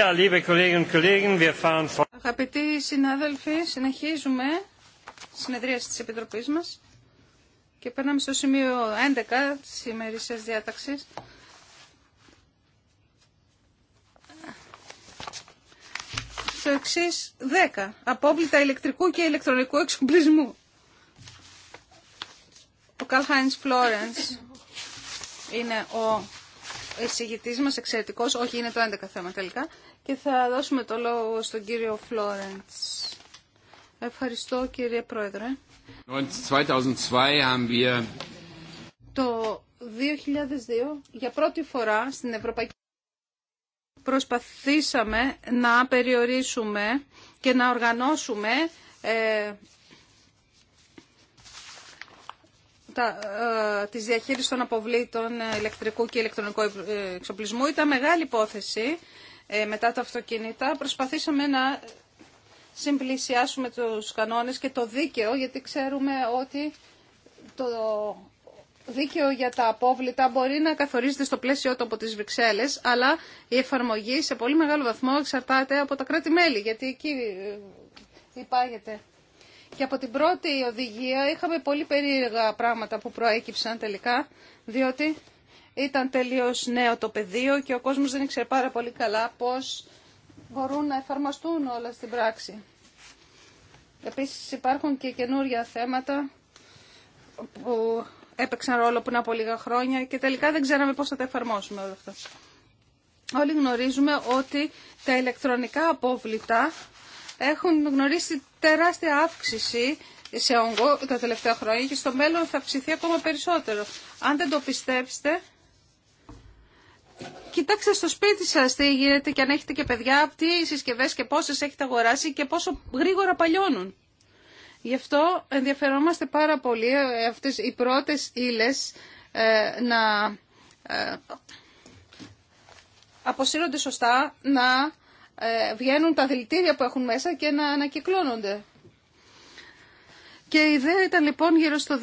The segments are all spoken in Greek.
Αγαπητοί συνάδελφοι, συνεχίζουμε τη συνεδρία της Επιτροπής μας και περνάμε στο σημείο 11 της ημερήσια διάταξης. Στο εξή 10. Απόβλητα ηλεκτρικού και ηλεκτρονικού εξοπλισμού. Ο Καλχάινς Φλόρενς είναι ο εισηγητής μα, εξαιρετικό, όχι είναι το 11 θέμα τελικά, και θα δώσουμε το λόγο στον κύριο Φλόρεντ. Ευχαριστώ κύριε Πρόεδρε. 2002 Το 2002 για πρώτη φορά στην Ευρωπαϊκή προσπαθήσαμε να περιορίσουμε και να οργανώσουμε ε, τα, ε, της διαχείρισης των αποβλήτων ε, ηλεκτρικού και ηλεκτρονικού ε, εξοπλισμού. Ήταν μεγάλη υπόθεση ε, μετά τα αυτοκίνητα. Προσπαθήσαμε να συμπλησιάσουμε τους κανόνες και το δίκαιο, γιατί ξέρουμε ότι το δίκαιο για τα απόβλητα μπορεί να καθορίζεται στο πλαίσιο του από τις Βρυξέλλες, αλλά η εφαρμογή σε πολύ μεγάλο βαθμό εξαρτάται από τα κράτη-μέλη, γιατί εκεί υπάγεται και από την πρώτη οδηγία είχαμε πολύ περίεργα πράγματα που προέκυψαν τελικά, διότι ήταν τελείως νέο το πεδίο και ο κόσμος δεν ήξερε πάρα πολύ καλά πώς μπορούν να εφαρμοστούν όλα στην πράξη. Επίσης υπάρχουν και καινούργια θέματα που έπαιξαν ρόλο πριν από λίγα χρόνια και τελικά δεν ξέραμε πώς θα τα εφαρμόσουμε όλα αυτά. Όλοι γνωρίζουμε ότι τα ηλεκτρονικά απόβλητα έχουν γνωρίσει τεράστια αύξηση σε όγκο τα τελευταία χρόνια και στο μέλλον θα αυξηθεί ακόμα περισσότερο. Αν δεν το πιστέψετε, κοιτάξτε στο σπίτι σας τι γίνεται και αν έχετε και παιδιά, τι συσκευές και πόσες έχετε αγοράσει και πόσο γρήγορα παλιώνουν. Γι' αυτό ενδιαφερόμαστε πάρα πολύ ε, αυτές οι πρώτες ύλες ε, να ε, αποσύρονται σωστά, να ε, βγαίνουν τα δηλητήρια που έχουν μέσα και να ανακυκλώνονται. Και η ιδέα ήταν λοιπόν γύρω στο 2000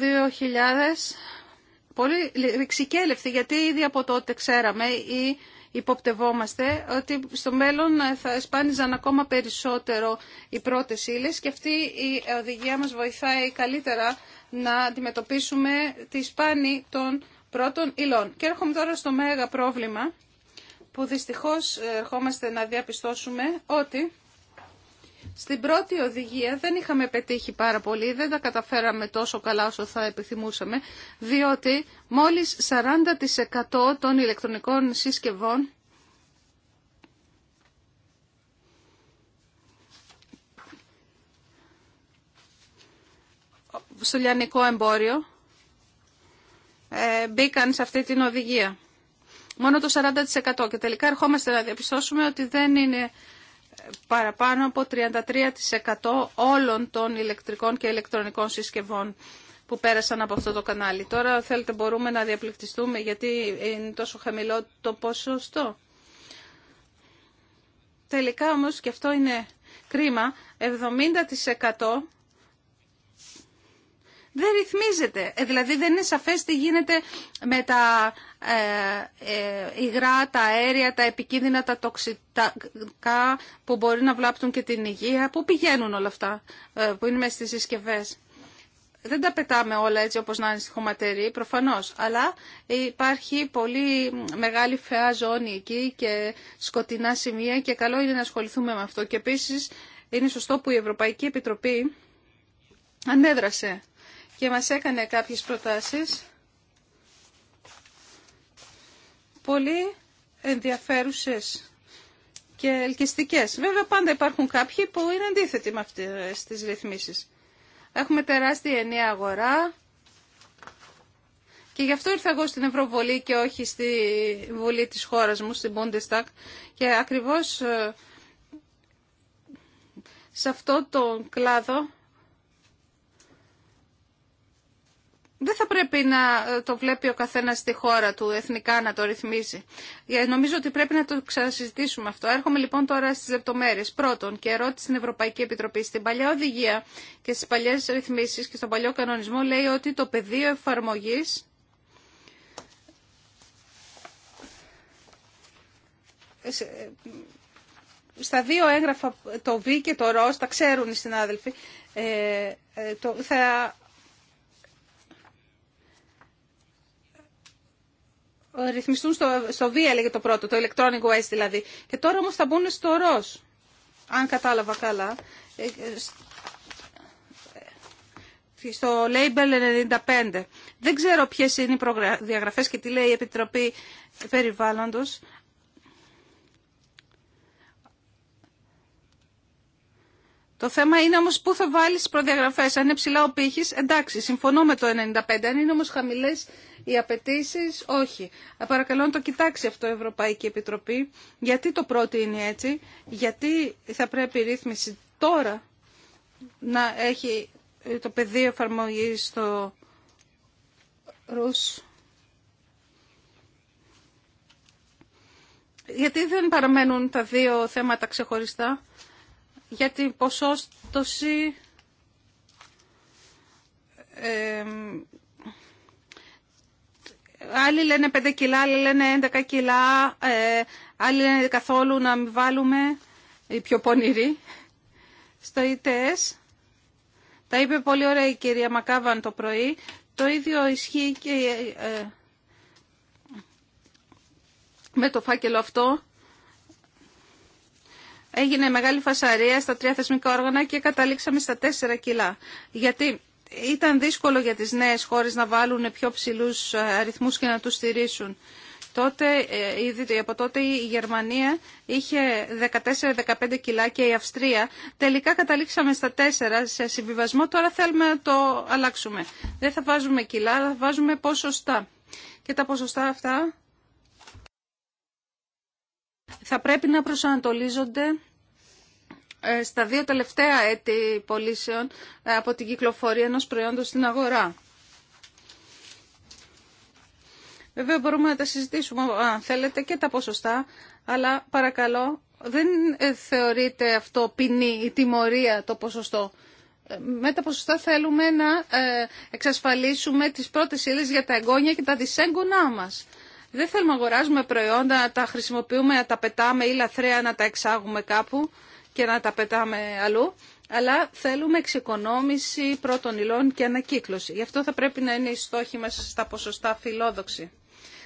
πολύ ρηξικέλευτη, γιατί ήδη από τότε ξέραμε ή υποπτευόμαστε ότι στο μέλλον θα σπάνιζαν ακόμα περισσότερο οι πρώτες ύλες και αυτή η οδηγία μας βοηθάει καλύτερα να αντιμετωπίσουμε τη σπάνη των πρώτων υλών. Και έρχομαι τώρα στο μελλον θα σπανιζαν ακομα περισσοτερο οι πρωτες υλε και αυτη η οδηγια μας βοηθαει πρόβλημα που δυστυχώς ε, ερχόμαστε να διαπιστώσουμε ότι στην πρώτη οδηγία δεν είχαμε πετύχει πάρα πολύ, δεν τα καταφέραμε τόσο καλά όσο θα επιθυμούσαμε, διότι μόλις 40% των ηλεκτρονικών συσκευών στο λιανικό εμπόριο ε, μπήκαν σε αυτή την οδηγία μόνο το 40% και τελικά ερχόμαστε να διαπιστώσουμε ότι δεν είναι παραπάνω από 33% όλων των ηλεκτρικών και ηλεκτρονικών συσκευών που πέρασαν από αυτό το κανάλι. Τώρα θέλετε μπορούμε να διαπληκτιστούμε γιατί είναι τόσο χαμηλό το ποσοστό. Τελικά όμως και αυτό είναι κρίμα, 70% δεν ρυθμίζεται. Ε, δηλαδή δεν είναι σαφές τι γίνεται με τα ε, ε, υγρά, τα αέρια, τα επικίνδυνα, τα τοξικά που μπορεί να βλάπτουν και την υγεία. Πού πηγαίνουν όλα αυτά που είναι μέσα στις συσκευέ. Δεν τα πετάμε όλα έτσι όπως να είναι στη χωματερή, προφανώς. Αλλά υπάρχει πολύ μεγάλη φαιά ζώνη εκεί και σκοτεινά σημεία και καλό είναι να ασχοληθούμε με αυτό. Και επίσης είναι σωστό που η Ευρωπαϊκή Επιτροπή ανέδρασε και μας έκανε κάποιες προτάσεις πολύ ενδιαφέρουσες και ελκυστικές. Βέβαια πάντα υπάρχουν κάποιοι που είναι αντίθετοι με αυτές τις ρυθμίσεις. Έχουμε τεράστια ενιαία αγορά και γι' αυτό ήρθα εγώ στην Ευρωβολή και όχι στη Βουλή της χώρας μου, στην Bundestag και ακριβώς ε, σε αυτό το κλάδο δεν θα πρέπει να ε, το βλέπει ο καθένα στη χώρα του εθνικά να το ρυθμίζει. Ε, νομίζω ότι πρέπει να το ξανασυζητήσουμε αυτό. Έρχομαι λοιπόν τώρα στι λεπτομέρειε. Πρώτον, και ερώτηση στην Ευρωπαϊκή Επιτροπή. Στην παλιά οδηγία και στι παλιέ ρυθμίσει και στον παλιό κανονισμό λέει ότι το πεδίο εφαρμογή ε, στα δύο έγγραφα, το Β και το Ρος, τα ξέρουν οι συνάδελφοι, θα Ε, ρυθμιστούν στο, στο V έλεγε το πρώτο, το electronic waste δηλαδή. Και τώρα όμως θα μπουν στο ροζ, αν κατάλαβα καλά. Ε, ε, στο label 95. Δεν ξέρω ποιες είναι οι διαγραφές και τι λέει η Επιτροπή Περιβάλλοντος. Το θέμα είναι όμως πού θα βάλεις τις προδιαγραφές. Αν είναι ψηλά ο πύχης, εντάξει, συμφωνώ με το 95. Αν είναι όμως χαμηλές, οι απαιτήσει όχι. Παρακαλώ να το κοιτάξει αυτό η Ευρωπαϊκή Επιτροπή. Γιατί το πρώτο είναι έτσι, γιατί θα πρέπει η ρύθμιση τώρα να έχει το πεδίο εφαρμογή στο ΡΟΥΣ. Γιατί δεν παραμένουν τα δύο θέματα ξεχωριστά Γιατί η ποσόστοση ε, Άλλοι λένε 5 κιλά, άλλοι λένε 11 κιλά, ε, άλλοι λένε καθόλου να μην βάλουμε, οι πιο πονηροί, στο ΙΤΕΣ. Τα είπε πολύ ωραία η κυρία Μακάβαν το πρωί. Το ίδιο ισχύει και ε, ε, με το φάκελο αυτό. Έγινε μεγάλη φασαρία στα τρία θεσμικά όργανα και καταλήξαμε στα τέσσερα κιλά. Γιατί ήταν δύσκολο για τις νέες χώρες να βάλουν πιο ψηλούς ε, αριθμούς και να τους στηρίσουν. Τότε, ε, ήδη από τότε η Γερμανία είχε 14-15 κιλά και η Αυστρία. Τελικά καταλήξαμε στα 4 σε συμβιβασμό. Τώρα θέλουμε να το αλλάξουμε. Δεν θα βάζουμε κιλά, θα βάζουμε ποσοστά. Και τα ποσοστά αυτά θα πρέπει να προσανατολίζονται ε, στα δύο τελευταία έτη πωλήσεων ε, από την κυκλοφορία ενός προϊόντος στην αγορά. Βέβαια μπορούμε να τα συζητήσουμε αν θέλετε και τα ποσοστά, αλλά παρακαλώ δεν ε, θεωρείται αυτό ποινή ή τιμωρία το ποσοστό. Με τα ποσοστά θέλουμε να εξασφαλίσουμε τις πρώτες ύλες για τα εγγόνια και τα δυσέγγονά μας. Δεν θέλουμε να αγοράζουμε προϊόντα, να τα χρησιμοποιούμε, να τα πετάμε ή λαθρέα να τα εξάγουμε κάπου και να τα πετάμε αλλού, αλλά θέλουμε εξοικονόμηση πρώτων υλών και ανακύκλωση. Γι' αυτό θα πρέπει να είναι οι στόχοι μας στα ποσοστά φιλόδοξη.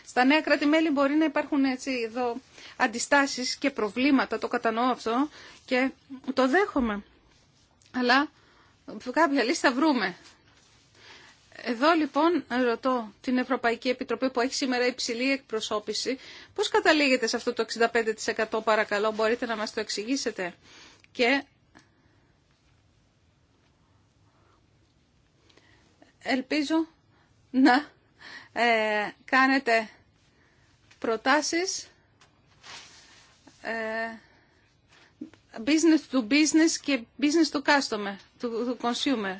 Στα νέα κράτη-μέλη μπορεί να υπάρχουν έτσι εδώ αντιστάσεις και προβλήματα, το κατανοώ αυτό και το δέχομαι. Αλλά κάποια λύση θα βρούμε. Εδώ λοιπόν ρωτώ την Ευρωπαϊκή Επιτροπή που έχει σήμερα υψηλή εκπροσώπηση, πώς καταλήγετε σε αυτό το 65% παρακαλώ, μπορείτε να μας το εξηγήσετε. Και ελπίζω να ε, κάνετε προτάσεις ε, business to business και business to customer, to consumer.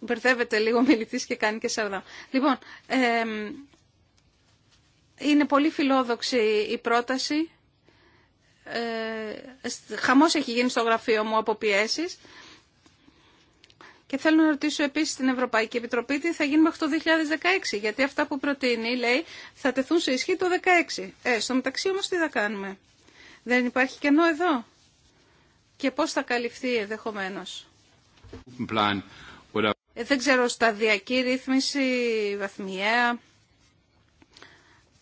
Μπερδεύεται λίγο μιλητής και κάνει και σαρδά. Λοιπόν, είναι πολύ φιλόδοξη η πρόταση. Ε, χαμός έχει γίνει στο γραφείο μου από πιέσει. Και θέλω να ρωτήσω επίσης την Ευρωπαϊκή Επιτροπή τι θα γίνει μέχρι το 2016, γιατί αυτά που προτείνει, λέει, θα τεθούν σε ισχύ το 2016. Ε, στο μεταξύ όμως τι θα κάνουμε. Δεν υπάρχει κενό εδώ. Και πώς θα καλυφθεί ενδεχομένω. Ε, δεν ξέρω, σταδιακή ρύθμιση, βαθμιαία.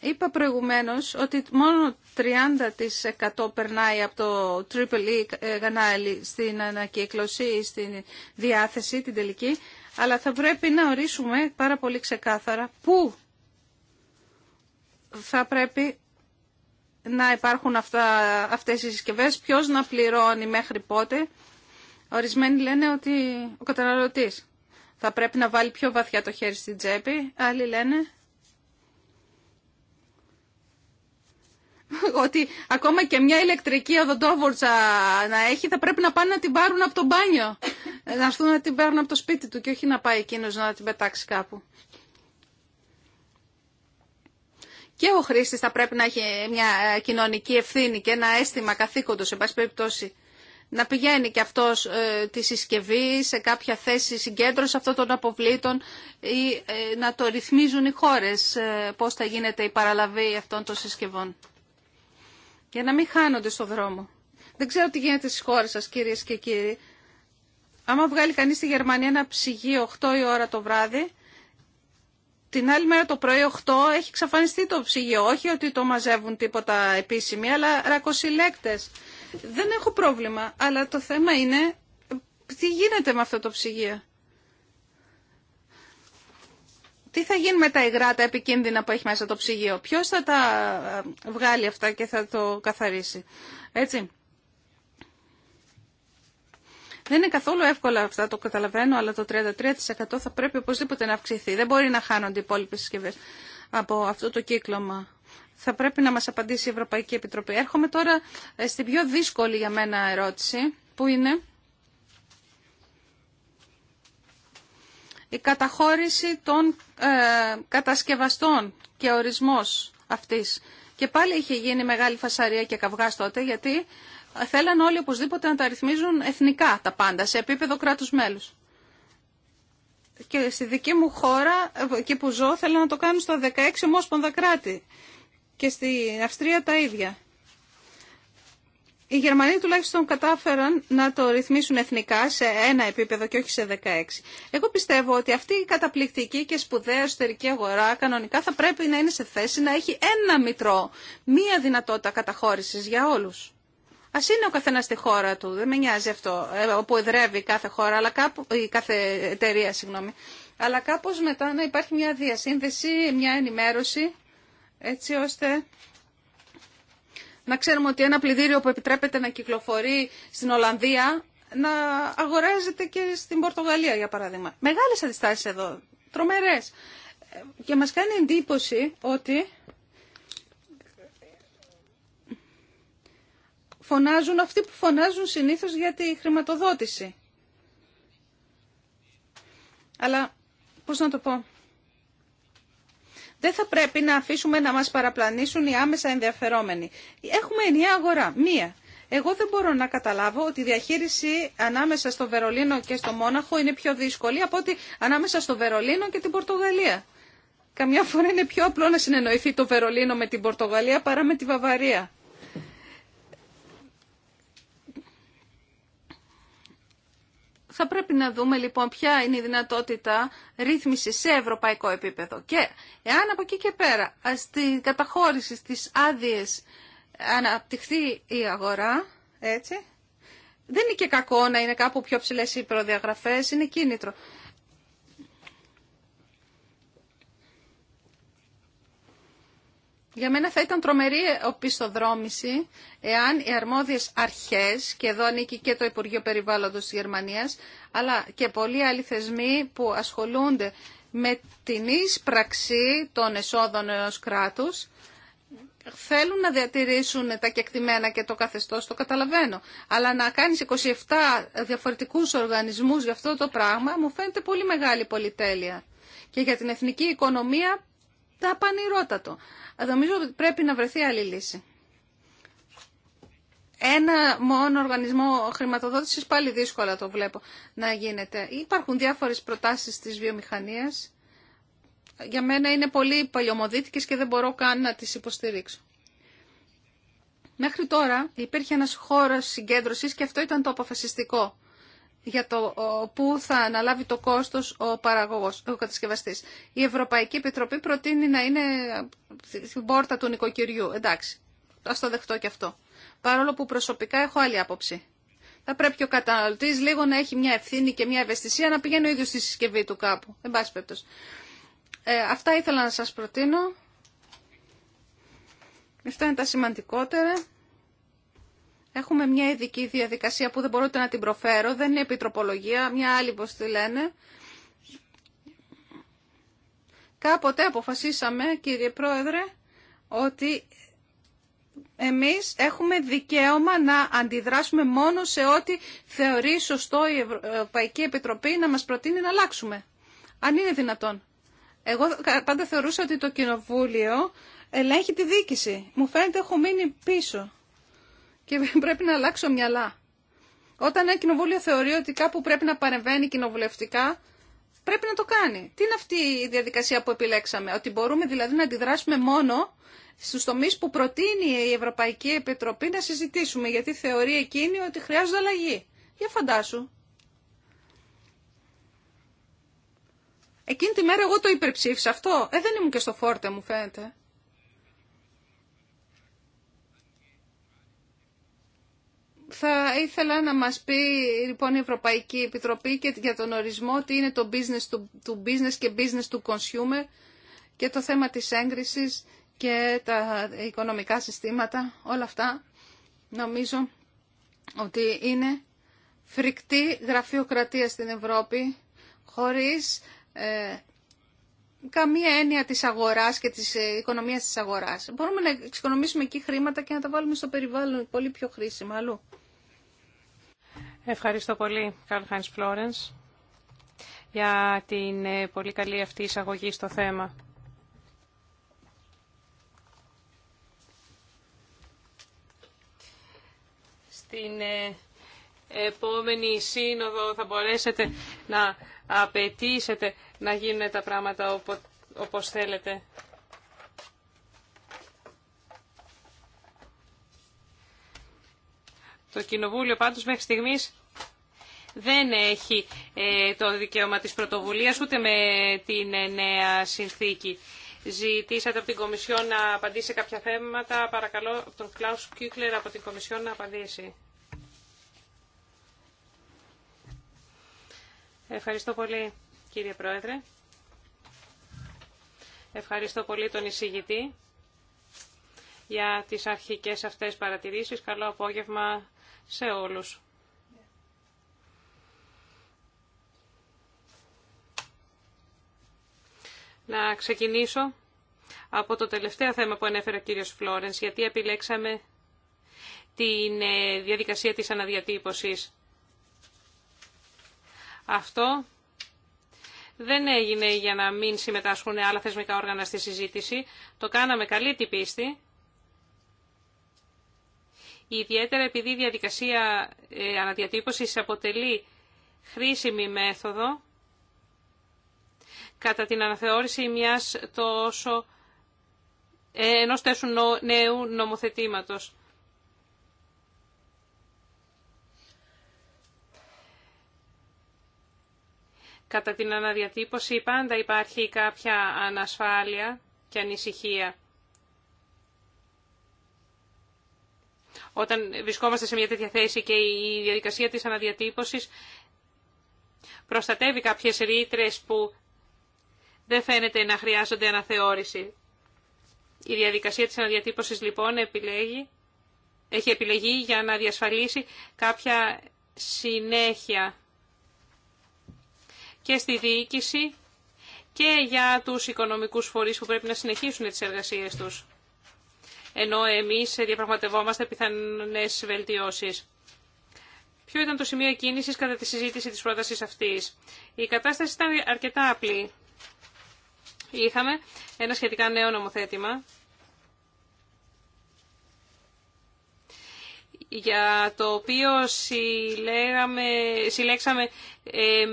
Είπα προηγουμένως ότι μόνο 30% περνάει από το triple E ε, κανάλι στην ανακύκλωση ή στην διάθεση, την τελική, αλλά θα πρέπει να ορίσουμε πάρα πολύ ξεκάθαρα πού θα πρέπει να υπάρχουν αυτά, αυτές οι συσκευές, ποιος να πληρώνει μέχρι πότε. Ορισμένοι λένε ότι ο καταναλωτής θα πρέπει να βάλει πιο βαθιά το χέρι στην τσέπη. Άλλοι λένε ότι ακόμα και μια ηλεκτρική οδοντόβορτσα να έχει θα πρέπει να πάνε να την πάρουν από το μπάνιο. να έρθουν να την πάρουν από το σπίτι του και όχι να πάει εκείνος να την πετάξει κάπου. Και ο χρήστη θα πρέπει να έχει μια κοινωνική ευθύνη και ένα αίσθημα καθήκοντος σε πάση περιπτώσει, να πηγαίνει και αυτός ε, τη συσκευή σε κάποια θέση συγκέντρωση αυτών των αποβλήτων ή ε, να το ρυθμίζουν οι χώρες ε, πώς θα γίνεται η παραλαβή αυτών των συσκευών. Για να μην χάνονται στο δρόμο. Δεν ξέρω τι γίνεται στις χώρες σας κυρίες και κύριοι. Άμα βγάλει κανείς στη Γερμανία ένα ψυγείο 8 η ώρα το βράδυ, την άλλη μέρα το πρωί 8 έχει εξαφανιστεί το ψυγείο. Όχι ότι το μαζεύουν τίποτα επίσημοι, αλλά ρακοσυλέκτες δεν έχω πρόβλημα, αλλά το θέμα είναι τι γίνεται με αυτό το ψυγείο. Τι θα γίνει με τα υγρά, τα επικίνδυνα που έχει μέσα το ψυγείο. Ποιος θα τα ε, βγάλει αυτά και θα το καθαρίσει. Έτσι. Δεν είναι καθόλου εύκολα αυτά, το καταλαβαίνω, αλλά το 33% θα πρέπει οπωσδήποτε να αυξηθεί. Δεν μπορεί να χάνονται οι υπόλοιπε συσκευέ από αυτό το κύκλωμα θα πρέπει να μας απαντήσει η Ευρωπαϊκή Επιτροπή. Έρχομαι τώρα ε, στην πιο δύσκολη για μένα ερώτηση, που είναι η καταχώρηση των ε, κατασκευαστών και ορισμός αυτής. Και πάλι είχε γίνει μεγάλη φασαρία και καυγά τότε, γιατί θέλαν όλοι οπωσδήποτε να τα ρυθμίζουν εθνικά τα πάντα, σε επίπεδο κράτους μέλους. Και στη δική μου χώρα, ε, εκεί που ζω, θέλω να το κάνουν στα 16 ομόσπονδα κράτη και στην Αυστρία τα ίδια. Οι Γερμανοί τουλάχιστον κατάφεραν να το ρυθμίσουν εθνικά σε ένα επίπεδο και όχι σε 16. Εγώ πιστεύω ότι αυτή η καταπληκτική και σπουδαία εσωτερική αγορά κανονικά θα πρέπει να είναι σε θέση να έχει ένα μητρό, μία δυνατότητα καταχώρησης για όλους. Α είναι ο καθένα στη χώρα του, δεν με νοιάζει αυτό, ε, όπου εδρεύει κάθε χώρα, αλλά κάπου, η κάθε εταιρεία, συγγνώμη. Αλλά κάπω μετά να υπάρχει μια διασύνδεση, μια ενημέρωση έτσι ώστε να ξέρουμε ότι ένα πλυντήριο που επιτρέπεται να κυκλοφορεί στην Ολλανδία να αγοράζεται και στην Πορτογαλία, για παράδειγμα. Μεγάλες αντιστάσεις εδώ, τρομερές. Και μας κάνει εντύπωση ότι φωνάζουν αυτοί που φωνάζουν συνήθως για τη χρηματοδότηση. Αλλά, πώς να το πω, δεν θα πρέπει να αφήσουμε να μας παραπλανήσουν οι άμεσα ενδιαφερόμενοι. Έχουμε ενιαία αγορά, μία. Εγώ δεν μπορώ να καταλάβω ότι η διαχείριση ανάμεσα στο Βερολίνο και στο Μόναχο είναι πιο δύσκολη από ότι ανάμεσα στο Βερολίνο και την Πορτογαλία. Καμιά φορά είναι πιο απλό να συνεννοηθεί το Βερολίνο με την Πορτογαλία παρά με τη Βαβαρία. Θα πρέπει να δούμε λοιπόν ποια είναι η δυνατότητα ρύθμιση σε ευρωπαϊκό επίπεδο. Και εάν από εκεί και πέρα στην καταχώρηση στις άδειε αναπτυχθεί η αγορά, έτσι, δεν είναι και κακό να είναι κάπου πιο ψηλές οι προδιαγραφές, είναι κίνητρο. Για μένα θα ήταν τρομερή οπισθοδρόμηση εάν οι αρμόδιες αρχές, και εδώ ανήκει και το Υπουργείο Περιβάλλοντος της Γερμανίας, αλλά και πολλοί άλλοι θεσμοί που ασχολούνται με την πραξή των εσόδων ενός κράτους, θέλουν να διατηρήσουν τα κεκτημένα και το καθεστώς, το καταλαβαίνω. Αλλά να κάνεις 27 διαφορετικούς οργανισμούς για αυτό το πράγμα, μου φαίνεται πολύ μεγάλη πολυτέλεια. Και για την εθνική οικονομία, τα πανηρότατο. Νομίζω ότι πρέπει να βρεθεί άλλη λύση. Ένα μόνο οργανισμό χρηματοδότησης πάλι δύσκολα το βλέπω να γίνεται. Υπάρχουν διάφορες προτάσεις της βιομηχανίας. Για μένα είναι πολύ παλιωμοδίτικες και δεν μπορώ καν να τις υποστηρίξω. Μέχρι τώρα υπήρχε ένας χώρος συγκέντρωσης και αυτό ήταν το αποφασιστικό για το πού θα αναλάβει το κόστος ο παραγωγός, ο κατασκευαστής. Η Ευρωπαϊκή Επιτροπή προτείνει να είναι στην πόρτα του νοικοκυριού. Εντάξει, ας το δεχτώ και αυτό. Παρόλο που προσωπικά έχω άλλη άποψη. Θα πρέπει και ο καταναλωτή λίγο να έχει μια ευθύνη και μια ευαισθησία να πηγαίνει ο ίδιο στη συσκευή του κάπου. Εν πάση ε, αυτά ήθελα να σας προτείνω. Αυτά είναι τα σημαντικότερα. Έχουμε μια ειδική διαδικασία που δεν μπορώ να την προφέρω, δεν είναι επιτροπολογία, μια άλλη πώς τη λένε. Κάποτε αποφασίσαμε, κύριε Πρόεδρε, ότι εμείς έχουμε δικαίωμα να αντιδράσουμε μόνο σε ό,τι θεωρεί σωστό η Ευρωπαϊκή Επιτροπή να μας προτείνει να αλλάξουμε. Αν είναι δυνατόν. Εγώ πάντα θεωρούσα ότι το Κοινοβούλιο ελέγχει τη δίκηση. Μου φαίνεται έχω μείνει πίσω και πρέπει να αλλάξω μυαλά. Όταν ένα κοινοβούλιο θεωρεί ότι κάπου πρέπει να παρεμβαίνει κοινοβουλευτικά, πρέπει να το κάνει. Τι είναι αυτή η διαδικασία που επιλέξαμε, ότι μπορούμε δηλαδή να αντιδράσουμε μόνο στους τομείς που προτείνει η Ευρωπαϊκή Επιτροπή να συζητήσουμε, γιατί θεωρεί εκείνη ότι χρειάζεται αλλαγή. Για φαντάσου. Εκείνη τη μέρα εγώ το υπερψήφισα αυτό. Ε, δεν ήμουν και στο φόρτε μου φαίνεται. Θα ήθελα να μας πει λοιπόν η Ευρωπαϊκή Επιτροπή και για τον ορισμό τι είναι το business του, business και business του consumer και το θέμα της έγκρισης και τα οικονομικά συστήματα, όλα αυτά νομίζω ότι είναι φρικτή γραφειοκρατία στην Ευρώπη χωρίς ε, καμία έννοια της αγοράς και της ε, οικονομίας της αγοράς. Μπορούμε να εξοικονομήσουμε εκεί χρήματα και να τα βάλουμε στο περιβάλλον πολύ πιο χρήσιμα αλλού. Ευχαριστώ πολύ, Καρλ Χάινς Φλόρενς, για την ε, πολύ καλή αυτή εισαγωγή στο θέμα. Στην ε, επόμενη σύνοδο θα μπορέσετε να απαιτήσετε να γίνουν τα πράγματα όπως θέλετε. Το Κοινοβούλιο πάντως μέχρι στιγμής δεν έχει ε, το δικαίωμα της πρωτοβουλίας ούτε με την ε, νέα συνθήκη. Ζητήσατε από την Κομισιό να απαντήσει σε κάποια θέματα. Παρακαλώ τον Κλάους Κίκλερ από την Κομισιό να απαντήσει. Ευχαριστώ πολύ κύριε Πρόεδρε. Ευχαριστώ πολύ τον εισηγητή για τις αρχικές αυτές παρατηρήσεις. Καλό απόγευμα σε όλους. Να ξεκινήσω από το τελευταίο θέμα που ανέφερε ο κύριος Φλόρενς, γιατί επιλέξαμε τη ε, διαδικασία της αναδιατύπωσης. Αυτό δεν έγινε για να μην συμμετάσχουν άλλα θεσμικά όργανα στη συζήτηση. Το κάναμε καλή την πίστη ιδιαίτερα επειδή η διαδικασία ε, αναδιατύπωσης αποτελεί χρήσιμη μέθοδο κατά την αναθεώρηση μιας τόσο ε, ενός τέσου νέου νομοθετήματος. Κατά την αναδιατύπωση πάντα υπάρχει κάποια ανασφάλεια και ανησυχία. όταν βρισκόμαστε σε μια τέτοια θέση και η διαδικασία της αναδιατύπωσης προστατεύει κάποιες ρήτρε που δεν φαίνεται να χρειάζονται αναθεώρηση. Η διαδικασία της αναδιατύπωσης λοιπόν επιλέγει, έχει επιλεγεί για να διασφαλίσει κάποια συνέχεια και στη διοίκηση και για τους οικονομικούς φορείς που πρέπει να συνεχίσουν τις εργασίες τους ενώ εμείς διαπραγματευόμαστε πιθανές βελτιώσεις. Ποιο ήταν το σημείο κίνησης κατά τη συζήτηση της πρότασης αυτής. Η κατάσταση ήταν αρκετά απλή. Είχαμε ένα σχετικά νέο νομοθέτημα για το οποίο συλλέξαμε ε,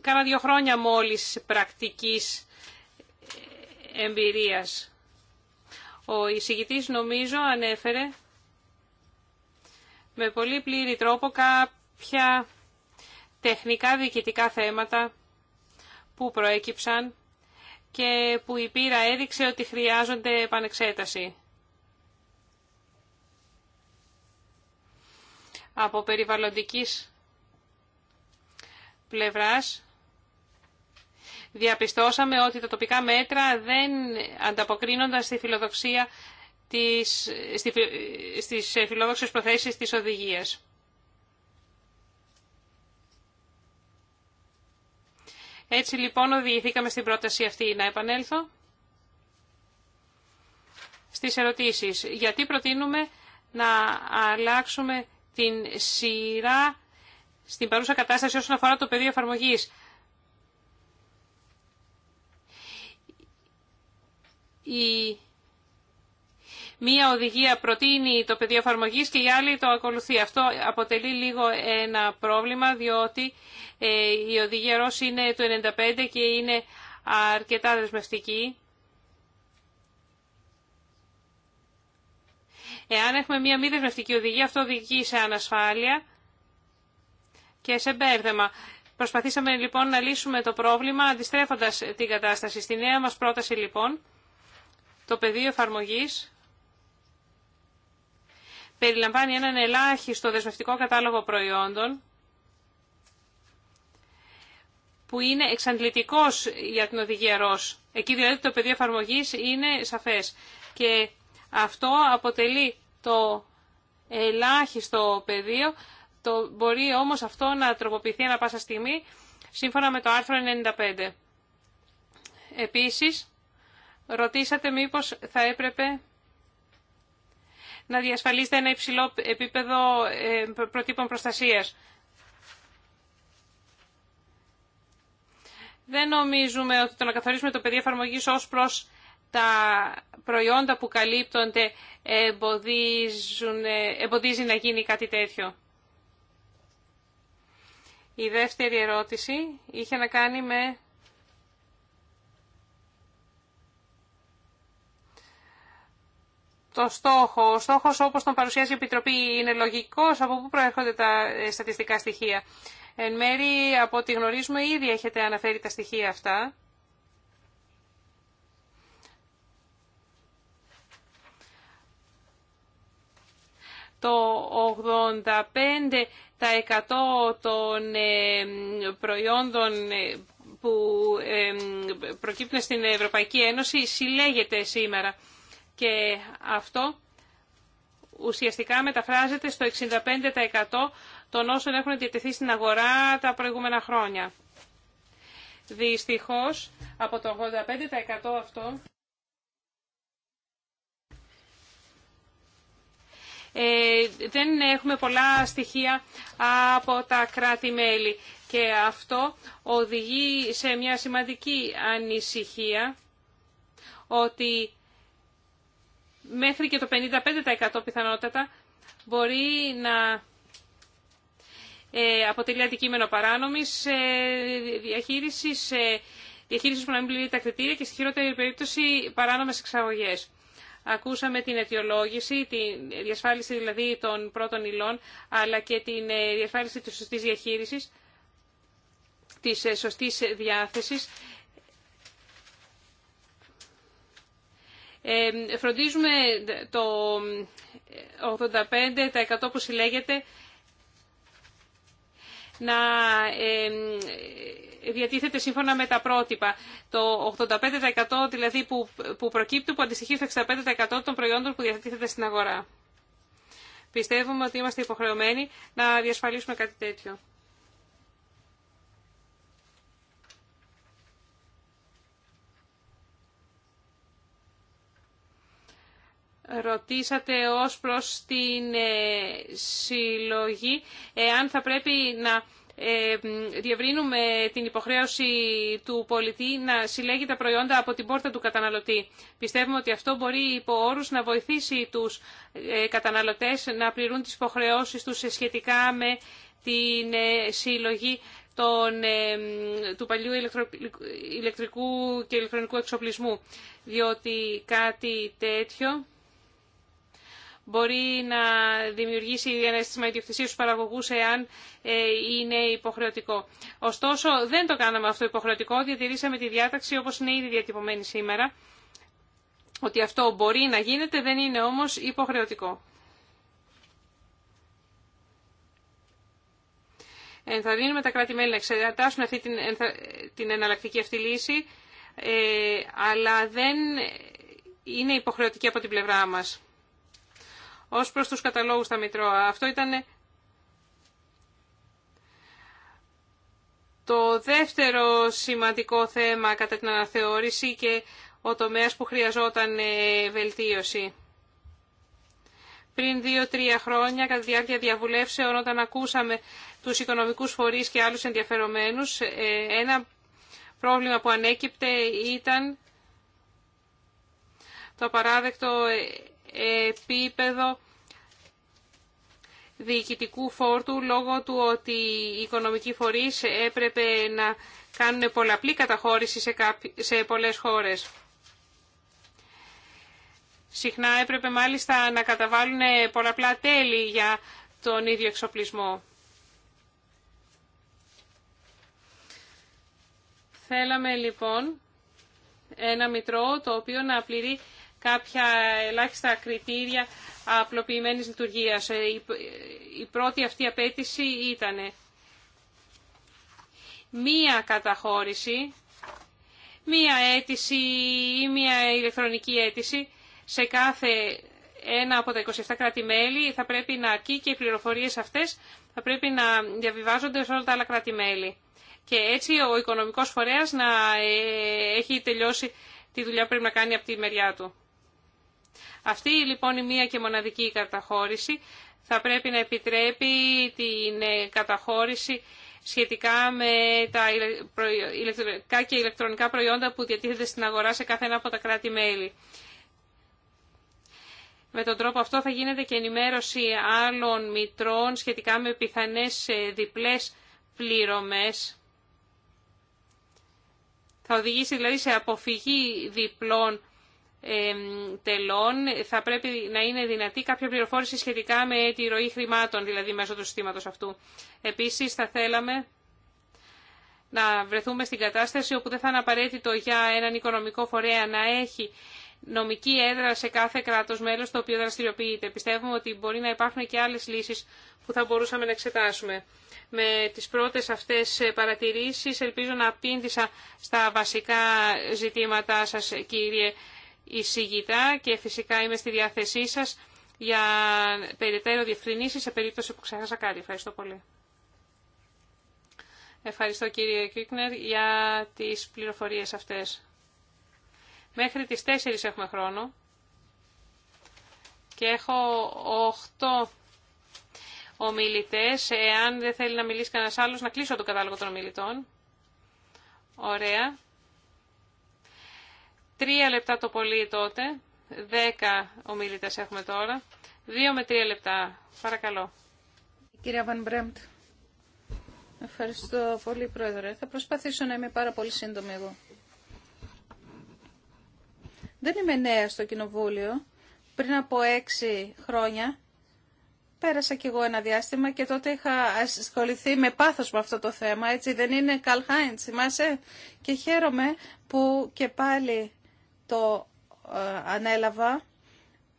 κάνα δύο χρόνια μόλις πρακτικής εμπειρίας. Ο εισηγητής νομίζω ανέφερε με πολύ πλήρη τρόπο κάποια τεχνικά διοικητικά θέματα που προέκυψαν και που η πείρα έδειξε ότι χρειάζονται επανεξέταση. Από περιβαλλοντικής πλευράς διαπιστώσαμε ότι τα τοπικά μέτρα δεν ανταποκρίνονταν στη φιλοδοξία της, στις φιλόδοξες προθέσεις της οδηγίας. Έτσι λοιπόν οδηγηθήκαμε στην πρόταση αυτή να επανέλθω στις ερωτήσεις. Γιατί προτείνουμε να αλλάξουμε την σειρά στην παρούσα κατάσταση όσον αφορά το πεδίο εφαρμογής η μία οδηγία προτείνει το πεδίο εφαρμογή και η άλλη το ακολουθεί. Αυτό αποτελεί λίγο ένα πρόβλημα, διότι ε, η οδηγία ΡΟΣ είναι του 95 και είναι αρκετά δεσμευτική. Εάν έχουμε μία μη δεσμευτική οδηγία, αυτό οδηγεί σε ανασφάλεια και σε μπέρδεμα. Προσπαθήσαμε λοιπόν να λύσουμε το πρόβλημα αντιστρέφοντας την κατάσταση. Στη νέα μας πρόταση λοιπόν, το πεδίο εφαρμογής περιλαμβάνει έναν ελάχιστο δεσμευτικό κατάλογο προϊόντων που είναι εξαντλητικός για την οδηγία ΡΟΣ. Εκεί δηλαδή το πεδίο εφαρμογής είναι σαφές. Και αυτό αποτελεί το ελάχιστο πεδίο, το μπορεί όμως αυτό να τροποποιηθεί ανα πάσα στιγμή, σύμφωνα με το άρθρο 95. Επίσης, ρωτήσατε μήπως θα έπρεπε να διασφαλίσετε ένα υψηλό επίπεδο ε, προτύπων προστασίας. Δεν νομίζουμε ότι το να καθορίσουμε το πεδίο εφαρμογής ως προς τα προϊόντα που καλύπτονται ε, εμποδίζει να γίνει κάτι τέτοιο. Η δεύτερη ερώτηση είχε να κάνει με το στόχο. Ο στόχο όπως τον παρουσιάζει η Επιτροπή είναι λογικό από πού προέρχονται τα ε, στατιστικά στοιχεία. Εν μέρη από ό,τι γνωρίζουμε ήδη έχετε αναφέρει τα στοιχεία αυτά. Το 85% των ε, προϊόντων ε, που προκύπτουν στην Ευρωπαϊκή Ένωση συλλέγεται σήμερα και αυτό ουσιαστικά μεταφράζεται στο 65% των όσων έχουν διατεθεί στην αγορά τα προηγούμενα χρόνια. Δυστυχώς, από το 85% αυτό ε, δεν έχουμε πολλά στοιχεία από τα κράτη-μέλη και αυτό οδηγεί σε μια σημαντική ανησυχία ότι μέχρι και το 55% πιθανότατα μπορεί να ε, αποτελεί αντικείμενο παράνομης ε, διαχείρισης, ε, διαχείρισης που να μην πληρεί τα κριτήρια και στη χειρότερη περίπτωση παράνομες εξαγωγές. Ακούσαμε την αιτιολόγηση, τη διασφάλιση δηλαδή των πρώτων υλών, αλλά και τη διασφάλιση της σωστής διαχείρισης, της σωστής διάθεσης Ε, φροντίζουμε το 85% που συλλέγεται να ε, διατίθεται σύμφωνα με τα πρότυπα. Το 85% δηλαδή που, που προκύπτει που αντιστοιχεί στο 65% των προϊόντων που διατίθεται στην αγορά. Πιστεύουμε ότι είμαστε υποχρεωμένοι να διασφαλίσουμε κάτι τέτοιο. ρωτήσατε ως προς την ε, συλλογή ε, αν θα πρέπει να ε, διευρύνουμε την υποχρέωση του πολιτή να συλλέγει τα προϊόντα από την πόρτα του καταναλωτή. Πιστεύουμε ότι αυτό μπορεί υπό όρους να βοηθήσει τους καταναλωτές να πληρούν τις υποχρεώσεις τους σχετικά με την συλλογή των, του παλιού ηλεκτρικού και ηλεκτρονικού εξοπλισμού. Διότι κάτι τέτοιο μπορεί να δημιουργήσει ένα αίσθημα ιδιοκτησία στους παραγωγούς εάν ε, είναι υποχρεωτικό. Ωστόσο, δεν το κάναμε αυτό υποχρεωτικό, διατηρήσαμε τη διάταξη όπως είναι ήδη διατυπωμένη σήμερα, ότι αυτό μπορεί να γίνεται, δεν είναι όμως υποχρεωτικό. Ενθαρρύνουμε τα κράτη-μέλη να εξετάσουν αυτή την, την εναλλακτική αυτή λύση, ε, αλλά δεν είναι υποχρεωτική από την πλευρά μας ως προς τους καταλόγους στα Μητρώα. Αυτό ήταν το δεύτερο σημαντικό θέμα κατά την αναθεώρηση και ο τομέας που χρειαζόταν ε, βελτίωση. Πριν δύο-τρία χρόνια, κατά τη διάρκεια διαβουλεύσεων, όταν ακούσαμε τους οικονομικούς φορείς και άλλους ενδιαφερομένους, ε, ένα πρόβλημα που ανέκυπτε ήταν το απαράδεκτο ε, επίπεδο διοικητικού φόρτου λόγω του ότι οι οικονομικοί φορείς έπρεπε να κάνουν πολλαπλή καταχώρηση σε, σε πολλές χώρες. Συχνά έπρεπε μάλιστα να καταβάλουν πολλαπλά τέλη για τον ίδιο εξοπλισμό. Θέλαμε λοιπόν ένα μητρό το οποίο να πληρεί κάποια ελάχιστα κριτήρια απλοποιημένης λειτουργίας. Ε, η πρώτη αυτή απέτηση ήταν μία καταχώρηση, μία αίτηση ή μία ηλεκτρονική αίτηση σε κάθε ένα από τα 27 κράτη-μέλη θα πρέπει να αρκεί και οι πληροφορίες αυτές θα πρέπει να διαβιβάζονται σε όλα τα άλλα Και έτσι ο οικονομικός φορέας να ε, έχει τελειώσει τη δουλειά που πρέπει να κάνει από τη μεριά του. Αυτή λοιπόν η μία και μοναδική καταχώρηση θα πρέπει να επιτρέπει την ε, καταχώρηση σχετικά με τα ηλεκτρονικά και ηλεκτρονικά προϊόντα που διατίθεται στην αγορά σε κάθε ένα από τα κράτη-μέλη. Με τον τρόπο αυτό θα γίνεται και ενημέρωση άλλων μητρών σχετικά με πιθανές ε, διπλές πληρωμές. Θα οδηγήσει δηλαδή σε αποφυγή διπλών τελών θα πρέπει να είναι δυνατή κάποια πληροφόρηση σχετικά με τη ροή χρημάτων, δηλαδή μέσω του συστήματος αυτού. Επίσης θα θέλαμε να βρεθούμε στην κατάσταση όπου δεν θα είναι απαραίτητο για έναν οικονομικό φορέα να έχει νομική έδρα σε κάθε κράτος μέλος το οποίο δραστηριοποιείται. Πιστεύουμε ότι μπορεί να υπάρχουν και άλλες λύσεις που θα μπορούσαμε να εξετάσουμε. Με τις πρώτες αυτές παρατηρήσεις ελπίζω να απήντησα στα βασικά ζητήματα σας κύριε εισηγητά και φυσικά είμαι στη διάθεσή σας για περαιτέρω διευκρινήσεις σε περίπτωση που ξέχασα κάτι. Ευχαριστώ πολύ. Ευχαριστώ κύριε Κίκνερ για τις πληροφορίες αυτές. Μέχρι τις 4 έχουμε χρόνο και έχω 8 ομιλητές. Εάν δεν θέλει να μιλήσει κανένας άλλος, να κλείσω τον κατάλογο των ομιλητών. Ωραία. Τρία λεπτά το πολύ τότε. Δέκα ομιλητές έχουμε τώρα. Δύο με τρία λεπτά. Παρακαλώ. Κυρία Βαν Ευχαριστώ πολύ, Πρόεδρε. Θα προσπαθήσω να είμαι πάρα πολύ σύντομη εγώ. Δεν είμαι νέα στο Κοινοβούλιο. Πριν από έξι χρόνια πέρασα κι εγώ ένα διάστημα και τότε είχα ασχοληθεί με πάθος με αυτό το θέμα. Έτσι δεν είναι, Καλχάιντ, θυμάσαι. Και χαίρομαι που και πάλι το ε, ανέλαβα.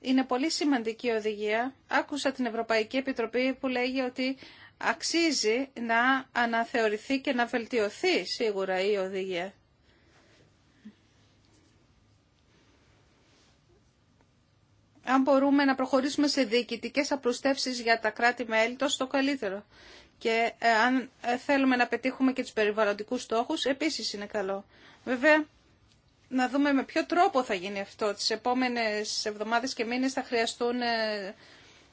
Είναι πολύ σημαντική η οδηγία. Άκουσα την Ευρωπαϊκή Επιτροπή που λέγει ότι αξίζει να αναθεωρηθεί και να βελτιωθεί σίγουρα η οδηγία. Αν μπορούμε να προχωρήσουμε σε διοικητικέ απλουστεύσεις για τα κράτη-μέλη, τόσο το καλύτερο. Και ε, αν ε, θέλουμε να πετύχουμε και τους περιβαλλοντικούς στόχους, επίσης είναι καλό. Βέβαια, να δούμε με ποιο τρόπο θα γίνει αυτό. Τις επόμενες εβδομάδες και μήνες θα χρειαστούν ε,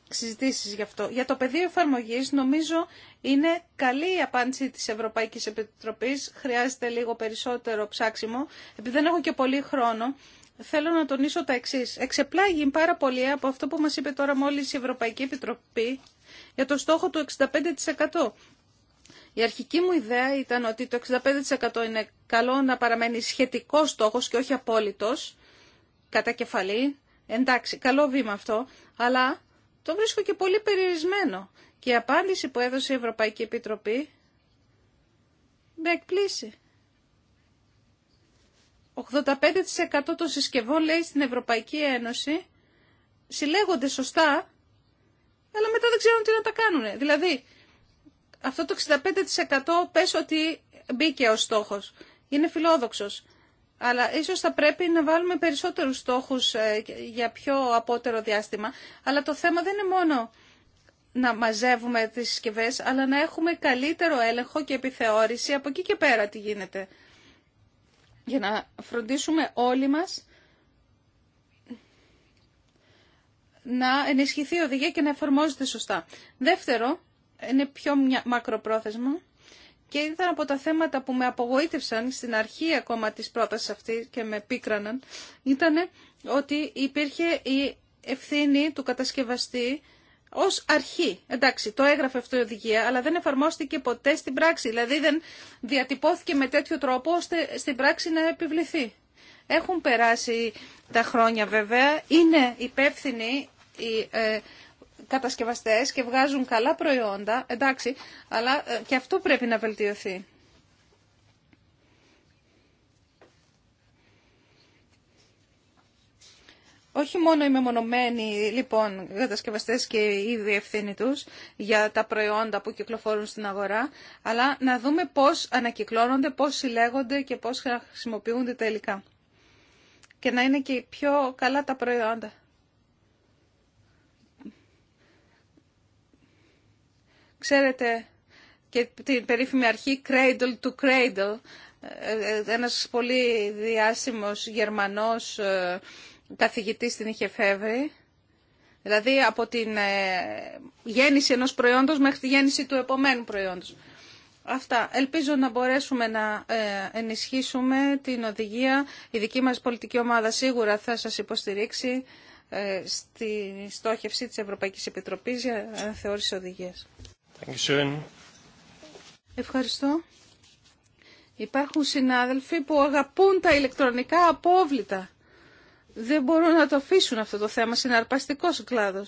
συζητήσεις γι' αυτό. Για το πεδίο εφαρμογής νομίζω είναι καλή η απάντηση της Ευρωπαϊκής Επιτροπής. Χρειάζεται λίγο περισσότερο ψάξιμο. Επειδή δεν έχω και πολύ χρόνο, θέλω να τονίσω τα εξή. Εξεπλάγει πάρα πολύ από αυτό που μας είπε τώρα μόλις η Ευρωπαϊκή Επιτροπή για το στόχο του 65%. Η αρχική μου ιδέα ήταν ότι το 65% είναι καλό να παραμένει σχετικό στόχος και όχι απόλυτος, κατά κεφαλή. Εντάξει, καλό βήμα αυτό, αλλά το βρίσκω και πολύ περιορισμένο. Και η απάντηση που έδωσε η Ευρωπαϊκή Επιτροπή με εκπλήσει. 85% των συσκευών, λέει, στην Ευρωπαϊκή Ένωση συλλέγονται σωστά, αλλά μετά δεν ξέρουν τι να τα κάνουν. Δηλαδή, αυτό το 65% πες ότι μπήκε ο στόχος. Είναι φιλόδοξος. Αλλά ίσως θα πρέπει να βάλουμε περισσότερους στόχους ε, για πιο απότερο διάστημα. Αλλά το θέμα δεν είναι μόνο να μαζεύουμε τις συσκευέ, αλλά να έχουμε καλύτερο έλεγχο και επιθεώρηση από εκεί και πέρα τι γίνεται. Για να φροντίσουμε όλοι μας να ενισχυθεί η οδηγία και να εφαρμόζεται σωστά. Δεύτερο, είναι πιο μακροπρόθεσμα και ήταν από τα θέματα που με απογοήτευσαν στην αρχή ακόμα της πρότασης αυτή και με πίκραναν ήταν ότι υπήρχε η ευθύνη του κατασκευαστή ως αρχή. Εντάξει, το έγραφε αυτό η οδηγία, αλλά δεν εφαρμόστηκε ποτέ στην πράξη. Δηλαδή δεν διατυπώθηκε με τέτοιο τρόπο ώστε στην πράξη να επιβληθεί. Έχουν περάσει τα χρόνια βέβαια. Είναι υπεύθυνοι κατασκευαστές και βγάζουν καλά προϊόντα, εντάξει, αλλά ε, και αυτό πρέπει να βελτιωθεί. Όχι μόνο οι μεμονωμένοι λοιπόν κατασκευαστές και οι διευθύνοι του για τα προϊόντα που κυκλοφορούν στην αγορά, αλλά να δούμε πώς ανακυκλώνονται, πώ συλλέγονται και πώ χρησιμοποιούνται τελικά. Και να είναι και πιο καλά τα προϊόντα. Ξέρετε και την περίφημη αρχή cradle to cradle, ε, ε, ένας πολύ διάσημος γερμανός ε, καθηγητής την είχε φεύρει, Δηλαδή από την γέννηση ενός προϊόντος μέχρι τη γέννηση του επομένου προϊόντος. Αυτά. Ελπίζω να μπορέσουμε να ενισχύσουμε την οδηγία. Η δική μας πολιτική ομάδα σίγουρα θα σας υποστηρίξει στη στόχευση της Ευρωπαϊκής Επιτροπής για θεώρηση οδηγίας. Ευχαριστώ. Υπάρχουν συνάδελφοι που αγαπούν τα ηλεκτρονικά απόβλητα. Δεν μπορούν να το αφήσουν αυτό το θέμα. Συναρπαστικό ο κλάδο.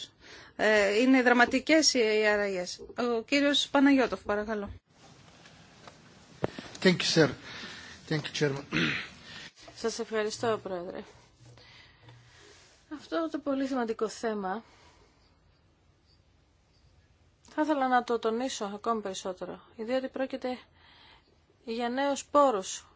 Ε, είναι δραματικέ οι αραγέ. Ο κύριο Παναγιώτοφ, παρακαλώ. Σα Σας ευχαριστώ, Πρόεδρε. Αυτό το πολύ σημαντικό θέμα θα ήθελα να το τονίσω ακόμη περισσότερο, διότι πρόκειται για νέους πόρους,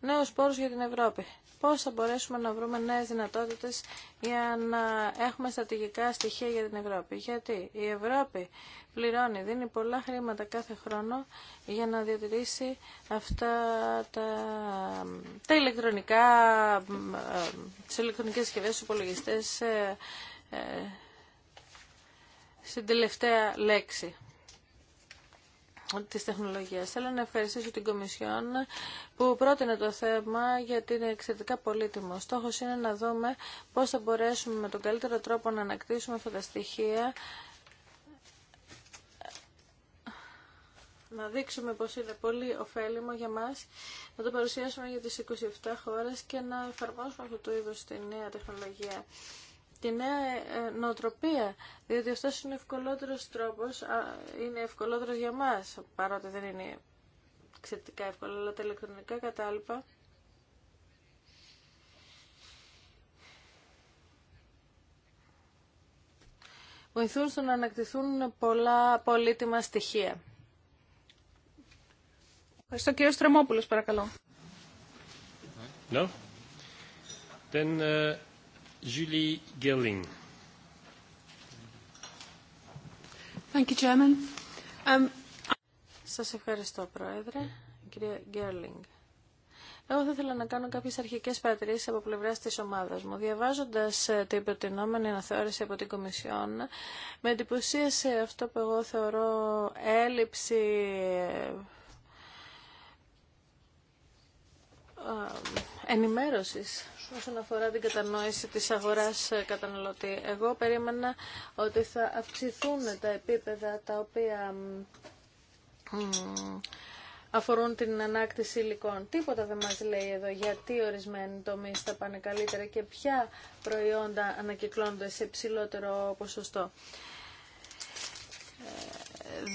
νέους πόρους για την Ευρώπη. Πώς θα μπορέσουμε να βρούμε νέες δυνατότητες για να έχουμε στρατηγικά στοιχεία για την Ευρώπη. Γιατί η Ευρώπη πληρώνει, δίνει πολλά χρήματα κάθε χρόνο για να διατηρήσει αυτά τα, τα ηλεκτρονικά, τι ε, ηλεκτρονικές συσκευές, στην τελευταία λέξη της τεχνολογίας. Θέλω να ευχαριστήσω την Κομισιόν που πρότεινε το θέμα γιατί είναι εξαιρετικά πολύτιμο. Στόχος είναι να δούμε πώς θα μπορέσουμε με τον καλύτερο τρόπο να ανακτήσουμε αυτά τα στοιχεία να δείξουμε πως είναι πολύ ωφέλιμο για μας, να το παρουσιάσουμε για τις 27 χώρες και να εφαρμόσουμε αυτού του είδους τη νέα τεχνολογία τη νέα ε, νοοτροπία, διότι αυτό είναι ευκολότερο ευκολότερος είναι ευκολότερος για μας, παρότι δεν είναι εξαιρετικά εύκολο, αλλά τα ηλεκτρονικά κατάλοιπα βοηθούν στο να ανακτηθούν πολλά πολύτιμα στοιχεία. Ευχαριστώ κύριο Στρεμόπουλος, παρακαλώ. No? Then, uh, Julie um, Σας ευχαριστώ, Πρόεδρε. Κυρία Γκέρλινγκ. Εγώ θα ήθελα να κάνω κάποιες αρχικές παρατηρήσεις από πλευράς της ομάδας μου. Διαβάζοντας ε, την προτινόμενη αναθεώρηση από την Κομισιόν, με εντυπωσίασε αυτό που εγώ θεωρώ έλλειψη ε, ε, ενημέρωσης όσον αφορά την κατανόηση της αγοράς ε, καταναλωτή. Εγώ περίμενα ότι θα αυξηθούν τα επίπεδα τα οποία αφορούν την ανάκτηση υλικών. Τίποτα δεν μας λέει εδώ γιατί ορισμένοι τομείς θα πάνε καλύτερα και ποια προϊόντα ανακυκλώνονται σε ψηλότερο ποσοστό. Ε,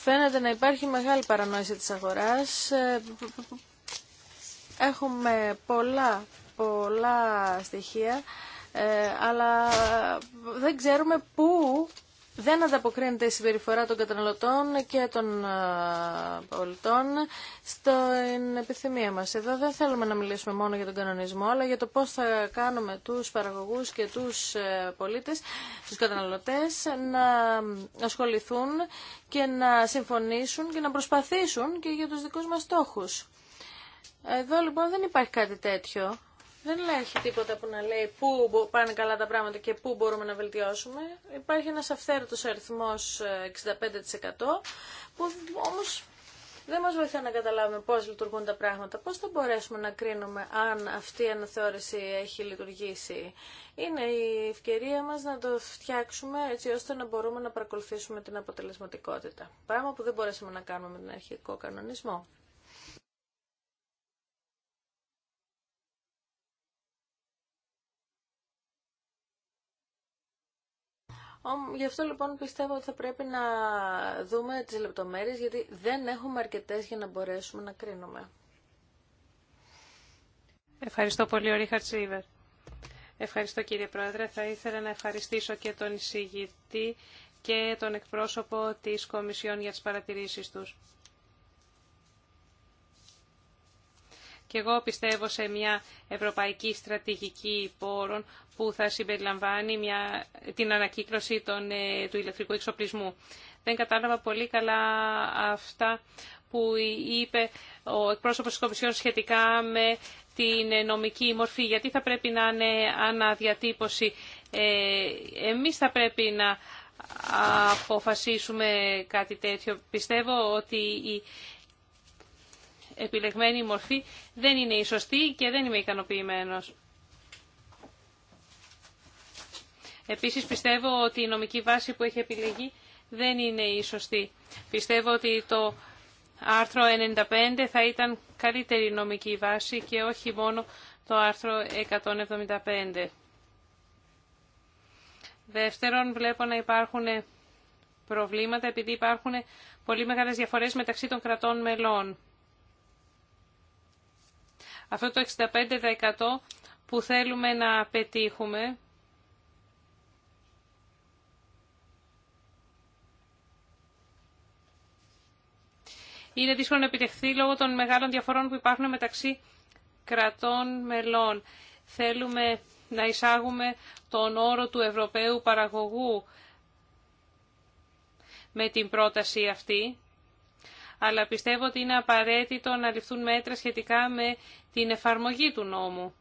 φαίνεται να υπάρχει μεγάλη παρανόηση της αγοράς. Ε, έχουμε πολλά πολλά στοιχεία, ε, αλλά δεν ξέρουμε πού δεν ανταποκρίνεται η συμπεριφορά των καταναλωτών και των ε, πολιτών στην επιθυμία μας. Εδώ δεν θέλουμε να μιλήσουμε μόνο για τον κανονισμό, αλλά για το πώς θα κάνουμε τους παραγωγούς και τους ε, πολίτες, τους καταναλωτές, να ασχοληθούν και να συμφωνήσουν και να προσπαθήσουν και για τους δικούς μας στόχους. Εδώ λοιπόν δεν υπάρχει κάτι τέτοιο δεν έχει τίποτα που να λέει πού πάνε καλά τα πράγματα και πού μπορούμε να βελτιώσουμε. Υπάρχει ένας αυθαίρετος αριθμός 65% ε, που όμως δεν μας βοηθά να καταλάβουμε πώς λειτουργούν τα πράγματα. Πώς θα μπορέσουμε να κρίνουμε αν αυτή η αναθεώρηση έχει λειτουργήσει. Είναι η ευκαιρία μας να το φτιάξουμε έτσι ώστε να μπορούμε να παρακολουθήσουμε την αποτελεσματικότητα. Πράγμα που δεν μπορέσαμε να κάνουμε με τον αρχικό κανονισμό. Γι' αυτό λοιπόν πιστεύω ότι θα πρέπει να δούμε τις λεπτομέρειες γιατί δεν έχουμε αρκετές για να μπορέσουμε να κρίνουμε. Ευχαριστώ πολύ ο Ρίχαρτ Σίβερ. Ευχαριστώ κύριε Πρόεδρε. Θα ήθελα να ευχαριστήσω και τον εισηγητή και τον εκπρόσωπο της Κομισιόν για τις παρατηρήσεις τους. Και εγώ πιστεύω σε μια ευρωπαϊκή στρατηγική πόρων που θα συμπεριλαμβάνει μια, την ανακύκλωση των, ε, του ηλεκτρικού εξοπλισμού. Δεν κατάλαβα πολύ καλά αυτά που είπε ο εκπρόσωπος της Κομισιόν σχετικά με την ε, νομική μορφή. Γιατί θα πρέπει να είναι αναδιατύπωση. Ε, εμείς θα πρέπει να αποφασίσουμε κάτι τέτοιο. Πιστεύω ότι η επιλεγμένη μορφή δεν είναι η σωστή και δεν είμαι ικανοποιημένος. Επίσης πιστεύω ότι η νομική βάση που έχει επιλεγεί δεν είναι η σωστή. Πιστεύω ότι το άρθρο 95 θα ήταν καλύτερη νομική βάση και όχι μόνο το άρθρο 175. Δεύτερον, βλέπω να υπάρχουν προβλήματα επειδή υπάρχουν πολύ μεγάλες διαφορές μεταξύ των κρατών μελών. Αυτό το 65% που θέλουμε να πετύχουμε είναι δύσκολο να επιτευχθεί λόγω των μεγάλων διαφορών που υπάρχουν μεταξύ κρατών μελών. Θέλουμε να εισάγουμε τον όρο του Ευρωπαίου παραγωγού με την πρόταση αυτή, αλλά πιστεύω ότι είναι απαραίτητο να ληφθούν μέτρα σχετικά με την εφαρμογή του νόμου.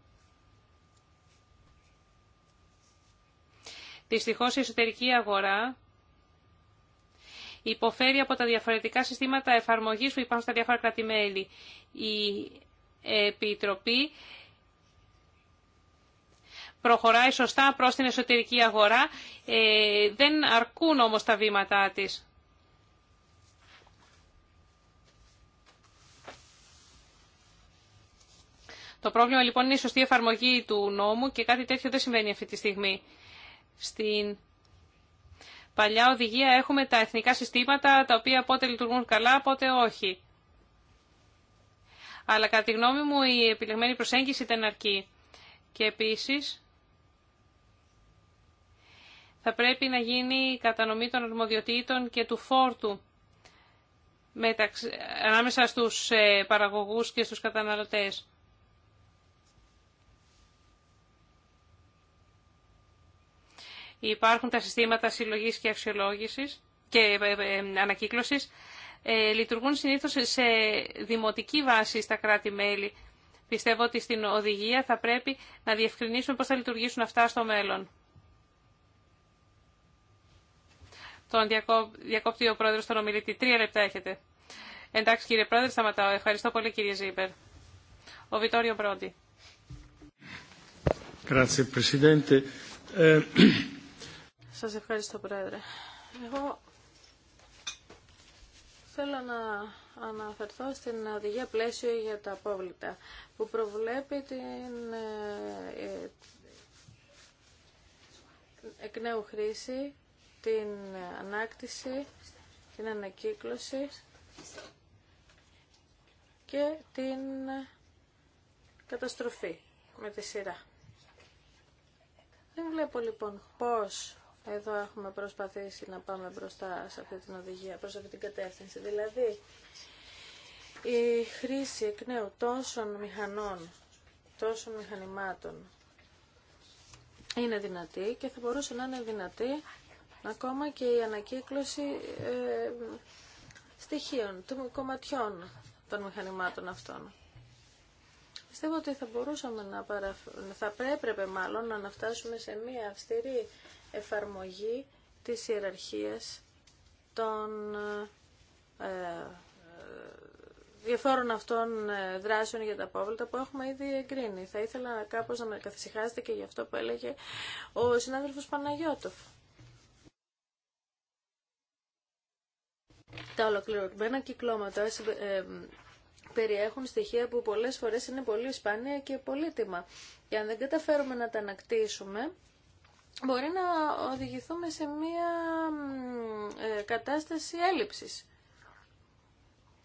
Δυστυχώς η εσωτερική αγορά υποφέρει από τα διαφορετικά συστήματα εφαρμογής που υπάρχουν στα διάφορα κράτη-μέλη. Η Επιτροπή προχωράει σωστά προς την εσωτερική αγορά, ε, δεν αρκούν όμως τα βήματά της. Το πρόβλημα λοιπόν είναι η σωστή εφαρμογή του νόμου και κάτι τέτοιο δεν συμβαίνει αυτή τη στιγμή. Στην παλιά οδηγία έχουμε τα εθνικά συστήματα, τα οποία πότε λειτουργούν καλά, πότε όχι. Αλλά κατά τη γνώμη μου η επιλεγμένη προσέγγιση ήταν αρκεί. Και επίσης θα πρέπει να γίνει η κατανομή των αρμοδιοτήτων και του φόρτου μεταξύ, ανάμεσα στους ε, παραγωγούς και στους καταναλωτές. Υπάρχουν τα συστήματα συλλογής και αξιολόγησης και ε, ε, ε, ανακύκλωσης. Λειτουργούν συνήθως σε δημοτική βάση στα κράτη-μέλη. Πιστεύω ότι στην οδηγία θα πρέπει να διευκρινίσουμε πώς θα λειτουργήσουν αυτά στο μέλλον. Τον διακόπτει ο πρόεδρος τον ομιλητή. Τρία λεπτά έχετε. Εντάξει κύριε πρόεδρε, σταματάω. Ευχαριστώ πολύ κύριε Ζήπερ. Ο Βιτόριο Πρόντι. Grazie Presidente. Σας ευχαριστώ, Πρόεδρε. Εγώ θέλω να αναφερθώ στην οδηγία πλαίσιο για τα απόβλητα που προβλέπει την ε, εκ νέου χρήση, την ανάκτηση, την ανακύκλωση και την καταστροφή με τη σειρά. Δεν βλέπω λοιπόν πώς εδώ έχουμε προσπαθήσει να πάμε μπροστά σε αυτή την οδηγία, προς αυτή την κατεύθυνση. Δηλαδή, η χρήση εκ νέου τόσων μηχανών, τόσων μηχανημάτων είναι δυνατή και θα μπορούσε να είναι δυνατή ακόμα και η ανακύκλωση ε, στοιχείων, των κομματιών των μηχανημάτων αυτών. Πιστεύω ότι θα μπορούσαμε να παραφ... θα πρέπει μάλλον να αναφτάσουμε σε μια αυστηρή εφαρμογή της ιεραρχίας των ε, ε διαφόρων αυτών ε, δράσεων για τα απόβλητα που έχουμε ήδη εγκρίνει. Θα ήθελα κάπως να με καθησυχάσετε και για αυτό που έλεγε ο συνάδελφος Παναγιώτοφ. Τα ολοκληρωμένα κυκλώματα ε, περιέχουν στοιχεία που πολλές φορές είναι πολύ σπάνια και πολύτιμα. Και αν δεν καταφέρουμε να τα ανακτήσουμε, μπορεί να οδηγηθούμε σε μια ε, κατάσταση έλλειψης.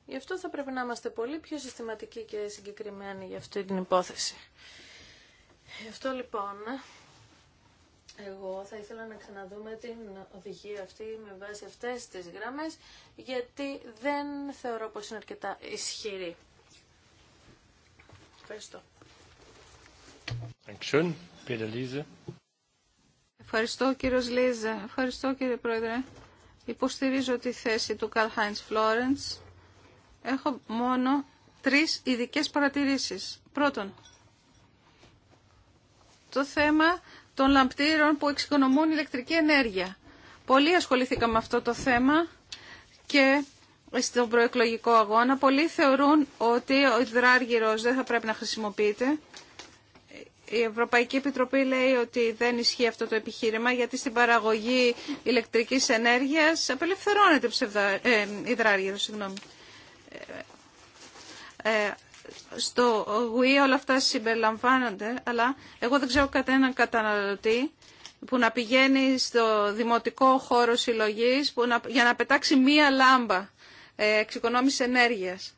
Γι' αυτό θα πρέπει να είμαστε πολύ πιο συστηματικοί και συγκεκριμένοι για αυτή την υπόθεση. Γι' αυτό λοιπόν εγώ θα ήθελα να ξαναδούμε την οδηγία αυτή με βάση αυτές τις γραμμές, γιατί δεν θεωρώ πως είναι αρκετά ισχυρή. Ευχαριστώ. Ευχαριστώ κύριο Λίζε. Ευχαριστώ κύριε Πρόεδρε. Υποστηρίζω τη θέση του Καρλ Χάιντς Φλόρεντς. Έχω μόνο τρεις ειδικέ παρατηρήσεις. Πρώτον, το θέμα των λαμπτήρων που εξοικονομούν ηλεκτρική ενέργεια. Πολλοί ασχολήθηκαν με αυτό το θέμα και στον προεκλογικό αγώνα. Πολλοί θεωρούν ότι ο υδράργυρος δεν θα πρέπει να χρησιμοποιείται. Η Ευρωπαϊκή Επιτροπή λέει ότι δεν ισχύει αυτό το επιχείρημα γιατί στην παραγωγή ηλεκτρικής ενέργειας απελευθερώνεται ε, υδράργυρος. Συγγνώμη. Ε, ε στο ΓΟΥΙ όλα αυτά συμπεριλαμβάνονται, αλλά εγώ δεν ξέρω κανέναν καταναλωτή που να πηγαίνει στο δημοτικό χώρο συλλογή για να πετάξει μία λάμπα ε, εξοικονόμηση ενέργειας.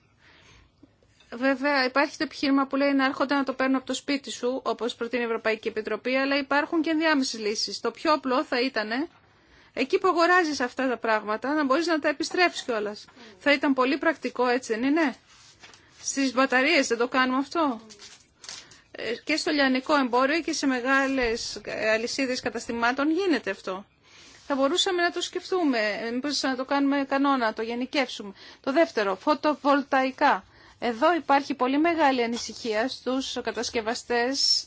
Βέβαια υπάρχει το επιχείρημα που λέει να έρχονται να το παίρνουν από το σπίτι σου, όπω προτείνει η Ευρωπαϊκή Επιτροπή, αλλά υπάρχουν και ενδιάμεσε λύσει. Το πιο απλό θα ήταν εκεί που αγοράζει αυτά τα πράγματα να μπορεί να τα επιστρέψει κιόλα. Θα ήταν πολύ πρακτικό έτσι, δεν είναι στις μπαταρίες, δεν το κάνουμε αυτό. Ε, και στο λιανικό εμπόριο και σε μεγάλες ε, αλυσίδες καταστημάτων γίνεται αυτό. Θα μπορούσαμε να το σκεφτούμε, ε, μήπως να το κάνουμε κανόνα, να το γενικεύσουμε. Το δεύτερο, φωτοβολταϊκά. Εδώ υπάρχει πολύ μεγάλη ανησυχία στους κατασκευαστές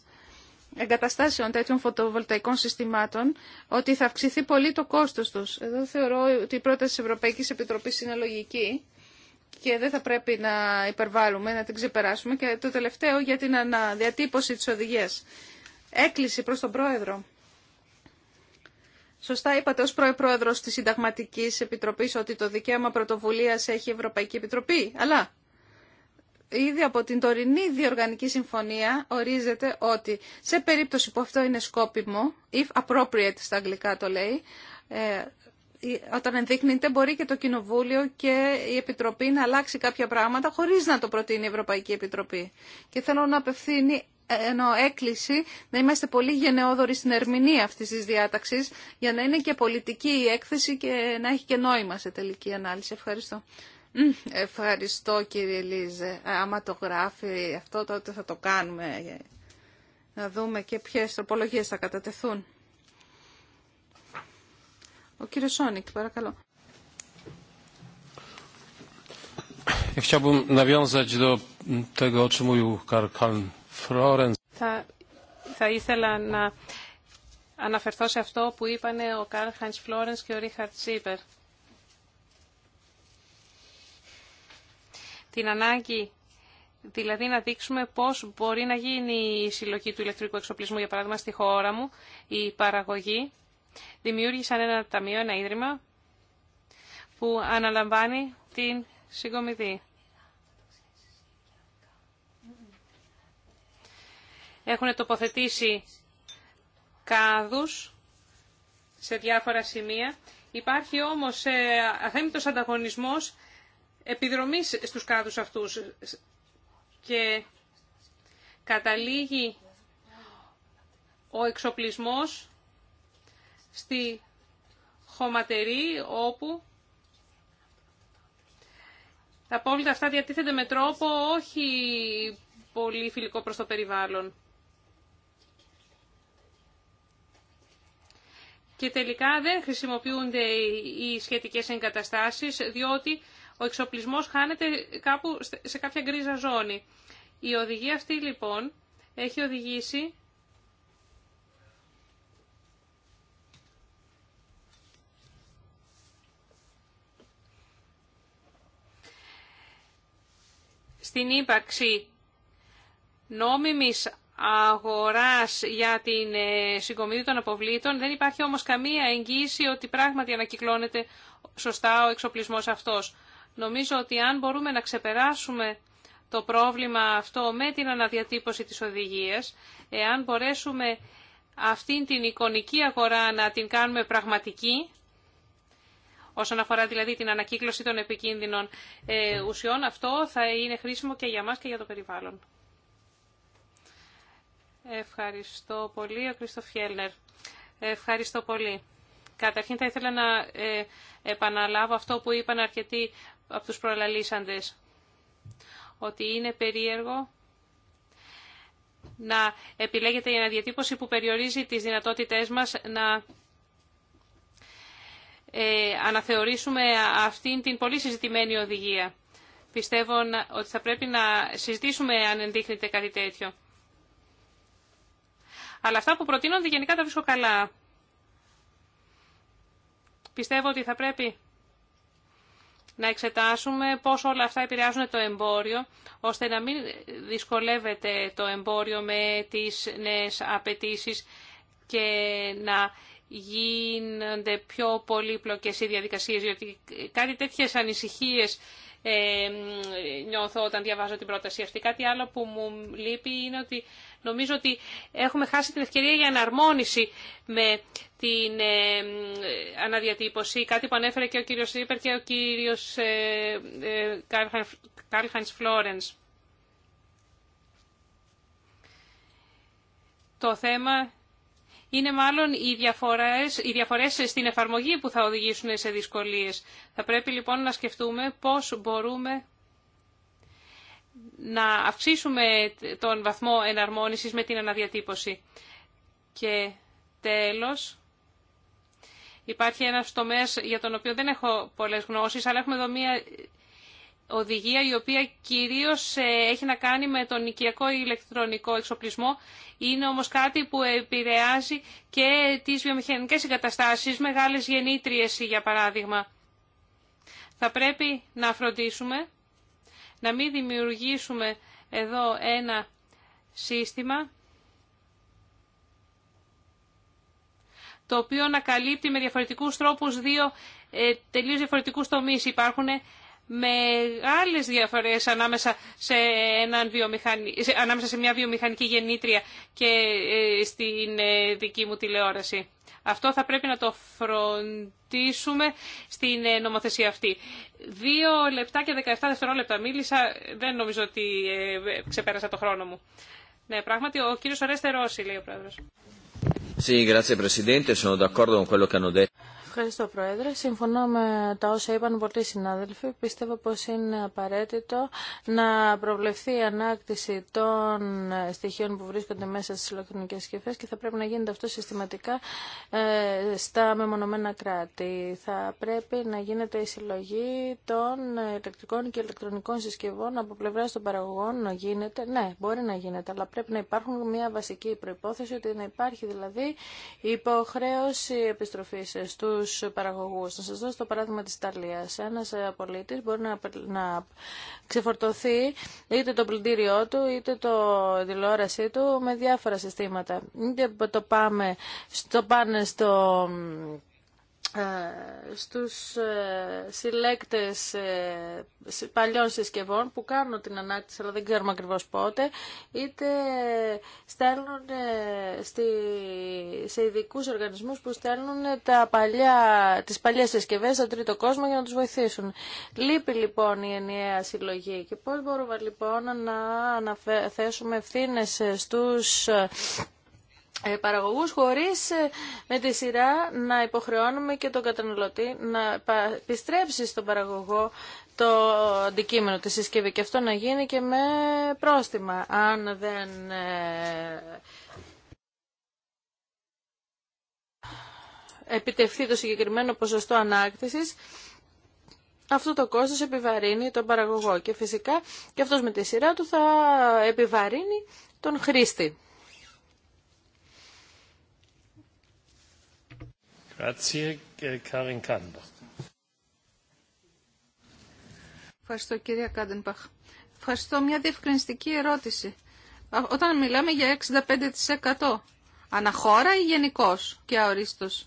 εγκαταστάσεων τέτοιων φωτοβολταϊκών συστημάτων ότι θα αυξηθεί πολύ το κόστος τους. Εδώ θεωρώ ότι η πρόταση της Ευρωπαϊκής Επιτροπής είναι λογική και δεν θα πρέπει να υπερβάλλουμε, να την ξεπεράσουμε. Και το τελευταίο για την αναδιατύπωση της οδηγίας. Έκκληση προς τον Πρόεδρο. Σωστά είπατε ως Πρόεδρος της Συνταγματικής Επιτροπής ότι το δικαίωμα πρωτοβουλίας έχει η Ευρωπαϊκή Επιτροπή. Αλλά ήδη από την τωρινή διοργανική συμφωνία ορίζεται ότι σε περίπτωση που αυτό είναι σκόπιμο, if appropriate στα αγγλικά το λέει, ε, όταν ενδείκνυται μπορεί και το Κοινοβούλιο και η Επιτροπή να αλλάξει κάποια πράγματα χωρίς να το προτείνει η Ευρωπαϊκή Επιτροπή. Και θέλω να απευθύνει ε, ενώ έκκληση να είμαστε πολύ γενναιόδοροι στην ερμηνεία αυτής της διάταξης για να είναι και πολιτική η έκθεση και να έχει και νόημα σε τελική ανάλυση. Ευχαριστώ. Ευχαριστώ κύριε Λίζε. Άμα το γράφει αυτό τότε θα το κάνουμε. Να δούμε και ποιες τροπολογίες θα κατατεθούν. Ο κύριος Σόνικ, παρακαλώ. Ε, θα, ήθελα να αναφερθώ σε αυτό που είπαν ο Καρλ Χάιντ Φλόρενς και ο Ρίχαρτ Σίπερ. Την ανάγκη δηλαδή να δείξουμε πώς μπορεί να γίνει η συλλογή του ηλεκτρικού εξοπλισμού, για παράδειγμα στη χώρα μου, η παραγωγή δημιούργησαν ένα ταμείο, ένα ίδρυμα που αναλαμβάνει την συγκομιδή. Έχουν τοποθετήσει κάδους σε διάφορα σημεία. Υπάρχει όμως ε, αθέμητος ανταγωνισμός επιδρομής στους κάδους αυτούς και καταλήγει ο εξοπλισμός στη χωματερή όπου τα απόλυτα αυτά διατίθενται με τρόπο όχι πολύ φιλικό προς το περιβάλλον. Και τελικά δεν χρησιμοποιούνται οι σχετικές εγκαταστάσεις, διότι ο εξοπλισμός χάνεται κάπου σε κάποια γκρίζα ζώνη. Η οδηγία αυτή λοιπόν έχει οδηγήσει στην ύπαρξη νόμιμης αγοράς για την ε, συγκομιδή των αποβλήτων. Δεν υπάρχει όμως καμία εγγύηση ότι πράγματι ανακυκλώνεται σωστά ο εξοπλισμός αυτός. Νομίζω ότι αν μπορούμε να ξεπεράσουμε το πρόβλημα αυτό με την αναδιατύπωση της οδηγίας, εάν μπορέσουμε αυτήν την εικονική αγορά να την κάνουμε πραγματική, Όσον αφορά δηλαδή την ανακύκλωση των επικίνδυνων ε, ουσιών, αυτό θα είναι χρήσιμο και για μας και για το περιβάλλον. Ευχαριστώ πολύ, ο Κρίστοφ Χέλνερ. Ευχαριστώ πολύ. Καταρχήν θα ήθελα να ε, επαναλάβω αυτό που είπαν αρκετοί από τους προλαλήσαντες, ότι είναι περίεργο να επιλέγεται η αναδιατύπωση που περιορίζει τις δυνατότητές μας να ε, αναθεωρήσουμε αυτήν την πολύ συζητημένη οδηγία. Πιστεύω ότι θα πρέπει να συζητήσουμε αν ενδείχνεται κάτι τέτοιο. Αλλά αυτά που προτείνονται γενικά τα βρίσκω καλά. Πιστεύω ότι θα πρέπει να εξετάσουμε πώς όλα αυτά επηρεάζουν το εμπόριο, ώστε να μην δυσκολεύεται το εμπόριο με τις νέες απαιτήσει και να γίνονται πιο πολύπλοκες οι διαδικασίες, διότι κάτι τέτοιες ανησυχίες ε, νιώθω όταν διαβάζω την πρόταση αυτή. Κάτι άλλο που μου λείπει είναι ότι νομίζω ότι έχουμε χάσει την ευκαιρία για αναρμόνιση με την ε, αναδιατύπωση, κάτι που ανέφερε και ο κύριος Ρίπερ και ο κύριος ε, ε Φλόρενς. Το θέμα είναι μάλλον οι διαφορές, στην εφαρμογή που θα οδηγήσουν σε δυσκολίες. Θα πρέπει λοιπόν να σκεφτούμε πώς μπορούμε να αυξήσουμε τον βαθμό εναρμόνισης με την αναδιατύπωση. Και τέλος, υπάρχει ένας τομέας για τον οποίο δεν έχω πολλές γνώσεις, αλλά έχουμε εδώ μία οδηγία η οποία κυρίως ε, έχει να κάνει με τον οικιακό ηλεκτρονικό εξοπλισμό. Είναι όμως κάτι που επηρεάζει και τις βιομηχανικές εγκαταστάσεις, μεγάλες γεννήτριες για παράδειγμα. Θα πρέπει να φροντίσουμε να μην δημιουργήσουμε εδώ ένα σύστημα το οποίο να καλύπτει με διαφορετικούς τρόπους δύο ε, τελείως διαφορετικούς τομείς. Υπάρχουν μεγάλες διαφορές ανάμεσα σε, έναν βιομηχανι... σε, ανάμεσα σε μια βιομηχανική γεννήτρια και ε, στην ε, δική μου τηλεόραση. Αυτό θα πρέπει να το φροντίσουμε στην ε, νομοθεσία αυτή. Δύο λεπτά και 17 δευτερόλεπτα μίλησα. Δεν νομίζω ότι ξεπέρασα το χρόνο μου. Ναι, πράγματι, ο κύριος Ορέστε Ρώση, λέει ο πρόεδρος. Sì, grazie Presidente, sono d'accordo con quello che Ευχαριστώ Πρόεδρε. Συμφωνώ με τα όσα είπαν πολλοί συνάδελφοι. Πιστεύω πως είναι απαραίτητο να προβλεφθεί η ανάκτηση των στοιχείων που βρίσκονται μέσα στις ηλεκτρονικές συσκευές και θα πρέπει να γίνεται αυτό συστηματικά ε, στα μεμονωμένα κράτη. Θα πρέπει να γίνεται η συλλογή των ηλεκτρικών και ηλεκτρονικών συσκευών από πλευρά των παραγωγών. Γίνεται, ναι, μπορεί να γίνεται, αλλά πρέπει να υπάρχουν μια βασική προπόθεση ότι να υπάρχει δηλαδή υποχρέωση επιστροφής στους τους παραγωγούς. Να σα δώσω το παράδειγμα της Ιταλίας. Ένας πολιτή μπορεί να, να ξεφορτωθεί είτε το πλυντήριό του, είτε το τηλεόρασή του με διάφορα συστήματα. Είτε το πάμε στο, πάνε στο ε, στους ε, συλλέκτες ε, παλιών συσκευών που κάνουν την ανάκτηση αλλά δεν ξέρουμε ακριβώς πότε είτε στέλνουν στη, σε ειδικού οργανισμούς που στέλνουν τα παλιά, τις παλιές συσκευές στον τρίτο κόσμο για να τους βοηθήσουν. Λείπει λοιπόν η ενιαία συλλογή και πώς μπορούμε λοιπόν να αναθέσουμε ευθύνε στους ε, παραγωγούς χωρίς ε, με τη σειρά να υποχρεώνουμε και τον καταναλωτή να επιστρέψει στον παραγωγό το αντικείμενο της συσκευή και αυτό να γίνει και με πρόστιμα αν δεν ε, επιτευχθεί το συγκεκριμένο ποσοστό ανάκτησης αυτό το κόστος επιβαρύνει τον παραγωγό και φυσικά και αυτός με τη σειρά του θα επιβαρύνει τον χρήστη. Grazie, Karin Ευχαριστώ κυρία Κάντενπαχ. Ευχαριστώ. Μια διευκρινιστική ερώτηση. Όταν μιλάμε για 65% αναχώρα ή γενικώ και αορίστος.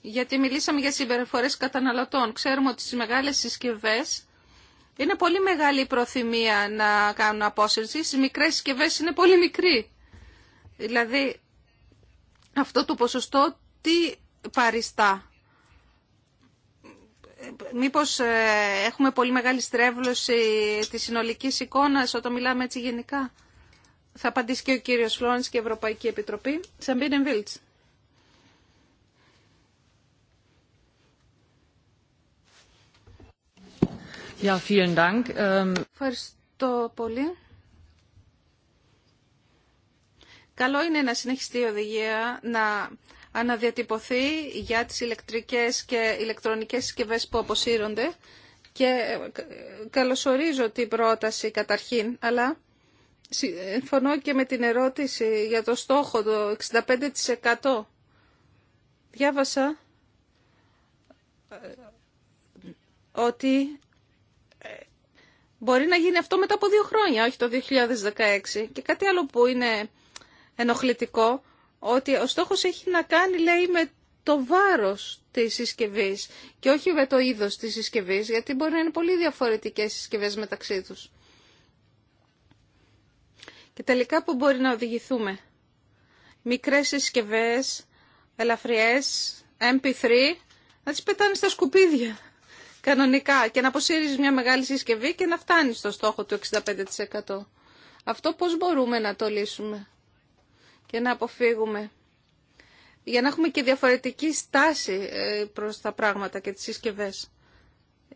Γιατί μιλήσαμε για συμπεριφορές καταναλωτών. Ξέρουμε ότι στις μεγάλες συσκευές είναι πολύ μεγάλη η προθυμία να κάνουν απόσυρση. Στις μεγαλες συσκευέ ειναι συσκευές είναι πολύ μικρες συσκευέ Δηλαδή αυτό το ποσοστό τι παριστά. Μήπως ε, έχουμε πολύ μεγάλη στρέβλωση της συνολικής εικόνας όταν μιλάμε έτσι γενικά. Θα απαντήσει και ο κύριος Φλόρενς και η Ευρωπαϊκή Επιτροπή. Σαμπίνεν Βίλτς. vielen Dank. Ähm, Ευχαριστώ πολύ. Καλό είναι να συνεχιστεί η οδηγία, να αναδιατυπωθεί για τις ηλεκτρικές και ηλεκτρονικές συσκευές που αποσύρονται και ε, καλωσορίζω την πρόταση καταρχήν, αλλά συμφωνώ και με την ερώτηση για το στόχο το 65%. Διάβασα ε, ότι ε, μπορεί να γίνει αυτό μετά από δύο χρόνια, όχι το 2016. Και κάτι άλλο που είναι ενοχλητικό ότι ο στόχος έχει να κάνει, λέει, με το βάρος της συσκευής και όχι με το είδος της συσκευή γιατί μπορεί να είναι πολύ διαφορετικές συσκευέ μεταξύ τους. Και τελικά που μπορεί να οδηγηθούμε. μικρέ συσκευές, ελαφριές, MP3, να τις πετάνε στα σκουπίδια κανονικά και να αποσύρεις μια μεγάλη συσκευή και να φτάνεις στο στόχο του 65%. Αυτό πώς μπορούμε να το λύσουμε και να αποφύγουμε. Για να έχουμε και διαφορετική στάση ε, προς τα πράγματα και τις συσκευές.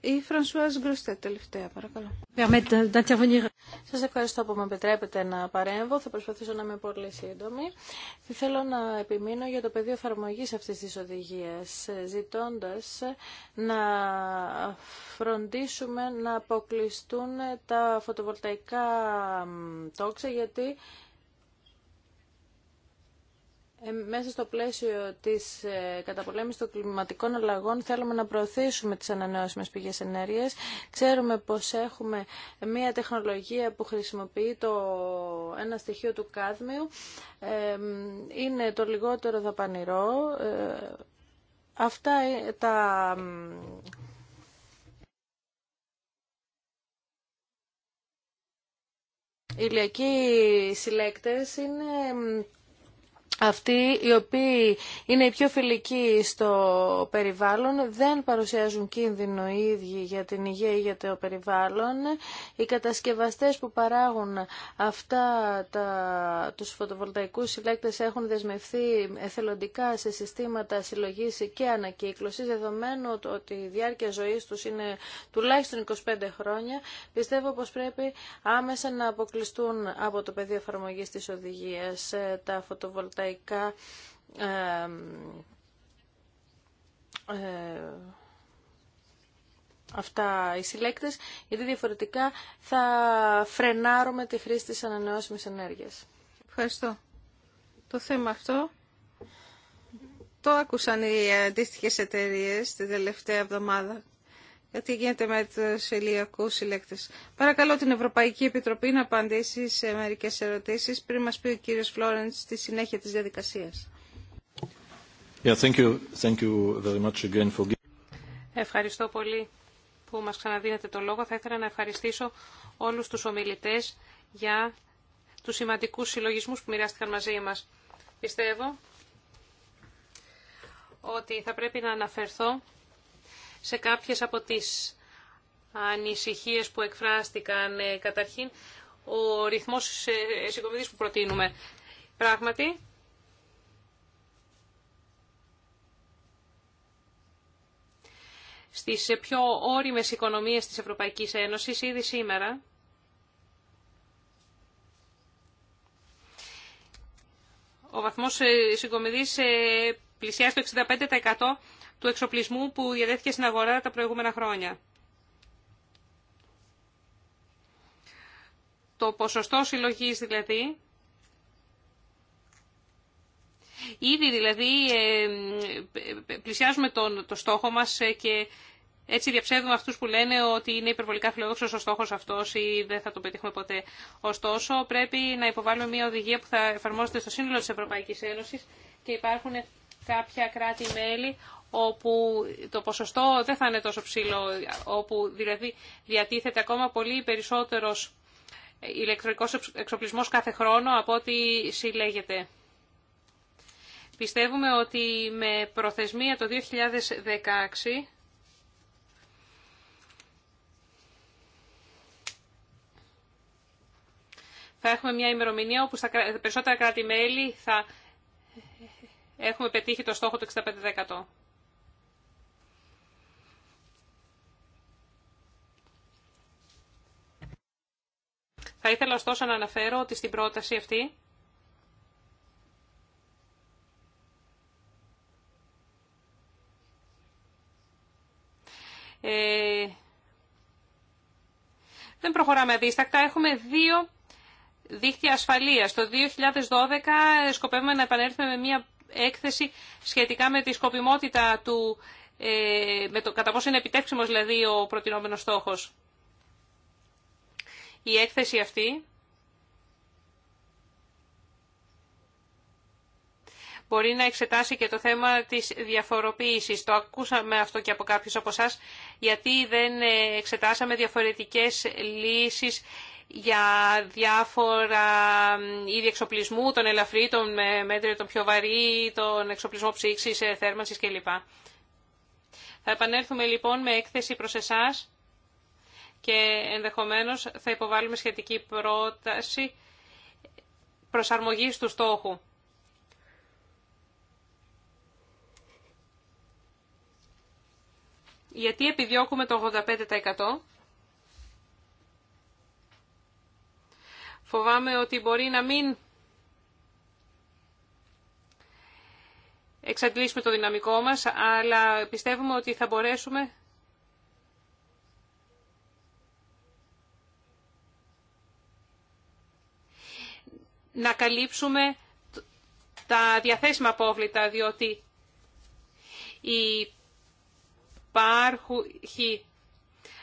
Η Φρανσουάζ Γκρουστέ, τελευταία, παρακαλώ. Σας ευχαριστώ που με επιτρέπετε να παρέμβω. Θα προσπαθήσω να είμαι πολύ σύντομη. Θέλω να επιμείνω για το πεδίο εφαρμογής αυτής της οδηγίας, ε, ζητώντας ε, να φροντίσουμε να αποκλειστούν τα φωτοβολταϊκά τόξα, γιατί ε, μέσα στο πλαίσιο της ε, καταπολέμησης των κλιματικών αλλαγών θέλουμε να προωθήσουμε τις ανανεώσιμες πηγές ενέργειας. Ξέρουμε πως έχουμε μια τεχνολογία που χρησιμοποιεί το, ένα στοιχείο του κάδμιου. Ε, είναι το λιγότερο δαπανηρό. αυτά τα... Οι ηλιακοί συλλέκτες είναι αυτοί οι οποίοι είναι οι πιο φιλικοί στο περιβάλλον δεν παρουσιάζουν κίνδυνο οι ίδιοι για την υγεία ή για το περιβάλλον. Οι κατασκευαστές που παράγουν αυτά τα, τους φωτοβολταϊκούς συλλέκτες έχουν δεσμευθεί εθελοντικά σε συστήματα συλλογής και ανακύκλωσης, δεδομένου ότι η διάρκεια ζωής τους είναι τουλάχιστον 25 χρόνια. Πιστεύω πως πρέπει άμεσα να αποκλειστούν από το πεδίο εφαρμογής της οδηγίας ε, τα φωτοβολταϊκά ε, αυτά οι συλλέκτες, γιατί διαφορετικά θα φρενάρουμε τη χρήση της ανανεώσιμης ενέργειας. Ευχαριστώ. Το θέμα αυτό το άκουσαν οι αντίστοιχε εταιρείε την τελευταία εβδομάδα τι γίνεται με τους ηλιακούς συλλέκτες. Παρακαλώ την Ευρωπαϊκή Επιτροπή να απαντήσει σε μερικές ερωτήσεις πριν μας πει ο κύριος Φλόρεντς στη συνέχεια της διαδικασίας. Yeah, for... Ευχαριστώ πολύ που μας ξαναδίνετε το λόγο. Θα ήθελα να ευχαριστήσω όλους τους ομιλητές για τους σημαντικούς συλλογισμούς που μοιράστηκαν μαζί μας. Πιστεύω ότι θα πρέπει να αναφερθώ σε κάποιες από τις ανησυχίες που εκφράστηκαν. Ε, καταρχήν, ο ρυθμός ε, συγκομιδής που προτείνουμε. Πράγματι, στις ε, πιο όριμες οικονομίες της Ευρωπαϊκής Ένωσης ήδη σήμερα. Ο βαθμός συγκομιδής πλησιάζει το 65% του εξοπλισμού που διαδέθηκε στην αγορά τα προηγούμενα χρόνια. Το ποσοστό συλλογής δηλαδή, ήδη δηλαδή ε, ε, πλησιάζουμε τον, το στόχο μας ε, και έτσι διαψεύδουμε αυτούς που λένε ότι είναι υπερβολικά φιλόδοξος ο στόχος αυτός ή δεν θα το πετύχουμε ποτέ. Ωστόσο, πρέπει να υποβάλουμε μια οδηγία που θα εφαρμόζεται στο σύνολο της Ευρωπαϊκής Ένωσης και υπάρχουν κάποια κράτη-μέλη όπου το ποσοστό δεν θα είναι τόσο ψηλό, όπου δηλαδή διατίθεται ακόμα πολύ περισσότερος ηλεκτρονικός εξοπλισμός κάθε χρόνο από ό,τι συλλέγεται. Πιστεύουμε ότι με προθεσμία το 2016 θα έχουμε μια ημερομηνία όπου στα περισσότερα κράτη-μέλη θα έχουμε πετύχει το στόχο του 65%. Θα ήθελα ωστόσο να αναφέρω ότι στην πρόταση αυτή ε, δεν προχωράμε αδίστακτα. Έχουμε δύο δίκτυα ασφαλείας. Το 2012 σκοπεύουμε να επανέλθουμε με μια έκθεση σχετικά με τη σκοπιμότητα του, ε, με το κατά πόσο είναι επιτεύξιμος δηλαδή ο προτινόμενος στόχος. Η έκθεση αυτή μπορεί να εξετάσει και το θέμα της διαφοροποίησης. Το ακούσαμε αυτό και από κάποιους από εσά, γιατί δεν ε, εξετάσαμε διαφορετικές λύσεις για διάφορα είδη εξοπλισμού, τον ελαφρύ, τον μέτριο, τον πιο βαρύ, τον εξοπλισμό ψήξης, ε, θέρμανσης κλπ. Θα επανέλθουμε λοιπόν με έκθεση προς εσάς και ενδεχομένως θα υποβάλουμε σχετική πρόταση προσαρμογής του στόχου. Γιατί επιδιώκουμε το 85%? Φοβάμαι ότι μπορεί να μην εξαντλήσουμε το δυναμικό μας, αλλά πιστεύουμε ότι θα μπορέσουμε να καλύψουμε τα διαθέσιμα απόβλητα, διότι υπάρχει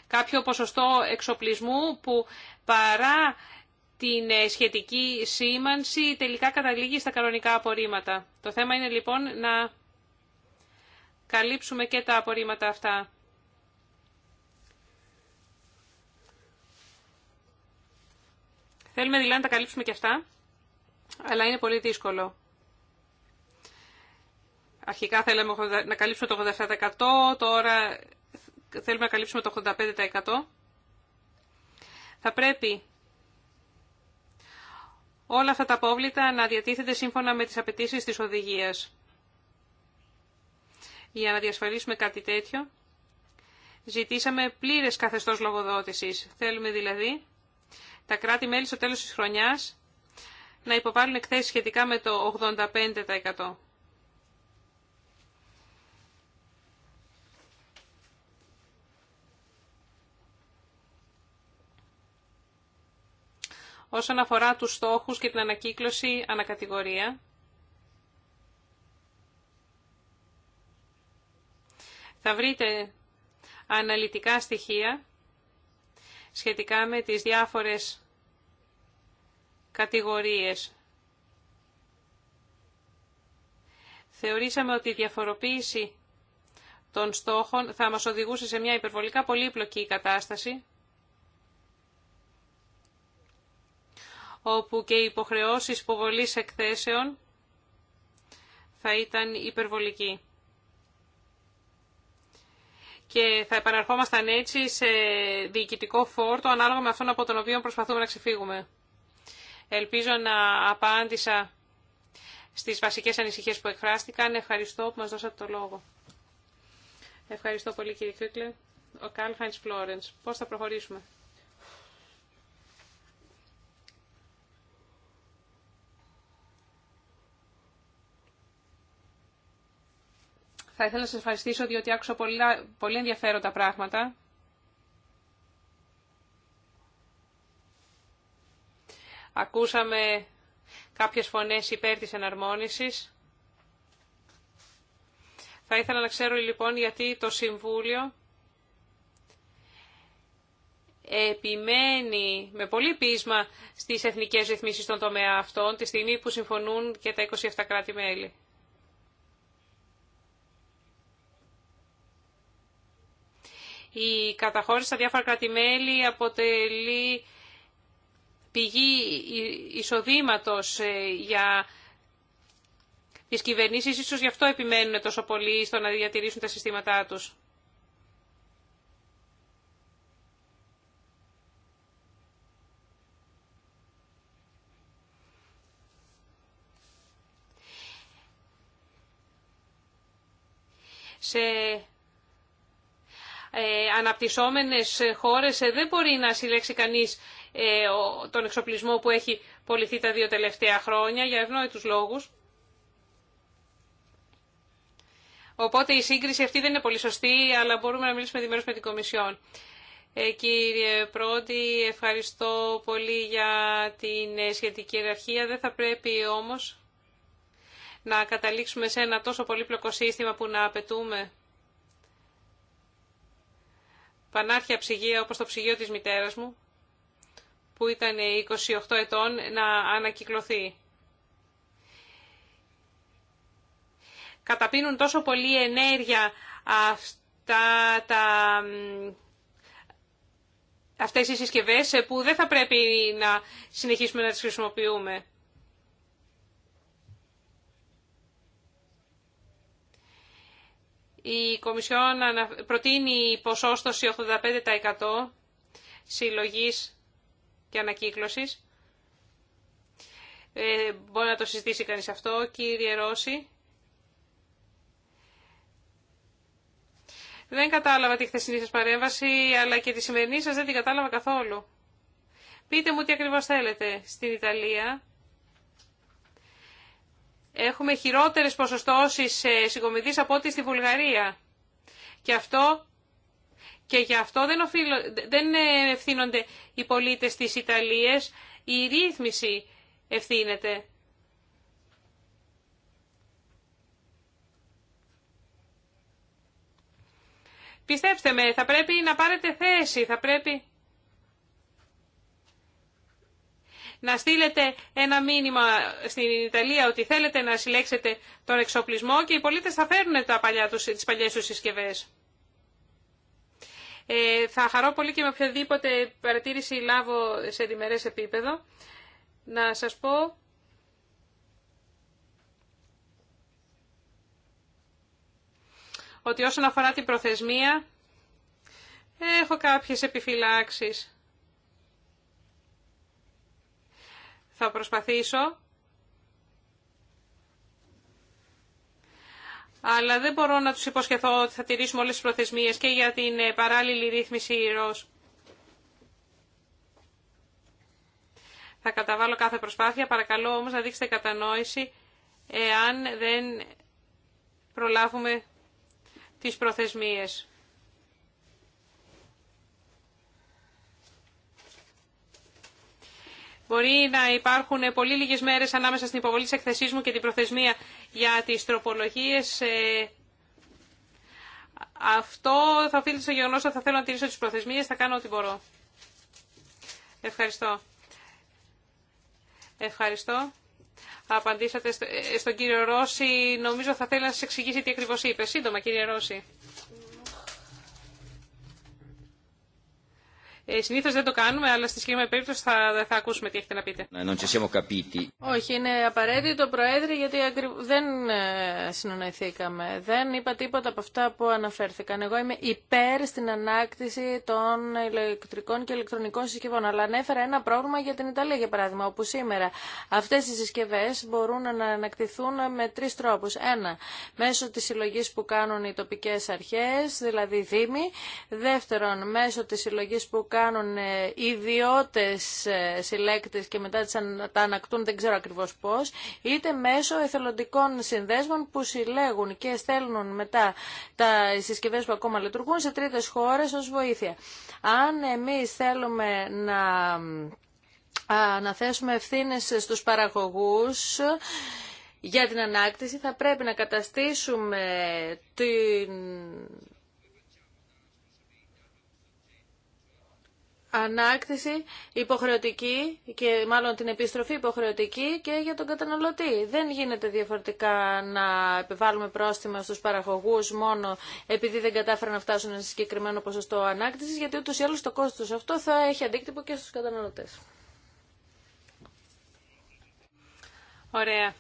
κάποιο ποσοστό εξοπλισμού που παρά την ε, σχετική σήμανση τελικά καταλήγει στα κανονικά απορρίμματα. Το θέμα είναι λοιπόν να καλύψουμε και τα απορρίμματα αυτά. Θέλουμε δηλαδή να τα καλύψουμε και αυτά, αλλά είναι πολύ δύσκολο. Αρχικά θέλαμε να καλύψουμε το 87%, τώρα θέλουμε να καλύψουμε το 85%. Θα πρέπει όλα αυτά τα απόβλητα να διατίθεται σύμφωνα με τις απαιτήσεις της οδηγίας. Για να διασφαλίσουμε κάτι τέτοιο, ζητήσαμε πλήρες καθεστώς λογοδότησης. Θέλουμε δηλαδή τα κράτη-μέλη στο τέλος της χρονιάς να υποβάλουν εκθέσεις σχετικά με το 85%. όσον αφορά τους στόχους και την ανακύκλωση ανακατηγορία. Θα βρείτε αναλυτικά στοιχεία σχετικά με τις διάφορες κατηγορίες. Θεωρήσαμε ότι η διαφοροποίηση των στόχων θα μας οδηγούσε σε μια υπερβολικά πολύπλοκη κατάσταση όπου και οι υποχρεώσεις υποβολής εκθέσεων θα ήταν υπερβολική. Και θα επαναρχόμασταν έτσι σε διοικητικό φόρτο ανάλογα με αυτόν από τον οποίο προσπαθούμε να ξεφύγουμε. Ελπίζω να απάντησα στις βασικές ανησυχίες που εκφράστηκαν. Ευχαριστώ που μας δώσατε το λόγο. Ευχαριστώ πολύ κύριε Ο Καλχάιντς Φλόρενς. Πώς θα προχωρήσουμε. Θα ήθελα να σας ευχαριστήσω διότι άκουσα πολλά, πολύ ενδιαφέροντα πράγματα. Ακούσαμε κάποιες φωνές υπέρ της εναρμόνισης. Θα ήθελα να ξέρω λοιπόν γιατί το Συμβούλιο επιμένει με πολύ πείσμα στις εθνικές ρυθμίσεις των τομέα αυτών τη στιγμή που συμφωνούν και τα 27 κράτη-μέλη. Η καταχώρηση στα διάφορα κράτη-μέλη αποτελεί πηγή εισοδήματος ε, για τις κυβερνήσεις. Ίσως γι' αυτό επιμένουν τόσο πολύ στο να διατηρήσουν τα συστήματά τους. σε ε, αναπτυσσόμενες χώρες ε, δεν μπορεί να συλλέξει κανείς ε, τον εξοπλισμό που έχει πολιθεί τα δύο τελευταία χρόνια για ευνόητους λόγους. Οπότε η σύγκριση αυτή δεν είναι πολύ σωστή, αλλά μπορούμε να μιλήσουμε διμέρως με την Κομισιόν. κύριε Πρόντι ευχαριστώ πολύ για την σχετική ιεραρχία. Δεν θα πρέπει όμως να καταλήξουμε σε ένα τόσο πολύπλοκο σύστημα που να απαιτούμε πανάρχια ψυγεία όπως το ψυγείο της μητέρας μου, που ήταν 28 ετών, να ανακυκλωθεί. Καταπίνουν τόσο πολύ ενέργεια αυτά τα αυτές οι συσκευές που δεν θα πρέπει να συνεχίσουμε να τις χρησιμοποιούμε. Η Κομισιόν προτείνει ποσόστοση 85% συλλογής και ανακύκλωσης. Ε, μπορεί να το συζητήσει κανείς αυτό, κύριε Ρώση. Δεν κατάλαβα τη χθεσινή σας παρέμβαση, αλλά και τη σημερινή σας δεν την κατάλαβα καθόλου. Πείτε μου τι ακριβώς θέλετε. Στην Ιταλία έχουμε χειρότερες ποσοστώσεις ε, συγκομιδής από ό,τι στη Βουλγαρία. Και αυτό... Και γι' αυτό δεν, δεν ε, ευθύνονται οι πολίτες της Ιταλίας, η ρύθμιση ευθύνεται. Πιστέψτε με, θα πρέπει να πάρετε θέση, θα πρέπει να στείλετε ένα μήνυμα στην Ιταλία ότι θέλετε να συλλέξετε τον εξοπλισμό και οι πολίτες θα φέρουν τα παλιά τους, τις παλιές τους συσκευές. Ε, θα χαρώ πολύ και με οποιαδήποτε παρατήρηση λάβω σε διμερές επίπεδο. Να σας πω ότι όσον αφορά την προθεσμία έχω κάποιες επιφυλάξεις. Θα προσπαθήσω. Αλλά δεν μπορώ να τους υποσχεθώ ότι θα τηρήσουμε όλες τις προθεσμίες και για την ε, παράλληλη ρύθμιση ΡΟΣ. Θα καταβάλω κάθε προσπάθεια. Παρακαλώ όμως να δείξετε κατανόηση εάν δεν προλάβουμε τις προθεσμίες. Μπορεί να υπάρχουν πολύ λίγε μέρες ανάμεσα στην υποβολή τη εκθεσή μου και την προθεσμία για τις τροπολογίες. Ε, αυτό θα οφείλεται στο γεγονό ότι θα θέλω να τηρήσω τι προθεσμίες, θα κάνω ό,τι μπορώ. Ευχαριστώ. Ευχαριστώ. Απαντήσατε ε, στον κύριο Ρώση. Νομίζω θα θέλει να σα εξηγήσει τι ακριβώ είπε. Σύντομα, κύριε Ρώση. Ε, Συνήθω δεν το κάνουμε, αλλά στη συγκεκριμένη περίπτωση θα, θα ακούσουμε τι έχετε να πείτε. Ε, Όχι, είναι απαραίτητο, Προέδρε, γιατί δεν ε, συνονοηθήκαμε. Δεν είπα τίποτα από αυτά που αναφέρθηκαν. Εγώ είμαι υπέρ στην ανάκτηση των ηλεκτρικών και ηλεκτρονικών συσκευών. Αλλά ανέφερα ένα πρόβλημα για την Ιταλία, για παράδειγμα, όπου σήμερα αυτέ οι συσκευέ μπορούν να ανακτηθούν με τρει τρόπου. Ένα, μέσω τη συλλογή που κάνουν οι τοπικέ αρχέ, δηλαδή δήμοι. Δεύτερον, μέσω τη συλλογή που κάνουν κάνουν ε, ιδιώτες ε, συλλέκτες και μετά τα ανακτούν δεν ξέρω ακριβώς πώς, είτε μέσω εθελοντικών συνδέσμων που συλλέγουν και στέλνουν μετά τα συσκευέ που ακόμα λειτουργούν σε τρίτες χώρες ως βοήθεια. Αν εμείς θέλουμε να αναθέσουμε ευθύνες στους παραγωγούς, για την ανάκτηση θα πρέπει να καταστήσουμε την ανάκτηση υποχρεωτική και μάλλον την επιστροφή υποχρεωτική και για τον καταναλωτή. Δεν γίνεται διαφορετικά να επιβάλλουμε πρόστιμα στους παραγωγούς μόνο επειδή δεν κατάφεραν να φτάσουν σε συγκεκριμένο ποσοστό ανάκτησης γιατί ούτως ή άλλως το κόστος αυτό θα έχει αντίκτυπο και στους καταναλωτές. Ωραία.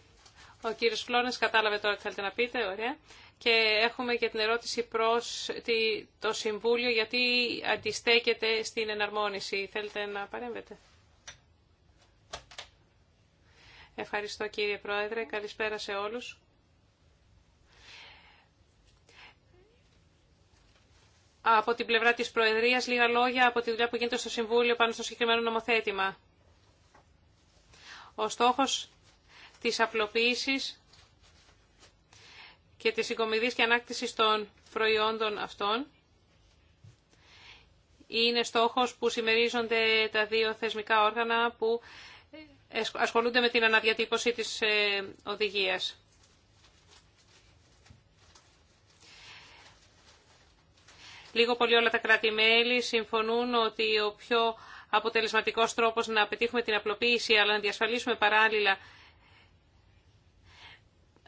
Ο κύριος Φλόνες κατάλαβε τώρα τι θέλετε να πείτε. Ωραία. Και έχουμε και την ερώτηση προς το Συμβούλιο γιατί αντιστέκεται στην εναρμόνιση. Θέλετε να παρέμβετε. Ευχαριστώ κύριε Πρόεδρε. Καλησπέρα σε όλους. Από την πλευρά της Προεδρίας, λίγα λόγια από τη δουλειά που γίνεται στο Συμβούλιο πάνω στο συγκεκριμένο νομοθέτημα. Ο στόχος της απλοποίησης και τη συγκομιδής και ανάκτησης των προϊόντων αυτών. Είναι στόχος που συμμερίζονται τα δύο θεσμικά όργανα που ασχολούνται με την αναδιατύπωση της ε, οδηγίας. Λίγο πολύ όλα τα κράτη-μέλη συμφωνούν ότι ο πιο αποτελεσματικός τρόπος να πετύχουμε την απλοποίηση αλλά να διασφαλίσουμε παράλληλα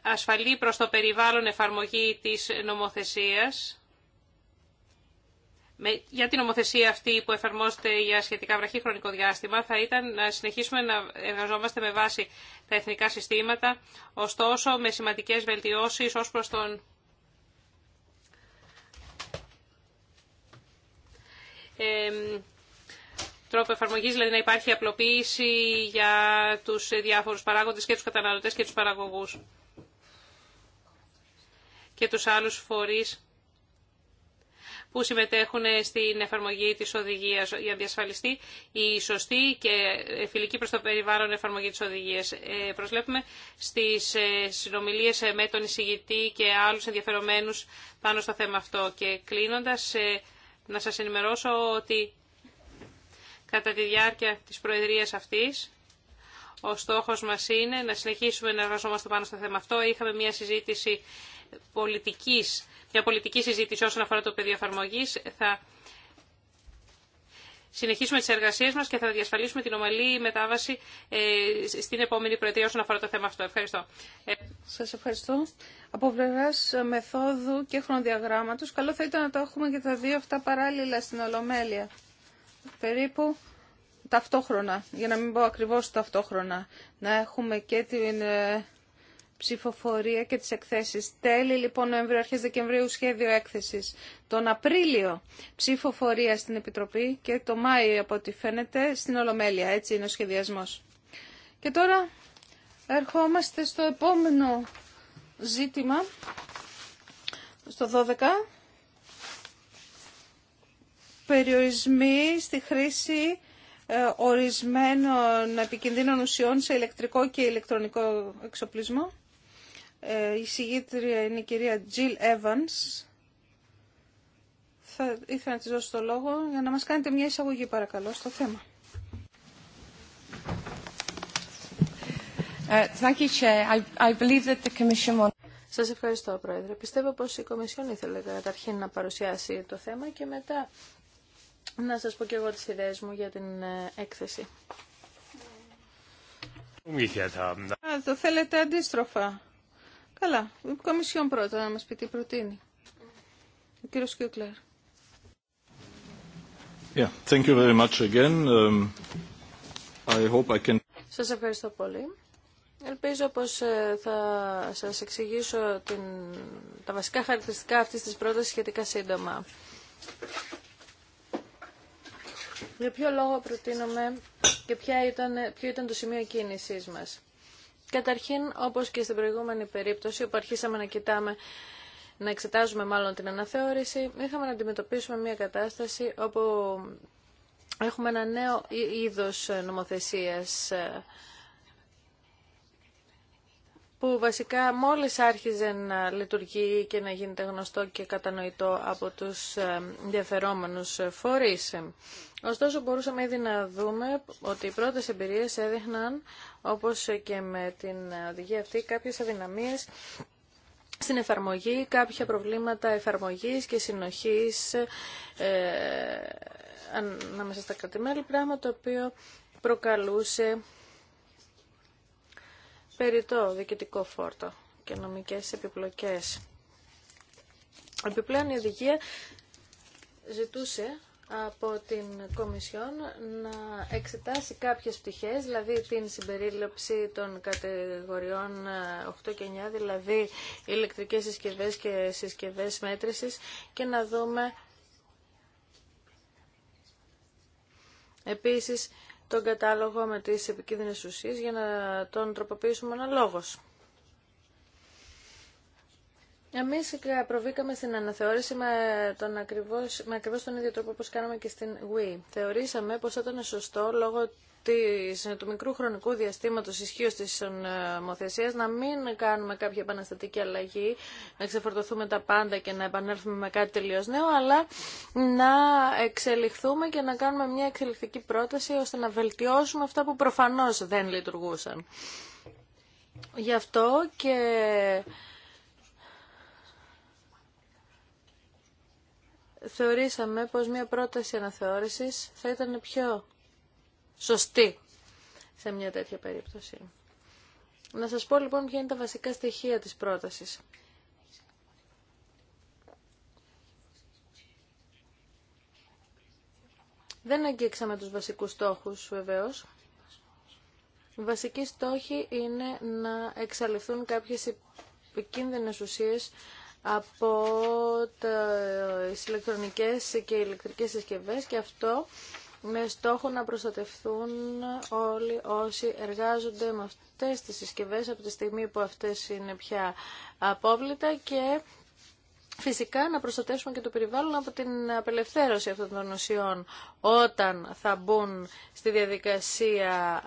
ασφαλή προς το περιβάλλον εφαρμογή της νομοθεσίας, για την νομοθεσία αυτή που εφαρμόζεται για σχετικά βραχή χρονικό διάστημα θα ήταν να συνεχίσουμε να εργαζόμαστε με βάση τα εθνικά συστήματα, ωστόσο με σημαντικές βελτιώσεις ως προς τον τρόπο εφαρμογής, δηλαδή να υπάρχει απλοποίηση για τους διάφορους παράγοντες και τους καταναλωτές και τους παραγωγούς και τους άλλους φορείς που συμμετέχουν στην εφαρμογή της οδηγίας για να διασφαλιστεί η σωστή και φιλική προς το περιβάλλον εφαρμογή της οδηγίας. Ε, προσβλέπουμε στις ε, συνομιλίες ε, με τον εισηγητή και άλλους ενδιαφερομένους πάνω στο θέμα αυτό. Και κλείνοντας, ε, να σας ενημερώσω ότι κατά τη διάρκεια της προεδρίας αυτής ο στόχος μας είναι να συνεχίσουμε να εργαζόμαστε πάνω στο θέμα αυτό. Είχαμε μια συζήτηση πολιτικής, μια πολιτική συζήτηση όσον αφορά το πεδίο εφαρμογή. Θα συνεχίσουμε τις εργασίες μας και θα διασφαλίσουμε την ομαλή μετάβαση ε, στην επόμενη προεδρία όσον αφορά το θέμα αυτό. Ευχαριστώ. Ε, Σας ευχαριστώ. Από πλευρά μεθόδου και χρονοδιαγράμματος, καλό θα ήταν να το έχουμε και τα δύο αυτά παράλληλα στην Ολομέλεια. Περίπου ταυτόχρονα, για να μην πω ακριβώς ταυτόχρονα, να έχουμε και την ε, ψηφοφορία και τις εκθέσεις. Τέλη λοιπόν Νοεμβρίου, αρχές Δεκεμβρίου σχέδιο έκθεσης. Τον Απρίλιο ψηφοφορία στην Επιτροπή και το Μάιο από ό,τι φαίνεται στην Ολομέλεια. Έτσι είναι ο σχεδιασμός. Και τώρα ερχόμαστε στο επόμενο ζήτημα, στο 12. Περιορισμοί στη χρήση ε, ορισμένων επικινδύνων ουσιών σε ηλεκτρικό και ηλεκτρονικό εξοπλισμό. Ε, η συγγήτρια είναι η κυρία Jill Evans. Θα ήθελα να της δώσω το λόγο για να μας κάνετε μια εισαγωγή παρακαλώ στο θέμα. Ε, Σας ευχαριστώ, Πρόεδρε. Πιστεύω πως η Κομισιόν ήθελε καταρχήν να παρουσιάσει το θέμα και μετά να σας πω και εγώ τις ιδέες μου για την ε, έκθεση. Α, το θέλετε αντίστροφα. Καλά. Η Κομισιόν πρώτα να μας πει τι προτείνει. Ο κύριος Κιούκλερ. Yeah, thank um, can... Σας ευχαριστώ πολύ. Ελπίζω πως ε, θα σας εξηγήσω την... τα βασικά χαρακτηριστικά αυτής της πρότασης σχετικά σύντομα. Για ποιο λόγο προτείνουμε και ποια ήταν, ποιο ήταν το σημείο κίνησής μας. Καταρχήν, όπως και στην προηγούμενη περίπτωση, όπου αρχίσαμε να κοιτάμε να εξετάζουμε μάλλον την αναθεώρηση, είχαμε να αντιμετωπίσουμε μια κατάσταση όπου έχουμε ένα νέο είδος νομοθεσίας ε, που βασικά μόλις άρχιζε να λειτουργεί και να γίνεται γνωστό και κατανοητό από τους ε, ενδιαφερόμενους φορείς. Ωστόσο μπορούσαμε ήδη να δούμε ότι οι πρώτες εμπειρίες έδειχναν, όπως και με την οδηγία αυτή, κάποιες αδυναμίες στην εφαρμογή, κάποια προβλήματα εφαρμογής και συνοχής ε, ανάμεσα στα κρατημέλη, πράγμα το οποίο προκαλούσε περιττό διοικητικό φόρτο και νομικές επιπλοκές. Επιπλέον η οδηγία ζητούσε από την Κομισιόν να εξετάσει κάποιες πτυχές, δηλαδή την συμπερίληψη των κατηγοριών 8 και 9, δηλαδή ηλεκτρικές συσκευές και συσκευές μέτρησης και να δούμε επίσης τον κατάλογο με τις επικίνδυνες ουσίες για να τον τροποποιήσουμε αναλόγως. Εμεί προβήκαμε στην αναθεώρηση με, τον ακριβώς, με ακριβώς τον ίδιο τρόπο όπως κάναμε και στην WE. Θεωρήσαμε πως ήταν σωστό λόγω της, του μικρού χρονικού διαστήματος ισχύω της ε, νομοθεσία να μην κάνουμε κάποια επαναστατική αλλαγή, να ξεφορτωθούμε τα πάντα και να επανέλθουμε με κάτι τελείω νέο, αλλά να εξελιχθούμε και να κάνουμε μια εξελιχτική πρόταση ώστε να βελτιώσουμε αυτά που προφανώς δεν λειτουργούσαν. Γι' αυτό και θεωρήσαμε πως μια πρόταση αναθεώρησης θα ήταν πιο σωστή σε μια τέτοια περίπτωση. Να σας πω λοιπόν ποια είναι τα βασικά στοιχεία της πρότασης. Δεν αγγίξαμε τους βασικούς στόχους βεβαίως. Οι βασικοί στόχοι είναι να εξαλειφθούν κάποιες επικίνδυνες ουσίες από τις ηλεκτρονικές και ηλεκτρικές συσκευές και αυτό με στόχο να προστατευθούν όλοι όσοι εργάζονται με αυτές τις συσκευές από τη στιγμή που αυτές είναι πια απόβλητα και Φυσικά να προστατεύσουμε και το περιβάλλον από την απελευθέρωση αυτών των ουσιών όταν θα μπουν στη διαδικασία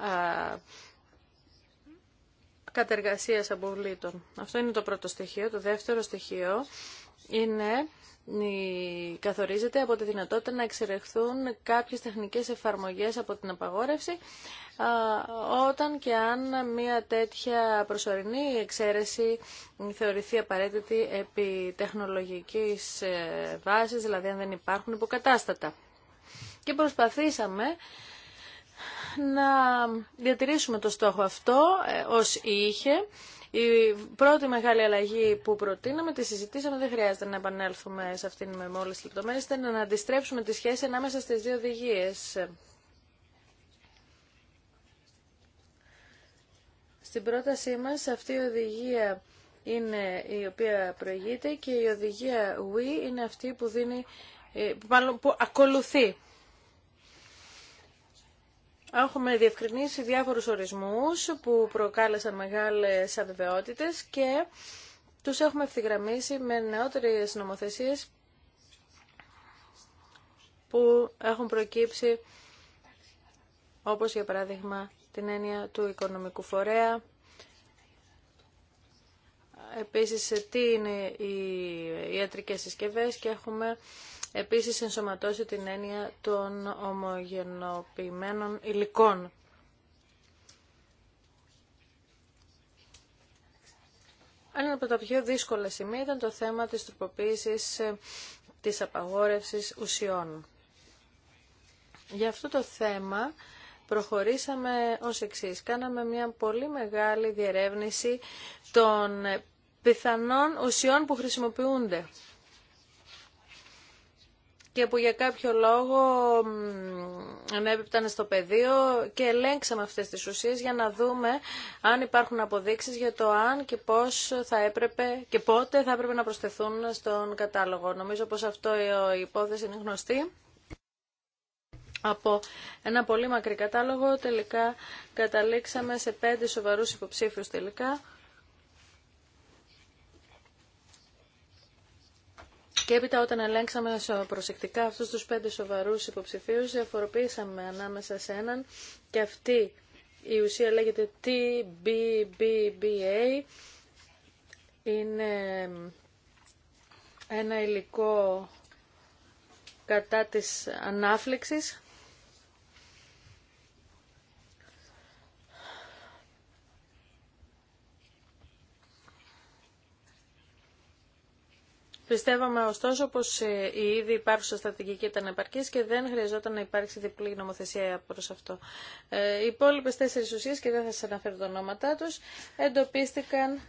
κατεργασίας αποβλήτων. Αυτό είναι το πρώτο στοιχείο. Το δεύτερο στοιχείο είναι καθορίζεται από τη δυνατότητα να εξερεχθούν κάποιες τεχνικές εφαρμογές από την απαγόρευση όταν και αν μια τέτοια προσωρινή εξαίρεση θεωρηθεί απαραίτητη επί τεχνολογικής ε, βάσης, δηλαδή αν δεν υπάρχουν υποκατάστατα. Και προσπαθήσαμε να διατηρήσουμε το στόχο αυτό ε, ως είχε. Η πρώτη μεγάλη αλλαγή που προτείναμε, τη συζητήσαμε, δεν χρειάζεται να επανέλθουμε σε αυτήν με όλε τι λεπτομέρειε, ήταν να αντιστρέψουμε τη σχέση ανάμεσα στι δύο οδηγίε. Στην πρότασή μας αυτή η οδηγία είναι η οποία προηγείται και η οδηγία WE είναι αυτή που δίνει, ε, που ακολουθεί Έχουμε διευκρινίσει διάφορους ορισμούς που προκάλεσαν μεγάλες αβεβαιότητες και τους έχουμε ευθυγραμμίσει με νεότερες νομοθεσίες που έχουν προκύψει όπως για παράδειγμα την έννοια του οικονομικού φορέα. Επίσης, τι είναι οι ιατρικές συσκευές και έχουμε επίσης ενσωματώσει την έννοια των ομογενοποιημένων υλικών. Ένα από τα πιο δύσκολα σημεία ήταν το θέμα της τροποποίησης ε, της απαγόρευσης ουσιών. Για αυτό το θέμα προχωρήσαμε ως εξής. Κάναμε μια πολύ μεγάλη διερεύνηση των πιθανών ουσιών που χρησιμοποιούνται και που για κάποιο λόγο ανέπιπταν στο πεδίο και ελέγξαμε αυτές τις ουσίες για να δούμε αν υπάρχουν αποδείξεις για το αν και πώς θα έπρεπε και πότε θα έπρεπε να προσθεθούν στον κατάλογο. Νομίζω πως αυτό η υπόθεση είναι γνωστή. Από ένα πολύ μακρύ κατάλογο τελικά καταλήξαμε σε πέντε σοβαρούς υποψήφιους τελικά Και έπειτα όταν ελέγξαμε προσεκτικά αυτούς τους πέντε σοβαρούς υποψηφίους, διαφοροποίησαμε ανάμεσα σε έναν και αυτή η ουσία λέγεται TBBBA. Είναι ένα υλικό κατά της ανάφλεξης Πιστεύαμε ωστόσο πως ε, η ήδη υπάρχουσα στρατηγική ήταν επαρκής και δεν χρειαζόταν να υπάρξει διπλή νομοθεσία προ αυτό. Ε, οι υπόλοιπε τέσσερις ουσίε και δεν θα σα αναφέρω τα το ονόματά τους, εντοπίστηκαν...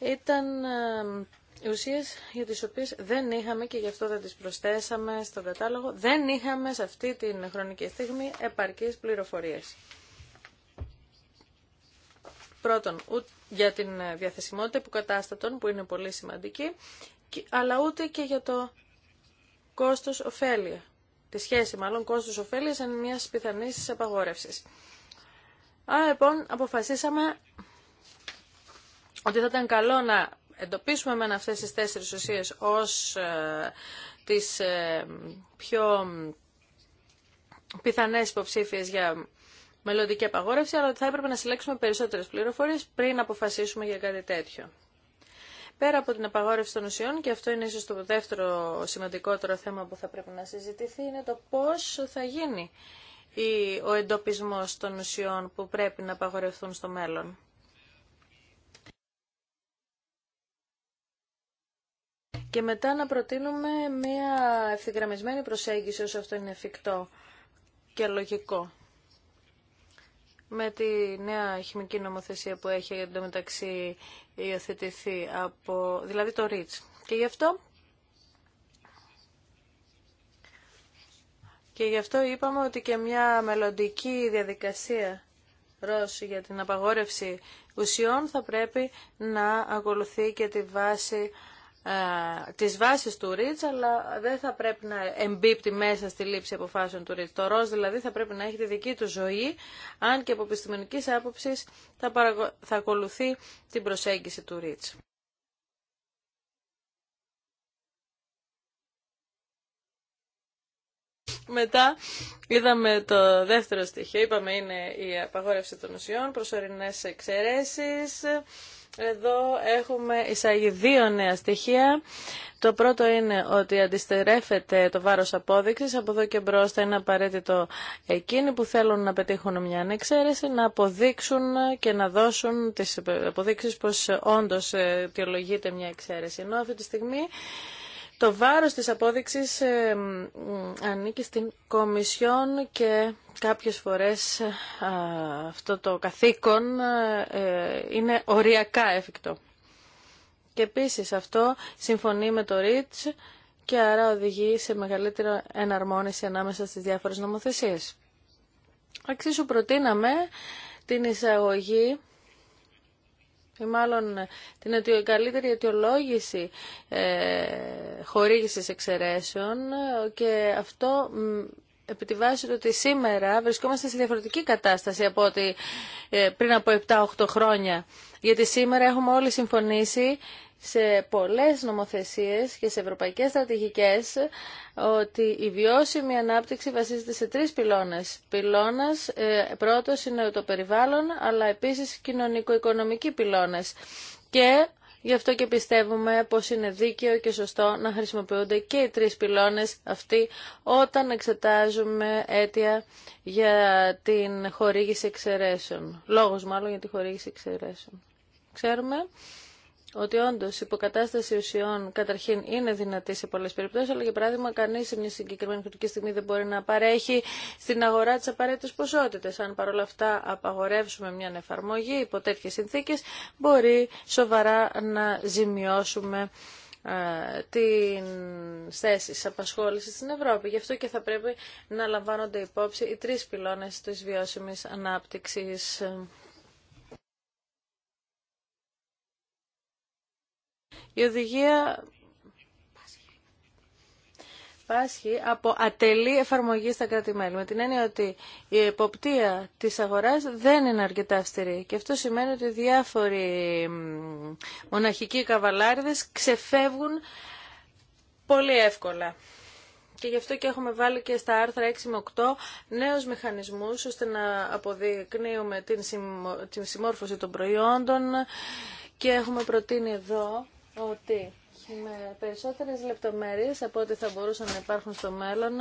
Ήταν ε, ουσίε για τις οποίες δεν είχαμε και γι' αυτό δεν τις προσθέσαμε στον κατάλογο, δεν είχαμε σε αυτή την χρονική στιγμή επαρκή πληροφορίες πρώτον για την ε, διαθεσιμότητα υποκατάστατων που είναι πολύ σημαντική, αλλά ούτε και για το κόστος ωφέλεια. Τη σχέση μάλλον κόστος ωφέλεια εν μια πιθανή απαγόρευση. Άρα λοιπόν αποφασίσαμε ότι θα ήταν καλό να εντοπίσουμε με αυτές τις τέσσερις ουσίες ως ε, τις ε, πιο πιθανές υποψήφιες για μελλοντική απαγόρευση, αλλά ότι θα έπρεπε να συλλέξουμε περισσότερες πληροφορίες πριν αποφασίσουμε για κάτι τέτοιο. Πέρα από την απαγόρευση των ουσιών, και αυτό είναι ίσω το δεύτερο σημαντικότερο θέμα που θα πρέπει να συζητηθεί, είναι το πώς θα γίνει ο εντοπισμός των ουσιών που πρέπει να απαγορευθούν στο μέλλον. Και μετά να προτείνουμε μια ευθυγραμμισμένη προσέγγιση όσο αυτό είναι εφικτό και λογικό με τη νέα χημική νομοθεσία που έχει εντωμεταξύ υιοθετηθεί, από, δηλαδή το REACH. Και γι' αυτό Και γι' αυτό είπαμε ότι και μια μελλοντική διαδικασία Ρώσ για την απαγόρευση ουσιών θα πρέπει να ακολουθεί και τη βάση ε, τις βάσεις του ΡΙΤΣ, αλλά δεν θα πρέπει να εμπίπτει μέσα στη λήψη αποφάσεων του ΡΙΤΣ. Το ΡΟΣ δηλαδή θα πρέπει να έχει τη δική του ζωή, αν και από επιστημονικής άποψης θα, θα ακολουθεί την προσέγγιση του ΡΙΤΣ. Μετά είδαμε το δεύτερο στοιχείο, είπαμε είναι η απαγόρευση των ουσιών, προσωρινές εξαιρέσεις, εδώ έχουμε εισάγει δύο νέα στοιχεία. Το πρώτο είναι ότι αντιστερέφεται το βάρος απόδειξης. Από εδώ και μπρος θα είναι απαραίτητο εκείνοι που θέλουν να πετύχουν μια ανεξαίρεση να αποδείξουν και να δώσουν τις αποδείξεις πως όντως τιολογείται μια εξαίρεση. Ενώ αυτή τη στιγμή το βάρος της απόδειξης ε, ανήκει στην Κομισιόν και κάποιες φορές ε, αυτό το καθήκον ε, είναι οριακά εφικτό. Και επίσης αυτό συμφωνεί με το ΡΙΤΣ και άρα οδηγεί σε μεγαλύτερη εναρμόνιση ανάμεσα στις διάφορες νομοθεσίες. Αξίσου προτείναμε την εισαγωγή ή μάλλον ε, την καλύτερη αιτιολόγηση ε, χορήγησης εξαιρέσεων ε, και αυτό επί τη βάση του ότι σήμερα βρισκόμαστε σε διαφορετική κατάσταση από ότι ε, πριν από 7-8 χρόνια. Γιατί σήμερα έχουμε όλοι συμφωνήσει σε πολλές νομοθεσίες και σε ευρωπαϊκές στρατηγικές ότι η βιώσιμη ανάπτυξη βασίζεται σε τρεις πυλώνες. Πυλώνας ε, πρώτος είναι το περιβάλλον, αλλά επίσης κοινωνικο-οικονομικοί πυλώνες. Και Γι' αυτό και πιστεύουμε πως είναι δίκαιο και σωστό να χρησιμοποιούνται και οι τρεις πυλώνες αυτοί όταν εξετάζουμε αίτια για την χορήγηση εξαιρέσεων. Λόγος μάλλον για τη χορήγηση εξαιρέσεων. Ξέρουμε ότι όντω η υποκατάσταση ουσιών καταρχήν είναι δυνατή σε πολλέ περιπτώσει, αλλά για παράδειγμα κανεί σε μια συγκεκριμένη χρονική στιγμή δεν μπορεί να παρέχει στην αγορά τι απαραίτητε ποσότητε. Αν παρόλα αυτά απαγορεύσουμε μια εφαρμογή υπό τέτοιε συνθήκες, μπορεί σοβαρά να ζημιώσουμε ε, την θέση απασχόληση στην Ευρώπη. Γι' αυτό και θα πρέπει να λαμβάνονται υπόψη οι τρεις πυλώνες της βιώσιμης ανάπτυξης. Η οδηγία πάσχει από ατελή εφαρμογή στα κράτη-μέλη. Με την έννοια ότι η εποπτεία της αγοράς δεν είναι αρκετά αυστηρή. Και αυτό σημαίνει ότι διάφοροι μοναχικοί καβαλάριδες ξεφεύγουν πολύ εύκολα. Και γι' αυτό και έχουμε βάλει και στα άρθρα 6 με 8 νέους μηχανισμούς ώστε να αποδεικνύουμε την συμμόρφωση των προϊόντων και έχουμε προτείνει εδώ ότι με περισσότερες λεπτομέρειες από ό,τι θα μπορούσαν να υπάρχουν στο μέλλον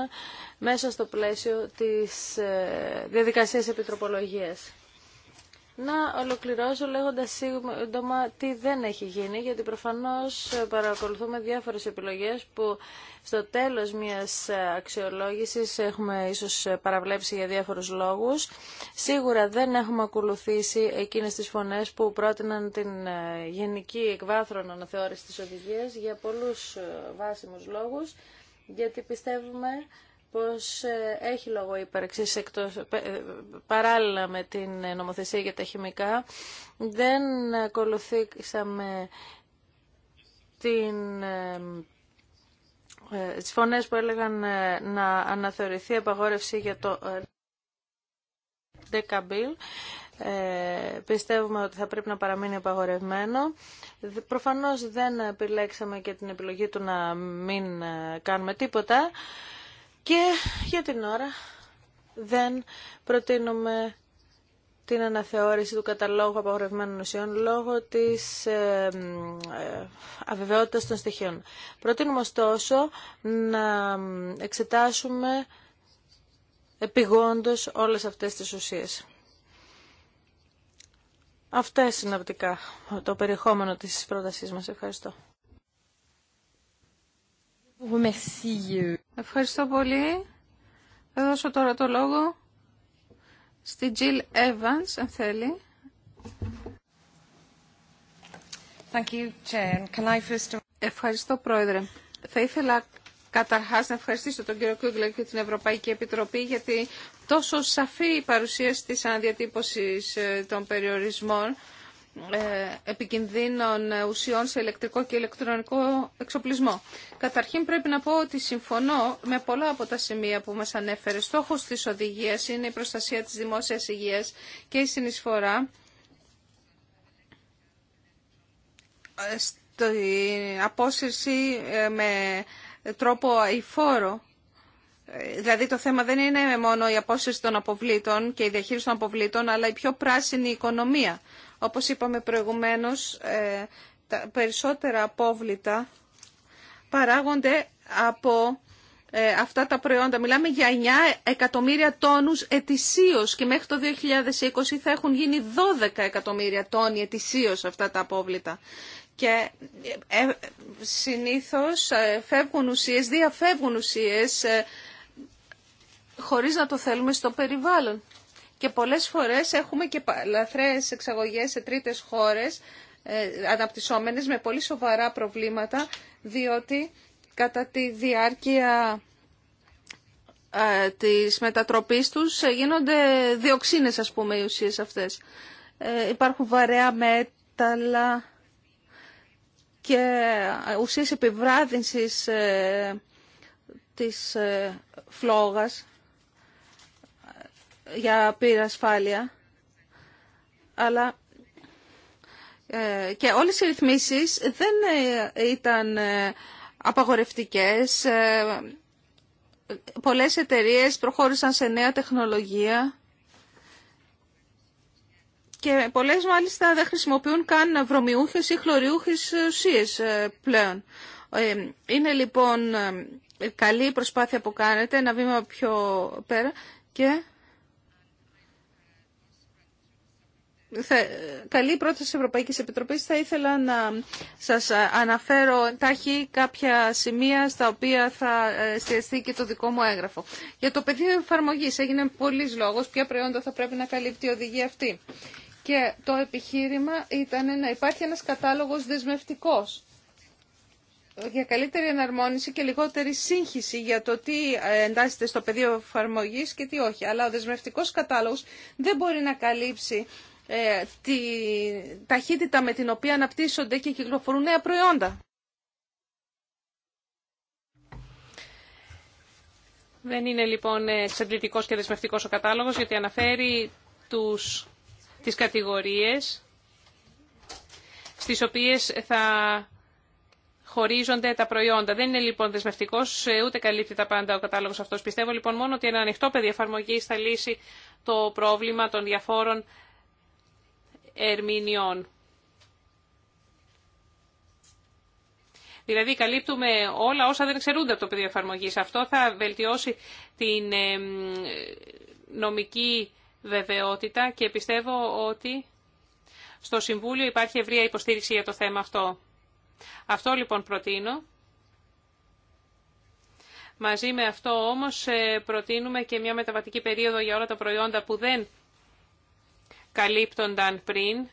μέσα στο πλαίσιο της ε, διαδικασίας επιτροπολογίας. Να ολοκληρώσω λέγοντας σύντομα τι δεν έχει γίνει, γιατί προφανώς παρακολουθούμε διάφορες επιλογές που στο τέλος μιας αξιολόγησης έχουμε ίσως παραβλέψει για διάφορους λόγους. Σίγουρα δεν έχουμε ακολουθήσει εκείνε τις φωνές που πρότειναν την γενική εκβάθρον αναθεώρηση τη οδηγία για πολλούς βάσιμους λόγους, γιατί πιστεύουμε πως ε, έχει λόγο ύπαρξης εκτός, ε, ε, παράλληλα με την νομοθεσία για τα χημικά. Δεν ακολουθήσαμε την τις που έλεγαν να αναθεωρηθεί απαγόρευση για το δεκαμπίλ. πιστεύουμε ότι θα πρέπει να παραμείνει απαγορευμένο. Προφανώς δεν επιλέξαμε και την επιλογή του να μην κάνουμε τίποτα. Και για την ώρα δεν προτείνουμε την αναθεώρηση του καταλόγου απαγορευμένων ουσιών λόγω της ε, ε αβεβαιότητας των στοιχείων. Προτείνουμε ωστόσο να εξετάσουμε επιγόντως όλες αυτές τις ουσίες. Αυτά συναπτικά το περιεχόμενο της πρότασής μας. Ευχαριστώ. Euh. Ευχαριστώ πολύ. Θα δώσω τώρα το λόγο στη Jill Evans, αν θέλει. Ευχαριστώ, Πρόεδρε. Θα ήθελα καταρχάς να ευχαριστήσω τον κύριο Κούγκλερ και την Ευρωπαϊκή Επιτροπή για τη τόσο σαφή παρουσίαση της αναδιατύπωσης ε, των περιορισμών ε, επικινδύνων ουσιών σε ηλεκτρικό και ηλεκτρονικό εξοπλισμό. Καταρχήν πρέπει να πω ότι συμφωνώ με πολλά από τα σημεία που μας ανέφερε. Στόχος της οδηγίας είναι η προστασία της δημόσιας υγείας και η συνεισφορά ε, στην απόσυρση ε, με τρόπο αηφόρο. Δηλαδή το θέμα δεν είναι μόνο η απόσυρση των αποβλήτων και η διαχείριση των αποβλήτων, αλλά η πιο πράσινη οικονομία όπως είπαμε προηγουμένως, ε, τα περισσότερα απόβλητα παράγονται από ε, αυτά τα προϊόντα. Μιλάμε για 9 εκατομμύρια τόνους ετησίως και μέχρι το 2020 θα έχουν γίνει 12 εκατομμύρια τόνοι ετησίως αυτά τα απόβλητα. Και ε, συνήθως φεύγουν ουσίες, διαφεύγουν ουσίες χωρίς να το θέλουμε στο περιβάλλον και πολλές φορές έχουμε και λαθρές εξαγωγές σε τρίτες χώρες ε, αναπτυσσόμενες με πολύ σοβαρά προβλήματα διότι κατά τη διάρκεια ε, της μετατροπής τους ε, γίνονται διοξίνες ας πούμε οι ουσίες αυτές. Υπάρχουν βαρέα μέταλλα και ουσίες επιβράδυνσης της φλόγας για ασφάλεια αλλά ε, και όλες οι ρυθμίσεις δεν ε, ήταν ε, απαγορευτικές. Πολλές εταιρείες προχώρησαν σε νέα τεχνολογία και πολλές μάλιστα δεν χρησιμοποιούν καν βρωμιούχες ή χλωριούχες ουσίες πλέον. Είναι λοιπόν καλή η προσπάθεια που κάνετε, να βήμα πιο πέρα και... καλή πρόταση της Ευρωπαϊκής Επιτροπής. Θα ήθελα να σας αναφέρω τάχει κάποια σημεία στα οποία θα εστιαστεί και το δικό μου έγγραφο. Για το πεδίο εφαρμογή έγινε πολλής λόγος ποια προϊόντα θα πρέπει να καλύπτει η οδηγία αυτή. Και το επιχείρημα ήταν να υπάρχει ένας κατάλογος δεσμευτικός για καλύτερη εναρμόνιση και λιγότερη σύγχυση για το τι εντάσσεται στο πεδίο εφαρμογή και τι όχι. Αλλά ο δεσμευτικό κατάλογο δεν μπορεί να καλύψει ε, τη ταχύτητα με την οποία αναπτύσσονται και κυκλοφορούν νέα προϊόντα. Δεν είναι λοιπόν ε, εξαντλητικός και δεσμευτικός ο κατάλογος γιατί αναφέρει τους, τις κατηγορίες στις οποίες θα χωρίζονται τα προϊόντα. Δεν είναι λοιπόν δεσμευτικό, ε, ούτε καλύπτει τα πάντα ο κατάλογο αυτό. Πιστεύω λοιπόν μόνο ότι ένα ανοιχτό πεδίο εφαρμογή θα λύσει το πρόβλημα των διαφόρων ερμηνεών. Δηλαδή καλύπτουμε όλα όσα δεν ξερούνται από το πεδίο εφαρμογής. Αυτό θα βελτιώσει την νομική βεβαιότητα και πιστεύω ότι στο Συμβούλιο υπάρχει ευρεία υποστήριξη για το θέμα αυτό. Αυτό λοιπόν προτείνω. Μαζί με αυτό όμως ε, προτείνουμε και μια μεταβατική περίοδο για όλα τα προϊόντα που δεν καλύπτονταν πριν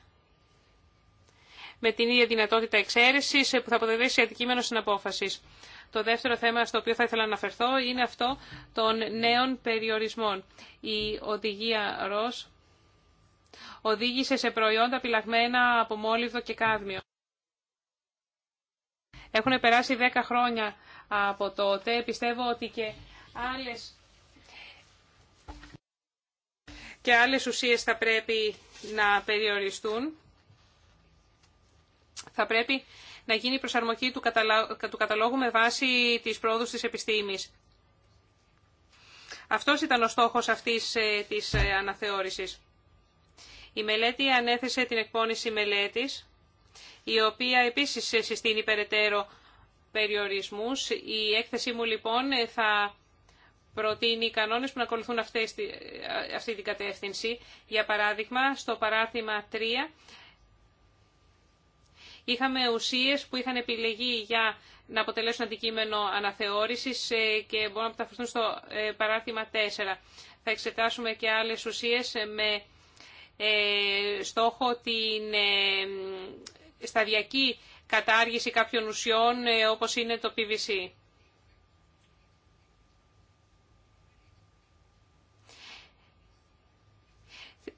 με την ίδια δυνατότητα εξαίρεση που θα αποτελέσει αντικείμενο συναπόφαση. Το δεύτερο θέμα στο οποίο θα ήθελα να αναφερθώ είναι αυτό των νέων περιορισμών. Η οδηγία ΡΟΣ οδήγησε σε προϊόντα πυλαγμένα από μόλιβδο και κάδμιο. Έχουν περάσει 10 χρόνια από τότε. Πιστεύω ότι και άλλες και άλλες ουσίες θα πρέπει να περιοριστούν. Θα πρέπει να γίνει η προσαρμογή του καταλόγου με βάση τις πρόοδου της επιστήμης. Αυτός ήταν ο στόχος αυτής ε, της ε, αναθεώρησης. Η μελέτη ανέθεσε την εκπόνηση μελέτης, η οποία επίσης συστήνει περαιτέρω περιορισμούς. Η έκθεσή μου λοιπόν θα προτείνει κανόνες που να ακολουθούν αυτές, ε, αυτή την κατεύθυνση. Για παράδειγμα, στο παράθυμα 3 είχαμε ουσίες που είχαν επιλεγεί για να αποτελέσουν αντικείμενο αναθεώρησης ε, και μπορούν να μεταφερθούν στο ε, παράθυμα 4. Θα εξετάσουμε και άλλες ουσίες με στόχο την σταδιακή κατάργηση κάποιων ουσιών όπως είναι το PVC.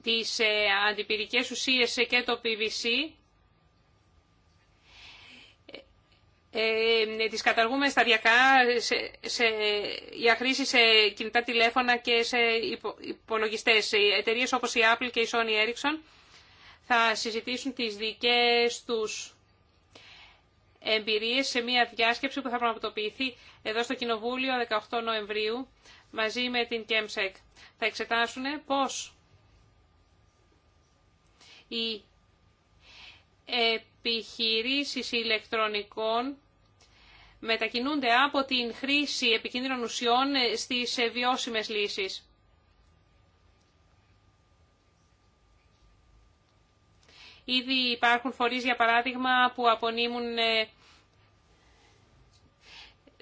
τις ε, αντιπυρικές ουσίες ε, και το PVC ε, ε, τις καταργούμε σταδιακά σε, σε, για χρήση σε κινητά τηλέφωνα και σε υπο, υπολογιστές. Οι εταιρείες όπως η Apple και η Sony Ericsson θα συζητήσουν τις δικές τους εμπειρίες σε μια διάσκεψη που θα πραγματοποιηθεί εδώ στο Κοινοβούλιο 18 Νοεμβρίου μαζί με την Κέμσεκ. Θα εξετάσουν πώς οι επιχειρήσεις ηλεκτρονικών μετακινούνται από την χρήση επικίνδυνων ουσιών στις βιώσιμες λύσεις. Ήδη υπάρχουν φορείς, για παράδειγμα, που απονείμουν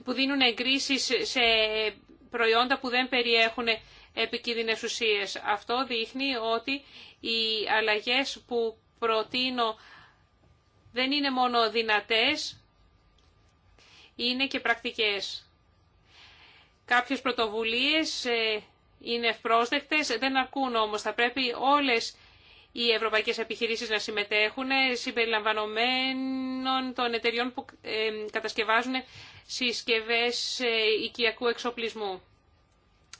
που δίνουν εγκρίσεις σε προϊόντα που δεν περιέχουν επικίνδυνες ουσίες. Αυτό δείχνει ότι οι αλλαγές που προτείνω δεν είναι μόνο δυνατές, είναι και πρακτικές. Κάποιες πρωτοβουλίες ε, είναι ευπρόσδεκτες, δεν αρκούν όμως. Θα πρέπει όλες οι ευρωπαϊκές επιχειρήσεις να συμμετέχουν ε, συμπεριλαμβανομένων των εταιριών που ε, κατασκευάζουν συσκευές οικιακού εξοπλισμού.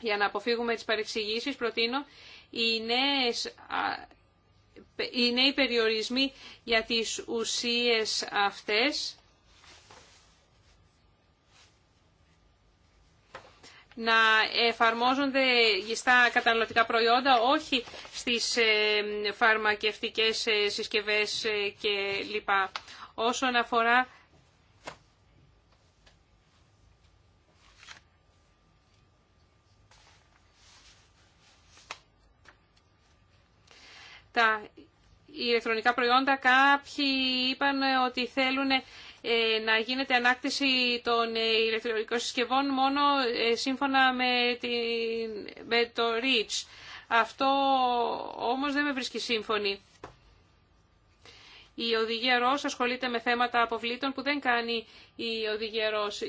Για να αποφύγουμε τις παρεξηγήσεις προτείνω οι, νέες, νέοι περιορισμοί για τις ουσίες αυτές να εφαρμόζονται στα καταναλωτικά προϊόντα, όχι στις ε, φαρμακευτικές ε, συσκευές ε, και λοιπά. Όσον αφορά τα ηλεκτρονικά προϊόντα. Κάποιοι είπαν ότι θέλουν ε, να γίνεται ανάκτηση των ε, ηλεκτρονικών συσκευών μόνο ε, σύμφωνα με, την, το REACH. Αυτό όμως δεν με βρίσκει σύμφωνη. Η οδηγία ΡΟΣ ασχολείται με θέματα αποβλήτων που δεν κάνει η οδηγία ΡΟΣ.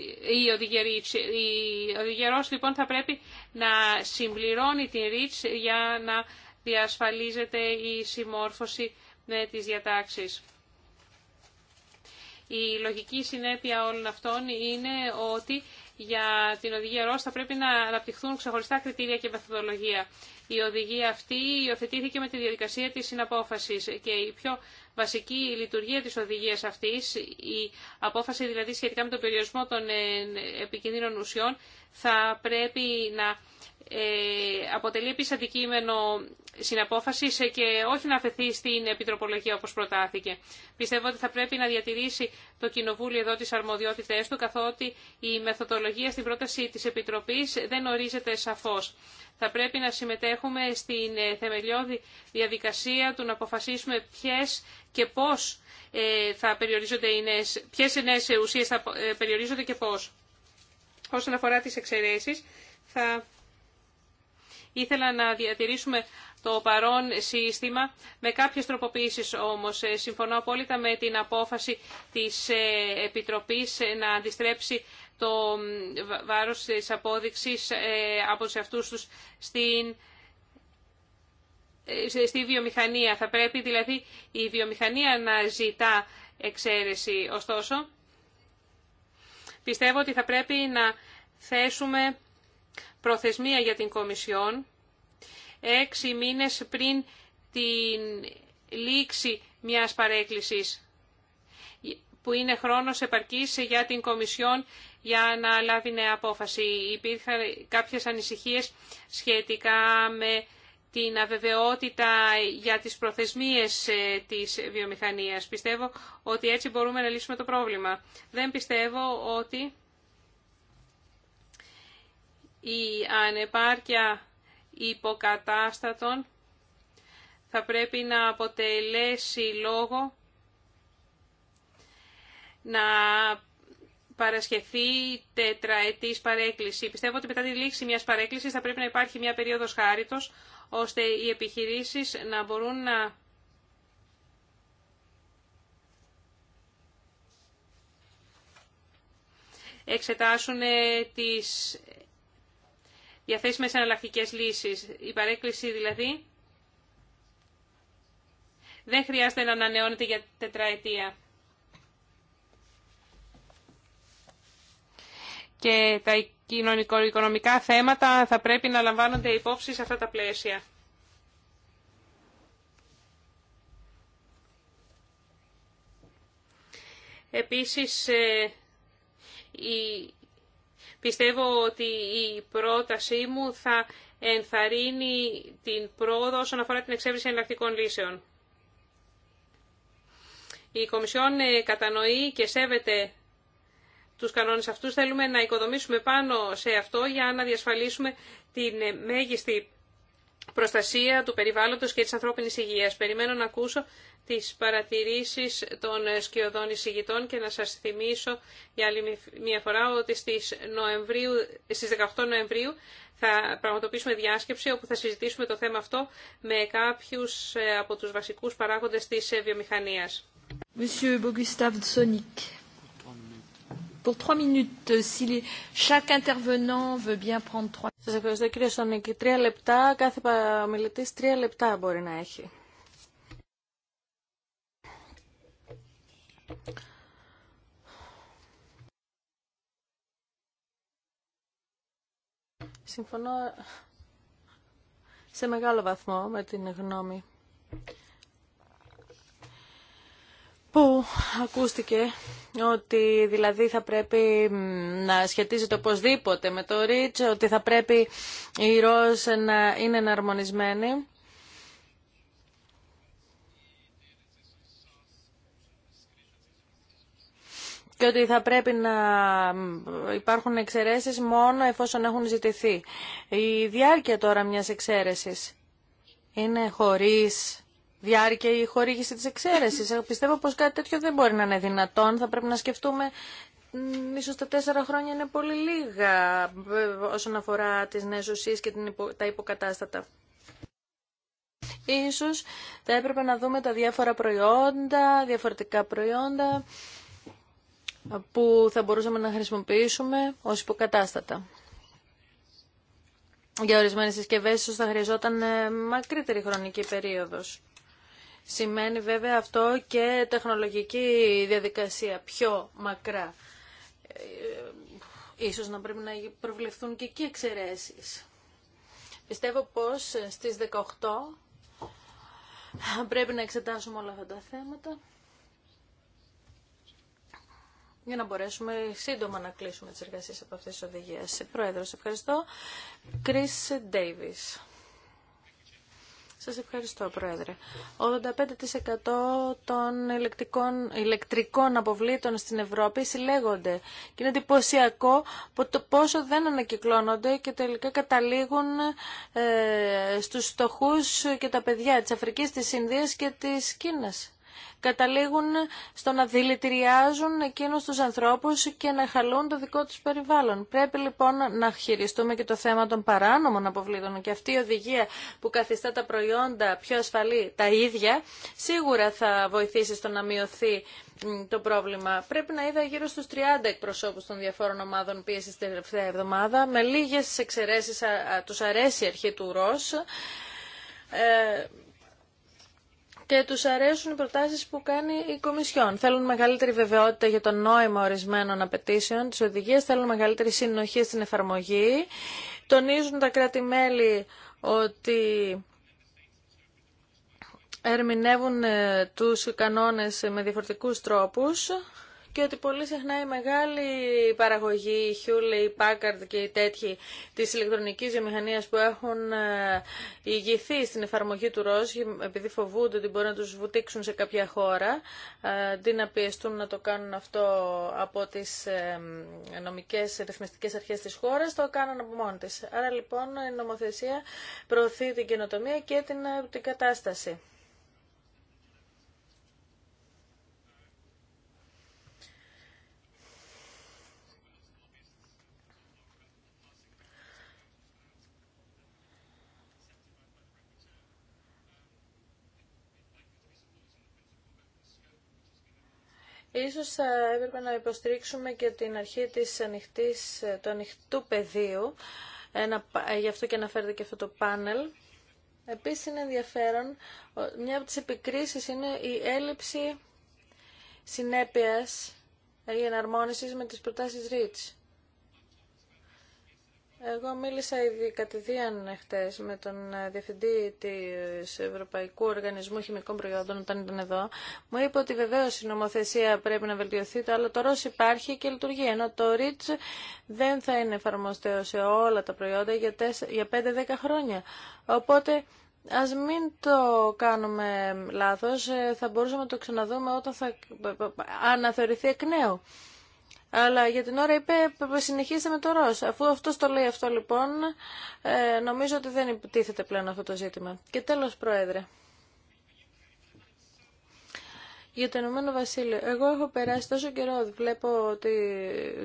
Η οδηγία, Ρίτς. Η οδηγία λοιπόν θα πρέπει να συμπληρώνει την ΡΙΤΣ για να διασφαλίζεται η συμμόρφωση με τις διατάξεις. Η λογική συνέπεια όλων αυτών είναι ότι για την οδηγία ΡΟΣ θα πρέπει να αναπτυχθούν ξεχωριστά κριτήρια και μεθοδολογία. Η οδηγία αυτή υιοθετήθηκε με τη διαδικασία της συναπόφασης και η πιο βασική λειτουργία της οδηγίας αυτής, η απόφαση δηλαδή σχετικά με τον περιορισμό των ε, επικίνδυνων ουσιών, θα πρέπει να ε, αποτελεί επίσης αντικείμενο συναπόφασης και όχι να αφαιθεί στην επιτροπολογία όπως προτάθηκε. Πιστεύω ότι θα πρέπει να διατηρήσει το Κοινοβούλιο εδώ τις αρμοδιότητές του, καθότι η μεθοδολογία στην πρόταση της Επιτροπής δεν ορίζεται σαφώς. Θα πρέπει να συμμετέχουμε στην ε, θεμελιώδη διαδικασία του να αποφασίσουμε ποιες και πώς ε, θα περιορίζονται οι νέες, ποιες ουσίες θα περιορίζονται και πώς. Όσον αφορά τις εξαιρέσεις, θα Ήθελα να διατηρήσουμε το παρόν σύστημα με κάποιες τροποποιήσεις όμως. Ε, συμφωνώ απόλυτα με την απόφαση της ε, Επιτροπής ε, να αντιστρέψει το βάρος της απόδειξης από τους αυτούς τους στην στη βιομηχανία. Θα πρέπει δηλαδή η βιομηχανία να ζητά εξαίρεση. Ωστόσο, πιστεύω ότι θα πρέπει να θέσουμε προθεσμία για την Κομισιόν έξι μήνες πριν την λήξη μιας παρέκκλησης που είναι χρόνος επαρκής για την Κομισιόν για να λάβει νέα απόφαση. Υπήρχαν κάποιες ανησυχίες σχετικά με την αβεβαιότητα για τις προθεσμίες ε, της βιομηχανίας. Πιστεύω ότι έτσι μπορούμε να λύσουμε το πρόβλημα. Δεν πιστεύω ότι η ανεπάρκεια υποκατάστατων θα πρέπει να αποτελέσει λόγο να παρασχεθεί τετραετής παρέκκληση. Πιστεύω ότι μετά τη λήξη μιας παρέκκλησης θα πρέπει να υπάρχει μια περίοδος χάριτος, ώστε οι επιχειρήσεις να μπορούν να εξετάσουν ε, τις διαθέσιμες εναλλακτικές λύσεις. Η παρέκκληση δηλαδή δεν χρειάζεται να ανανεώνεται για τετραετία. Και τα κοινωνικο-οικονομικά θέματα θα πρέπει να λαμβάνονται υπόψη σε αυτά τα πλαίσια. Επίσης, ε, η Πιστεύω ότι η πρότασή μου θα ενθαρρύνει την πρόοδο όσον αφορά την εξέβριση εναλλακτικών λύσεων. Η Κομισιόν ε, κατανοεί και σέβεται τους κανόνες αυτούς. Θέλουμε να οικοδομήσουμε πάνω σε αυτό για να διασφαλίσουμε την ε, μέγιστη προστασία του περιβάλλοντος και της ανθρώπινης υγείας. Περιμένω να ακούσω τις παρατηρήσεις των σκιωδών εισηγητών και να σας θυμίσω για άλλη μια φορά ότι στις, Νοεμβρίου, στις 18 Νοεμβρίου θα πραγματοποιήσουμε διάσκεψη όπου θα συζητήσουμε το θέμα αυτό με κάποιους ε, από τους βασικούς παράγοντες της ε, βιομηχανίας pour trois minutes, si chaque intervenant veut bien prendre Σας ευχαριστώ κύριε Σονίκη. Τρία λεπτά, κάθε ομιλητής τρία λεπτά μπορεί να έχει. Συμφωνώ σε μεγάλο βαθμό με την γνώμη που ακούστηκε ότι δηλαδή θα πρέπει να σχετίζεται οπωσδήποτε με το ρίτς, ότι θα πρέπει η ΡΟΣ να είναι εναρμονισμένη. και ότι θα πρέπει να υπάρχουν εξαιρέσεις μόνο εφόσον έχουν ζητηθεί. Η διάρκεια τώρα μιας εξαίρεσης είναι χωρίς διάρκεια η χορήγηση της εξαίρεσης. Πιστεύω πως κάτι τέτοιο δεν μπορεί να είναι δυνατόν. Θα πρέπει να σκεφτούμε ίσως τα τέσσερα χρόνια είναι πολύ λίγα ε, όσον αφορά τις νέες ουσίες και τα υποκατάστατα. Ίσως θα έπρεπε να δούμε τα διάφορα προϊόντα, διαφορετικά προϊόντα που θα μπορούσαμε να χρησιμοποιήσουμε ως υποκατάστατα. Για ορισμένες συσκευές ίσως θα χρειαζόταν ε, μακρύτερη χρονική περίοδος. Σημαίνει βέβαια αυτό και τεχνολογική διαδικασία πιο μακρά. Ε, ίσως να πρέπει να προβλεφθούν και εκεί εξαιρέσεις. Πιστεύω πως στις 18 πρέπει να εξετάσουμε όλα αυτά τα θέματα για να μπορέσουμε σύντομα να κλείσουμε τις εργασίες από αυτές τις οδηγίες. Πρόεδρος, ευχαριστώ. Chris Davis. Σας ευχαριστώ, Πρόεδρε. 85% των ηλεκτρικών, ηλεκτρικών αποβλήτων στην Ευρώπη συλλέγονται και είναι εντυπωσιακό το πόσο δεν ανακυκλώνονται και τελικά καταλήγουν ε, στους στοχούς και τα παιδιά της Αφρικής, της Ινδίας και της Κίνας καταλήγουν στο να δηλητηριάζουν εκείνους τους ανθρώπους και να χαλούν το δικό τους περιβάλλον. Πρέπει λοιπόν να χειριστούμε και το θέμα των παράνομων αποβλήτων και αυτή η οδηγία που καθιστά τα προϊόντα πιο ασφαλή τα ίδια σίγουρα θα βοηθήσει στο να μειωθεί το πρόβλημα. Πρέπει να είδα γύρω στους 30 εκπροσώπους των διαφόρων ομάδων πίεση την τελευταία εβδομάδα. Με λίγες εξαιρέσεις τους αρέσει η αρχή του ΡΟΣ. Ε, και τους αρέσουν οι προτάσεις που κάνει η Κομισιόν. Θέλουν μεγαλύτερη βεβαιότητα για το νόημα ορισμένων απαιτήσεων της οδηγίας, θέλουν μεγαλύτερη συνοχή στην εφαρμογή. Τονίζουν τα κράτη-μέλη ότι ερμηνεύουν ε, τους κανόνες με διαφορετικούς τρόπους και ότι πολύ συχνά η μεγάλη παραγωγή, η Χιούλε, η Πάκαρντ και οι τέτοιοι της ηλεκτρονικής βιομηχανία που έχουν ε, ηγηθεί στην εφαρμογή του ΡΟΣ επειδή φοβούνται ότι μπορεί να τους βουτήξουν σε κάποια χώρα ε, αντί να πιεστούν να το κάνουν αυτό από τις ε, νομικές ρυθμιστικές αρχές της χώρας το κάνουν από μόνοι Άρα λοιπόν η νομοθεσία προωθεί την καινοτομία και την, την κατάσταση. Ίσως θα έπρεπε να υποστηρίξουμε και την αρχή της ανοιχτής, του ανοιχτού πεδίου. Ένα, ε, γι' αυτό και αναφέρεται και αυτό το πάνελ. Επίσης είναι ενδιαφέρον, μια από τις επικρίσεις είναι η έλλειψη συνέπειας ή εναρμόνισης με τις προτάσεις REACH. Εγώ μίλησα ήδη κατηδίαν χτε με τον ε, Διευθυντή τη Ευρωπαϊκού Οργανισμού Χημικών Προϊόντων, όταν ήταν εδώ. Μου είπε ότι βεβαίω η νομοθεσία πρέπει να βελτιωθεί, αλλά το ΡΟΣ υπάρχει και λειτουργεί. Ενώ το ΡΙΤΣ δεν θα είναι εφαρμοστέο σε όλα τα προϊόντα για 5-10 χρόνια. Οπότε Ας μην το κάνουμε λάθος, ε, θα μπορούσαμε να το ξαναδούμε όταν θα ε, αναθεωρηθεί εκ νέου. Αλλά για την ώρα είπε συνεχίστε με το ΡΟΣ. Αφού αυτό το λέει αυτό λοιπόν, ε, νομίζω ότι δεν υποτίθεται πλέον αυτό το ζήτημα. Και τέλος Πρόεδρε. Για το Ηνωμένο Βασίλειο. Εγώ έχω περάσει τόσο καιρό, βλέπω ότι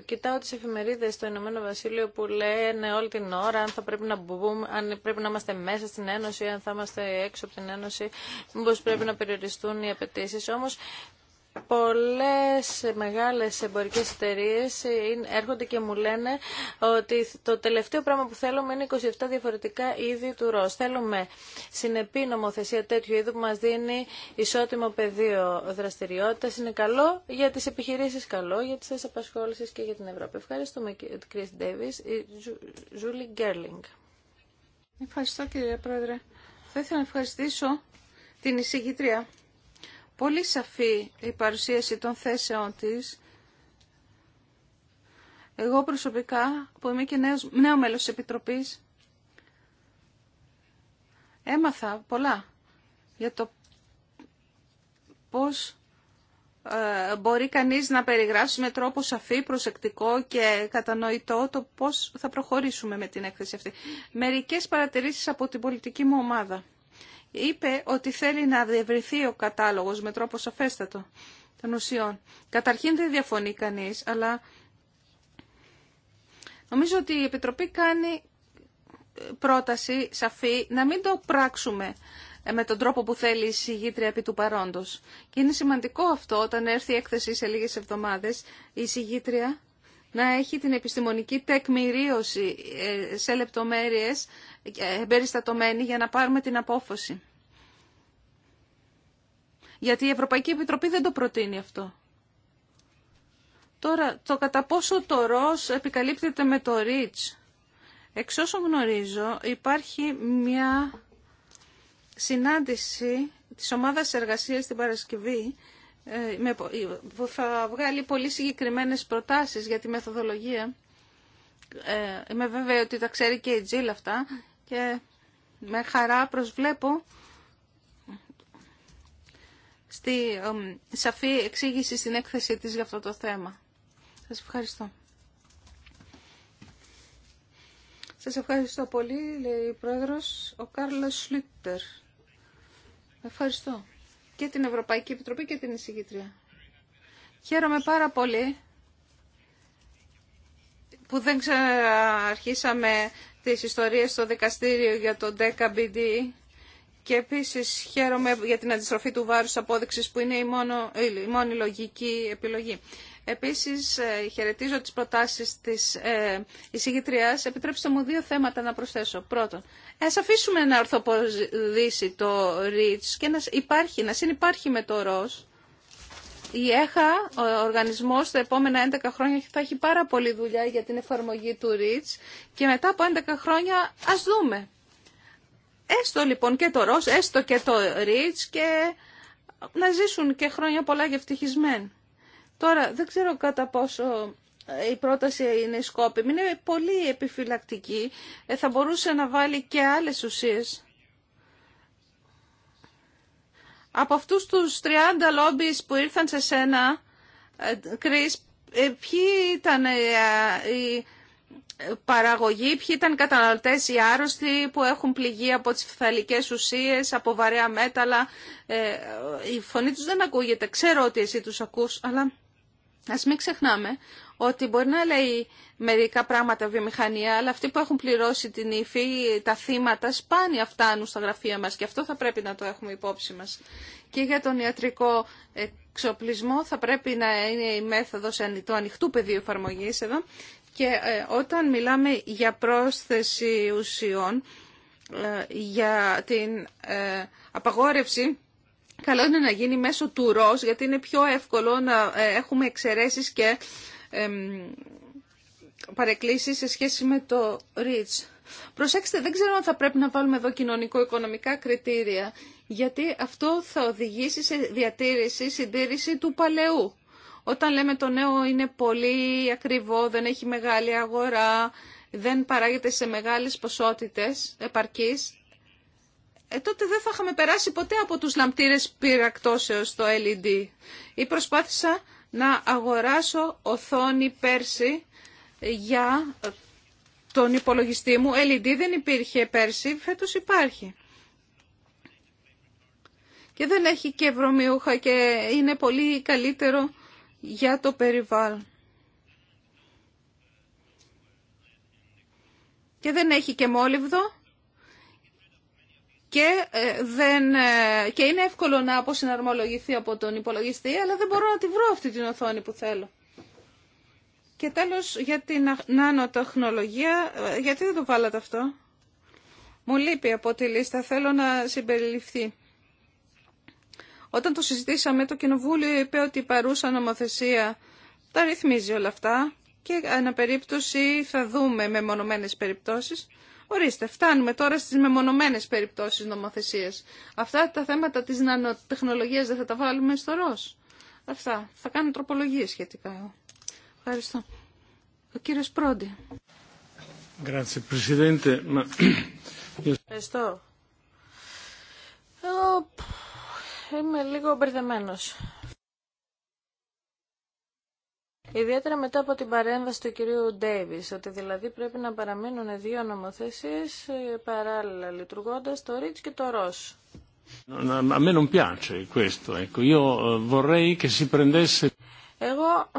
κοιτάω τις εφημερίδες στο Ηνωμένο Βασίλειο που λένε όλη την ώρα αν θα πρέπει να μπούμε, αν πρέπει να είμαστε μέσα στην Ένωση, αν θα είμαστε έξω από την Ένωση, πώ πρέπει να περιοριστούν οι απαιτήσει. Όμως πολλές μεγάλες εμπορικές εταιρείες έρχονται και μου λένε ότι το τελευταίο πράγμα που θέλουμε είναι 27 διαφορετικά είδη του ροζ. Θέλουμε συνεπή νομοθεσία τέτοιου είδου που μας δίνει ισότιμο πεδίο δραστηριότητας. Είναι καλό για τις επιχειρήσεις, καλό για τις θέσεις απασχόλησης και για την Ευρώπη. Ευχαριστούμε Chris Ντέβις, η Γκέρλινγκ. Ευχαριστώ κύριε Πρόεδρε. Θα ήθελα να ευχαριστήσω την εισηγητρία Πολύ σαφή η παρουσίαση των θέσεών της. Εγώ προσωπικά, που είμαι και νέος, νέο μέλος της Επιτροπής, έμαθα πολλά για το πώς ε, μπορεί κανείς να περιγράψει με τρόπο σαφή, προσεκτικό και κατανοητό το πώς θα προχωρήσουμε με την έκθεση αυτή. Μερικές παρατηρήσεις από την πολιτική μου ομάδα είπε ότι θέλει να διευρυνθεί ο κατάλογος με τρόπο σαφέστατο των ουσιών. Καταρχήν δεν διαφωνεί κανείς, αλλά νομίζω ότι η Επιτροπή κάνει ε, πρόταση σαφή να μην το πράξουμε ε, με τον τρόπο που θέλει η συγγήτρια επί του παρόντος. Και είναι σημαντικό αυτό όταν έρθει η έκθεση σε λίγες εβδομάδες η συγγήτρια να έχει την επιστημονική τεκμηρίωση ε, σε λεπτομέρειες ε, περιστατωμένη για να πάρουμε την απόφαση. Γιατί η Ευρωπαϊκή Επιτροπή δεν το προτείνει αυτό. Τώρα, το κατά πόσο το ροζ επικαλύπτεται με το ΡΙΤΣ. Εξ όσων γνωρίζω, υπάρχει μια συνάντηση της ομάδας εργασίας στην Παρασκευή ε, που ε, θα βγάλει πολύ συγκεκριμένες προτάσεις για τη μεθοδολογία. Ε, είμαι βέβαια ότι τα ξέρει και η Τζίλ αυτά και με χαρά προσβλέπω στη σαφή εξήγηση στην έκθεση της για αυτό το θέμα. Σας ευχαριστώ. Σας ευχαριστώ πολύ, λέει η Πρόεδρος, ο Κάρλος Σλίτερ. Ευχαριστώ και την Ευρωπαϊκή Επιτροπή και την εισηγήτρια. Χαίρομαι πάρα πολύ που δεν ξαναρχίσαμε τις ιστορίες στο δικαστήριο για το 10BD και επίσης χαίρομαι για την αντιστροφή του βάρους απόδειξης που είναι η, μόνο, η μόνη λογική επιλογή. Επίσης, ε, χαιρετίζω τις προτάσεις της ε, εισηγητριάς. Επιτρέψτε μου δύο θέματα να προσθέσω. Πρώτον, ας αφήσουμε να ορθοποδήσει το ΡΙΤΣ και να, υπάρχει, να συνυπάρχει με το ΡΟΣ. Η ΕΧΑ, ο οργανισμός, τα επόμενα 11 χρόνια θα έχει πάρα πολλή δουλειά για την εφαρμογή του ΡΙΤΣ και μετά από 11 χρόνια ας δούμε. Έστω λοιπόν και το ΡΟΣ, έστω και το ΡΙΤΣ και να ζήσουν και χρόνια πολλά και ευτυχισμένοι. Τώρα, δεν ξέρω κατά πόσο ε, η πρόταση είναι σκόπιμη. Είναι πολύ επιφυλακτική. Ε, θα μπορούσε να βάλει και άλλες ουσίες. Από αυτούς τους 30 λόμπις που ήρθαν σε σένα, Κρίς, ε, ποιοι ήταν οι παραγωγή, ποιοι ήταν οι καταναλωτές οι άρρωστοι που έχουν πληγεί από τις φθαλικές ουσίες, από βαρέα μέταλλα. η φωνή τους δεν ακούγεται. Ξέρω ότι εσύ τους ακούς, αλλά Α μην ξεχνάμε ότι μπορεί να λέει μερικά πράγματα βιομηχανία, αλλά αυτοί που έχουν πληρώσει την ύφη, τα θύματα, σπάνια φτάνουν στα γραφεία μα και αυτό θα πρέπει να το έχουμε υπόψη μα. Και για τον ιατρικό εξοπλισμό θα πρέπει να είναι η μέθοδο του ανοιχτού πεδίου εφαρμογή εδώ και ε, όταν μιλάμε για πρόσθεση ουσιών, ε, για την ε, απαγόρευση Καλό είναι να γίνει μέσω του γιατί είναι πιο εύκολο να ε, έχουμε εξαιρέσεις και παρεκκλήσεις σε σχέση με το ριτς. Προσέξτε, δεν ξέρω αν θα πρέπει να βάλουμε εδώ κοινωνικο-οικονομικά κριτήρια, γιατί αυτό θα οδηγήσει σε διατήρηση, συντήρηση του παλαιού. Όταν λέμε το νέο είναι πολύ ακριβό, δεν έχει μεγάλη αγορά, δεν παράγεται σε μεγάλες ποσότητες επαρκής, ε, τότε δεν θα είχαμε περάσει ποτέ από τους λαμπτήρες πυρακτώσεως στο LED. Ή προσπάθησα να αγοράσω οθόνη πέρσι για τον υπολογιστή μου. LED δεν υπήρχε πέρσι, φέτος υπάρχει. Και δεν έχει και βρωμιούχα και είναι πολύ καλύτερο για το περιβάλλον. Και δεν έχει και μόλιβδο και, ε, δεν, ε, και είναι εύκολο να αποσυναρμολογηθεί από τον υπολογιστή, αλλά δεν μπορώ να τη βρω αυτή την οθόνη που θέλω. Και τέλος για την νανοτεχνολογία, ε, γιατί δεν το βάλατε αυτό. Μου λείπει από τη λίστα, θέλω να συμπεριληφθεί. Όταν το συζητήσαμε, το Κοινοβούλιο είπε ότι η παρούσα νομοθεσία τα ρυθμίζει όλα αυτά και περίπτωση θα δούμε με μονομένες περιπτώσεις. Ορίστε, φτάνουμε τώρα στις μεμονωμένες περιπτώσεις νομοθεσίας. Αυτά τα θέματα της νανοτεχνολογίας δεν θα τα βάλουμε στο ροζ. Αυτά. Θα κάνω τροπολογίες σχετικά. Ευχαριστώ. Ο κύριος Πρόντι. Ευχαριστώ. Εγώ είμαι λίγο μπερδεμένος. Ιδιαίτερα μετά από την παρέμβαση του κυρίου Ντέιβις, ότι δηλαδή πρέπει να παραμείνουν δύο νομοθεσίες ε, παράλληλα λειτουργώντας το ΡΙΤΣ και το ΡΟΣ. Εγώ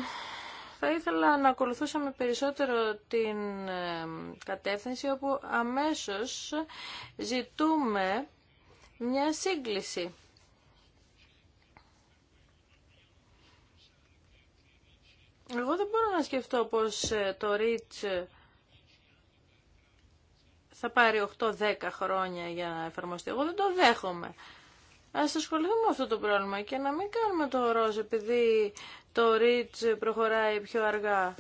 θα ήθελα να ακολουθούσαμε περισσότερο την ε, κατεύθυνση όπου αμέσως ζητούμε μια σύγκληση Εγώ δεν μπορώ να σκεφτώ πως ε, το REACH ε, θα πάρει 8-10 χρόνια για να εφαρμοστεί. Εγώ δεν το δέχομαι. Ας ασχοληθούμε με αυτό το πρόβλημα και να μην κάνουμε το ροζ επειδή το REACH προχωράει πιο αργά.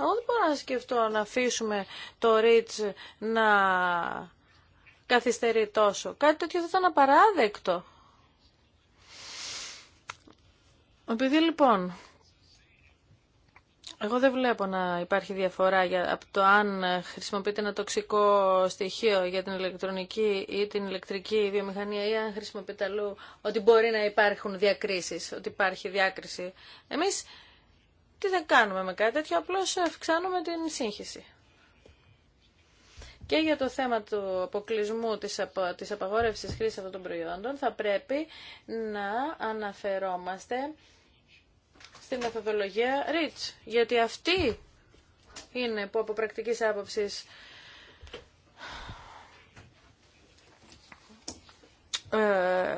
Εγώ δεν μπορώ να σκεφτώ να αφήσουμε το REACH να καθυστερεί τόσο. Κάτι τέτοιο θα ήταν απαράδεκτο. Επειδή λοιπόν εγώ δεν βλέπω να υπάρχει διαφορά για, από το αν χρησιμοποιείται ένα τοξικό στοιχείο για την ηλεκτρονική ή την ηλεκτρική βιομηχανία ή αν χρησιμοποιείται αλλού ότι μπορεί να υπάρχουν διακρίσεις, ότι υπάρχει διάκριση. Εμείς τι θα κάνουμε με κάτι τέτοιο, απλώς αυξάνουμε την σύγχυση. Και για το θέμα του αποκλεισμού της, της απαγόρευσης χρήσης αυτών των προϊόντων θα πρέπει να αναφερόμαστε στη μεθοδολογία REACH. Γιατί αυτή είναι που από πρακτικής άποψης ε,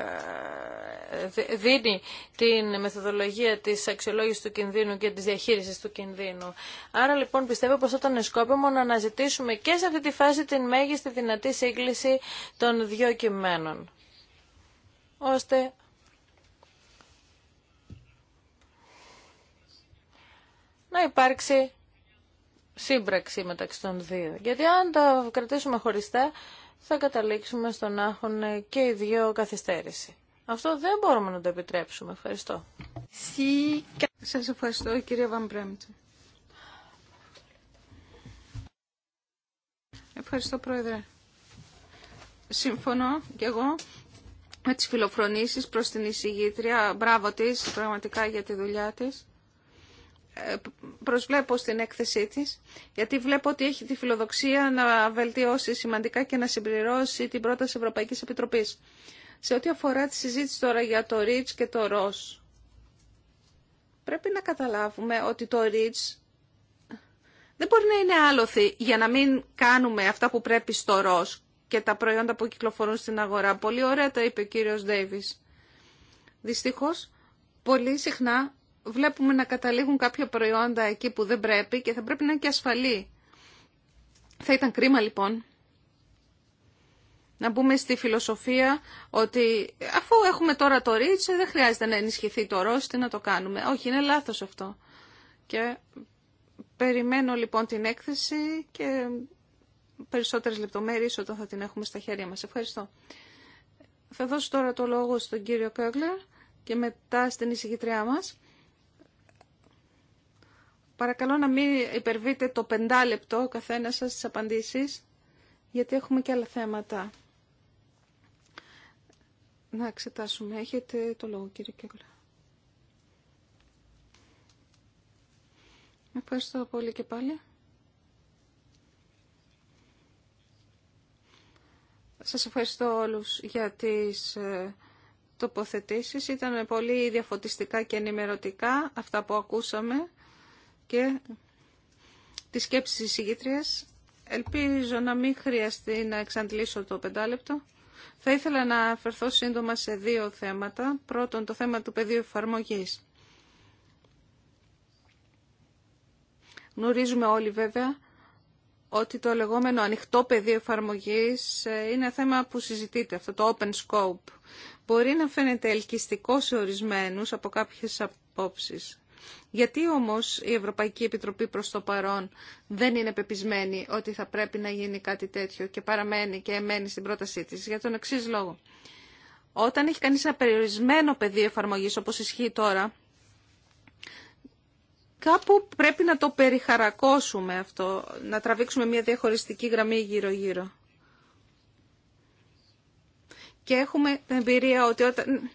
δίνει την μεθοδολογία της αξιολόγησης του κινδύνου και της διαχείρισης του κινδύνου. Άρα λοιπόν πιστεύω πως ήταν σκόπιμο να αναζητήσουμε και σε αυτή τη φάση την μέγιστη δυνατή σύγκληση των δύο κειμένων, ώστε να υπάρξει σύμπραξη μεταξύ των δύο. Γιατί αν τα κρατήσουμε χωριστά θα καταλήξουμε στο να έχουν και οι δύο καθυστέρηση. Αυτό δεν μπορούμε να το επιτρέψουμε. Ευχαριστώ. Σας ευχαριστώ κυρία Βαμπρέμπτου. Ευχαριστώ Πρόεδρε. Συμφωνώ και εγώ με τις φιλοφρονήσεις προς την εισηγήτρια. Μπράβο της πραγματικά για τη δουλειά της προσβλέπω στην έκθεσή της, γιατί βλέπω ότι έχει τη φιλοδοξία να βελτιώσει σημαντικά και να συμπληρώσει την πρόταση Ευρωπαϊκής Επιτροπής. Σε ό,τι αφορά τη συζήτηση τώρα για το REACH και το ROS, πρέπει να καταλάβουμε ότι το REACH δεν μπορεί να είναι άλοθη για να μην κάνουμε αυτά που πρέπει στο ROS και τα προϊόντα που κυκλοφορούν στην αγορά. Πολύ ωραία τα είπε ο κύριος Ντέιβις. Δυστυχώς, πολύ συχνά βλέπουμε να καταλήγουν κάποια προϊόντα εκεί που δεν πρέπει και θα πρέπει να είναι και ασφαλή. Θα ήταν κρίμα λοιπόν να μπούμε στη φιλοσοφία ότι αφού έχουμε τώρα το ρίτσε δεν χρειάζεται να ενισχυθεί το ρόστι να το κάνουμε. Όχι, είναι λάθος αυτό. Και περιμένω λοιπόν την έκθεση και περισσότερες λεπτομέρειες όταν θα την έχουμε στα χέρια μας. Ευχαριστώ. Θα δώσω τώρα το λόγο στον κύριο Κέγκλερ και μετά στην εισηγητριά μας Παρακαλώ να μην υπερβείτε το πεντάλεπτο ο καθένα σας στις απαντήσεις, γιατί έχουμε και άλλα θέματα. Να εξετάσουμε. Έχετε το λόγο, κύριε Κέγκολα. Ευχαριστώ πολύ και πάλι. Σας ευχαριστώ όλους για τις ε, τοποθετήσεις. Ήταν πολύ διαφωτιστικά και ενημερωτικά αυτά που ακούσαμε και τη σκέψη της ηγήτριας. Ελπίζω να μην χρειαστεί να εξαντλήσω το πεντάλεπτο. Θα ήθελα να αφαιρθώ σύντομα σε δύο θέματα. Πρώτον, το θέμα του πεδίου εφαρμογή. Γνωρίζουμε όλοι βέβαια ότι το λεγόμενο ανοιχτό πεδίο εφαρμογής ε, είναι θέμα που συζητείται, αυτό το open scope. Μπορεί να φαίνεται ελκυστικό σε ορισμένους από κάποιες απόψεις. Γιατί όμως η Ευρωπαϊκή Επιτροπή προς το παρόν δεν είναι πεπισμένη ότι θα πρέπει να γίνει κάτι τέτοιο και παραμένει και εμένει στην πρότασή της για τον εξή λόγο. Όταν έχει κανείς ένα περιορισμένο πεδίο εφαρμογής όπως ισχύει τώρα, κάπου πρέπει να το περιχαρακώσουμε αυτό, να τραβήξουμε μια διαχωριστική γραμμή γύρω-γύρω. Και έχουμε την εμπειρία ότι όταν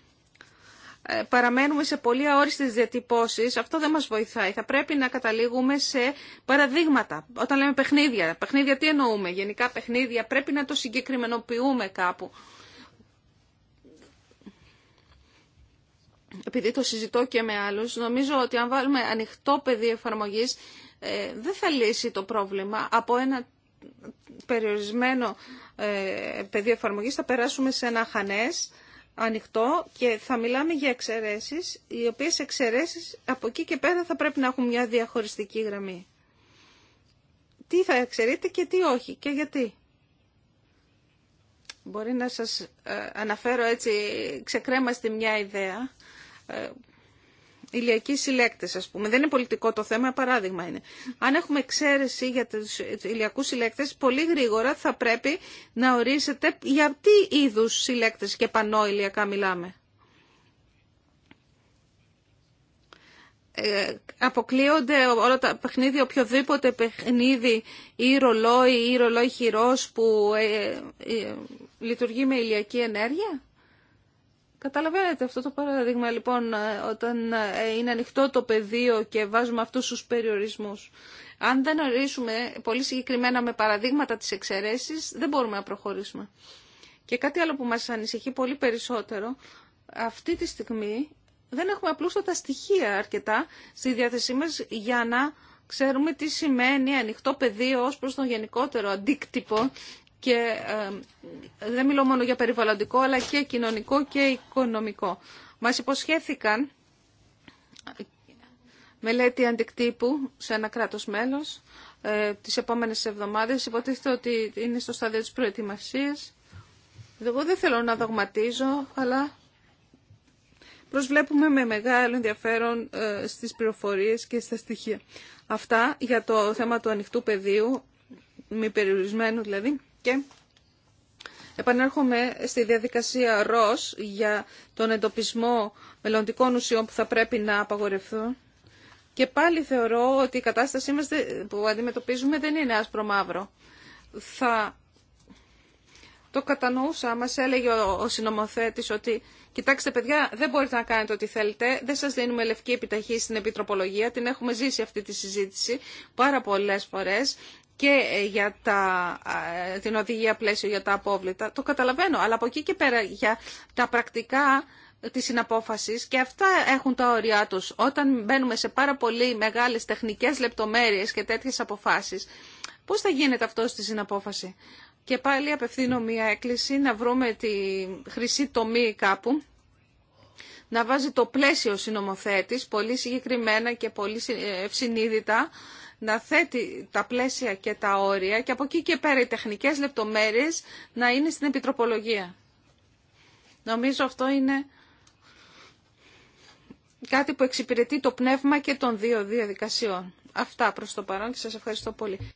ε, παραμένουμε σε πολύ αόριστες διατυπώσεις, αυτό δεν μας βοηθάει. Θα πρέπει να καταλήγουμε σε παραδείγματα. Όταν λέμε παιχνίδια, παιχνίδια τι εννοούμε, γενικά παιχνίδια, πρέπει να το συγκεκριμενοποιούμε κάπου. Επειδή το συζητώ και με άλλους, νομίζω ότι αν βάλουμε ανοιχτό πεδίο εφαρμογής, ε, δεν θα λύσει το πρόβλημα από ένα περιορισμένο ε, πεδίο εφαρμογής, θα περάσουμε σε ένα χανές, ανοιχτό και θα μιλάμε για εξαιρέσεις, οι οποίες εξαιρέσεις από εκεί και πέρα θα πρέπει να έχουν μια διαχωριστική γραμμή. Τι θα εξαιρείτε και τι όχι και γιατί. Μπορεί να σας ε, αναφέρω έτσι ξεκρέμαστη μια ιδέα ε, ηλιακοί συλλέκτες, α πούμε. Δεν είναι πολιτικό το θέμα, παράδειγμα είναι. Αν έχουμε εξαίρεση για τους ηλιακού συλλέκτες, πολύ γρήγορα θα πρέπει να ορίσετε για τι είδου συλλέκτες και πανό ηλιακά μιλάμε. Ε, αποκλείονται όλα τα παιχνίδια, οποιοδήποτε παιχνίδι ή ρολόι ή ρολόι χειρός που ε, ε λειτουργεί με ηλιακή ενέργεια. Καταλαβαίνετε αυτό το παράδειγμα λοιπόν ε, όταν ε, είναι ανοιχτό το πεδίο και βάζουμε αυτούς τους περιορισμούς. Αν δεν ορίσουμε πολύ συγκεκριμένα με παραδείγματα τις εξαιρέσεις δεν μπορούμε να προχωρήσουμε. Και κάτι άλλο που μας ανησυχεί πολύ περισσότερο, αυτή τη στιγμή δεν έχουμε απλούστατα στοιχεία αρκετά στη διάθεσή μας για να ξέρουμε τι σημαίνει ανοιχτό πεδίο ως προς τον γενικότερο αντίκτυπο και ε, δεν μιλώ μόνο για περιβαλλοντικό αλλά και κοινωνικό και οικονομικό. Μας υποσχέθηκαν μελέτη αντικτύπου σε ένα κράτος μέλος ε, τις επόμενες εβδομάδες. Υποτίθεται ότι είναι στο στάδιο της προετοιμασίας. Εγώ δεν θέλω να δογματίζω, αλλά προσβλέπουμε με μεγάλο ενδιαφέρον ε, στις πληροφορίες και στα στοιχεία. Αυτά για το θέμα του ανοιχτού πεδίου, μη περιορισμένου δηλαδή. Και επανέρχομαι στη διαδικασία ΡΟΣ για τον εντοπισμό μελλοντικών ουσιών που θα πρέπει να απαγορευθούν. Και πάλι θεωρώ ότι η κατάστασή μας που αντιμετωπίζουμε δεν είναι άσπρο-μαύρο. Θα το κατανοούσα, μα έλεγε ο συνομοθέτης ότι κοιτάξτε παιδιά δεν μπορείτε να κάνετε ό,τι θέλετε, δεν σας δίνουμε λευκή επιταχή στην επιτροπολογία, την έχουμε ζήσει αυτή τη συζήτηση πάρα πολλές φορές και ε, για τα, ε, την οδηγία πλαίσιο για τα απόβλητα. Το καταλαβαίνω, αλλά από εκεί και πέρα για τα πρακτικά της συναπόφασης και αυτά έχουν τα όρια τους. Όταν μπαίνουμε σε πάρα πολύ μεγάλες τεχνικές λεπτομέρειες και τέτοιες αποφάσεις, πώς θα γίνεται αυτό στη συναπόφαση. Και πάλι απευθύνω μία έκκληση να βρούμε τη χρυσή τομή κάπου, να βάζει το πλαίσιο συνομοθέτης πολύ συγκεκριμένα και πολύ ε, ευσυνείδητα να θέτει τα πλαίσια και τα όρια και από εκεί και πέρα οι τεχνικές λεπτομέρειες να είναι στην επιτροπολογία. Νομίζω αυτό είναι κάτι που εξυπηρετεί το πνεύμα και των δύο διαδικασιών. Αυτά προς το παρόν και σας ευχαριστώ πολύ.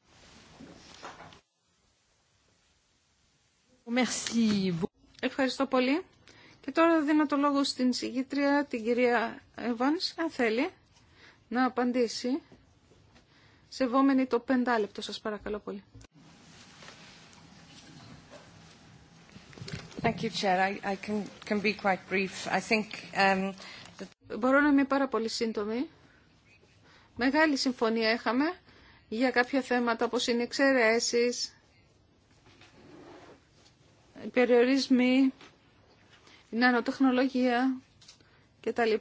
Ευχαριστώ πολύ. Και τώρα δίνω το λόγο στην συγκήτρια, την κυρία Εβάνς, αν θέλει, να απαντήσει Σεβόμενοι το πεντάλεπτο σας παρακαλώ πολύ. Thank I, be quite brief. I think, um, Μπορώ να είμαι πάρα πολύ σύντομη. Μεγάλη συμφωνία είχαμε για κάποια θέματα όπως είναι εξαιρέσεις, περιορισμοί, η νανοτεχνολογία κτλ.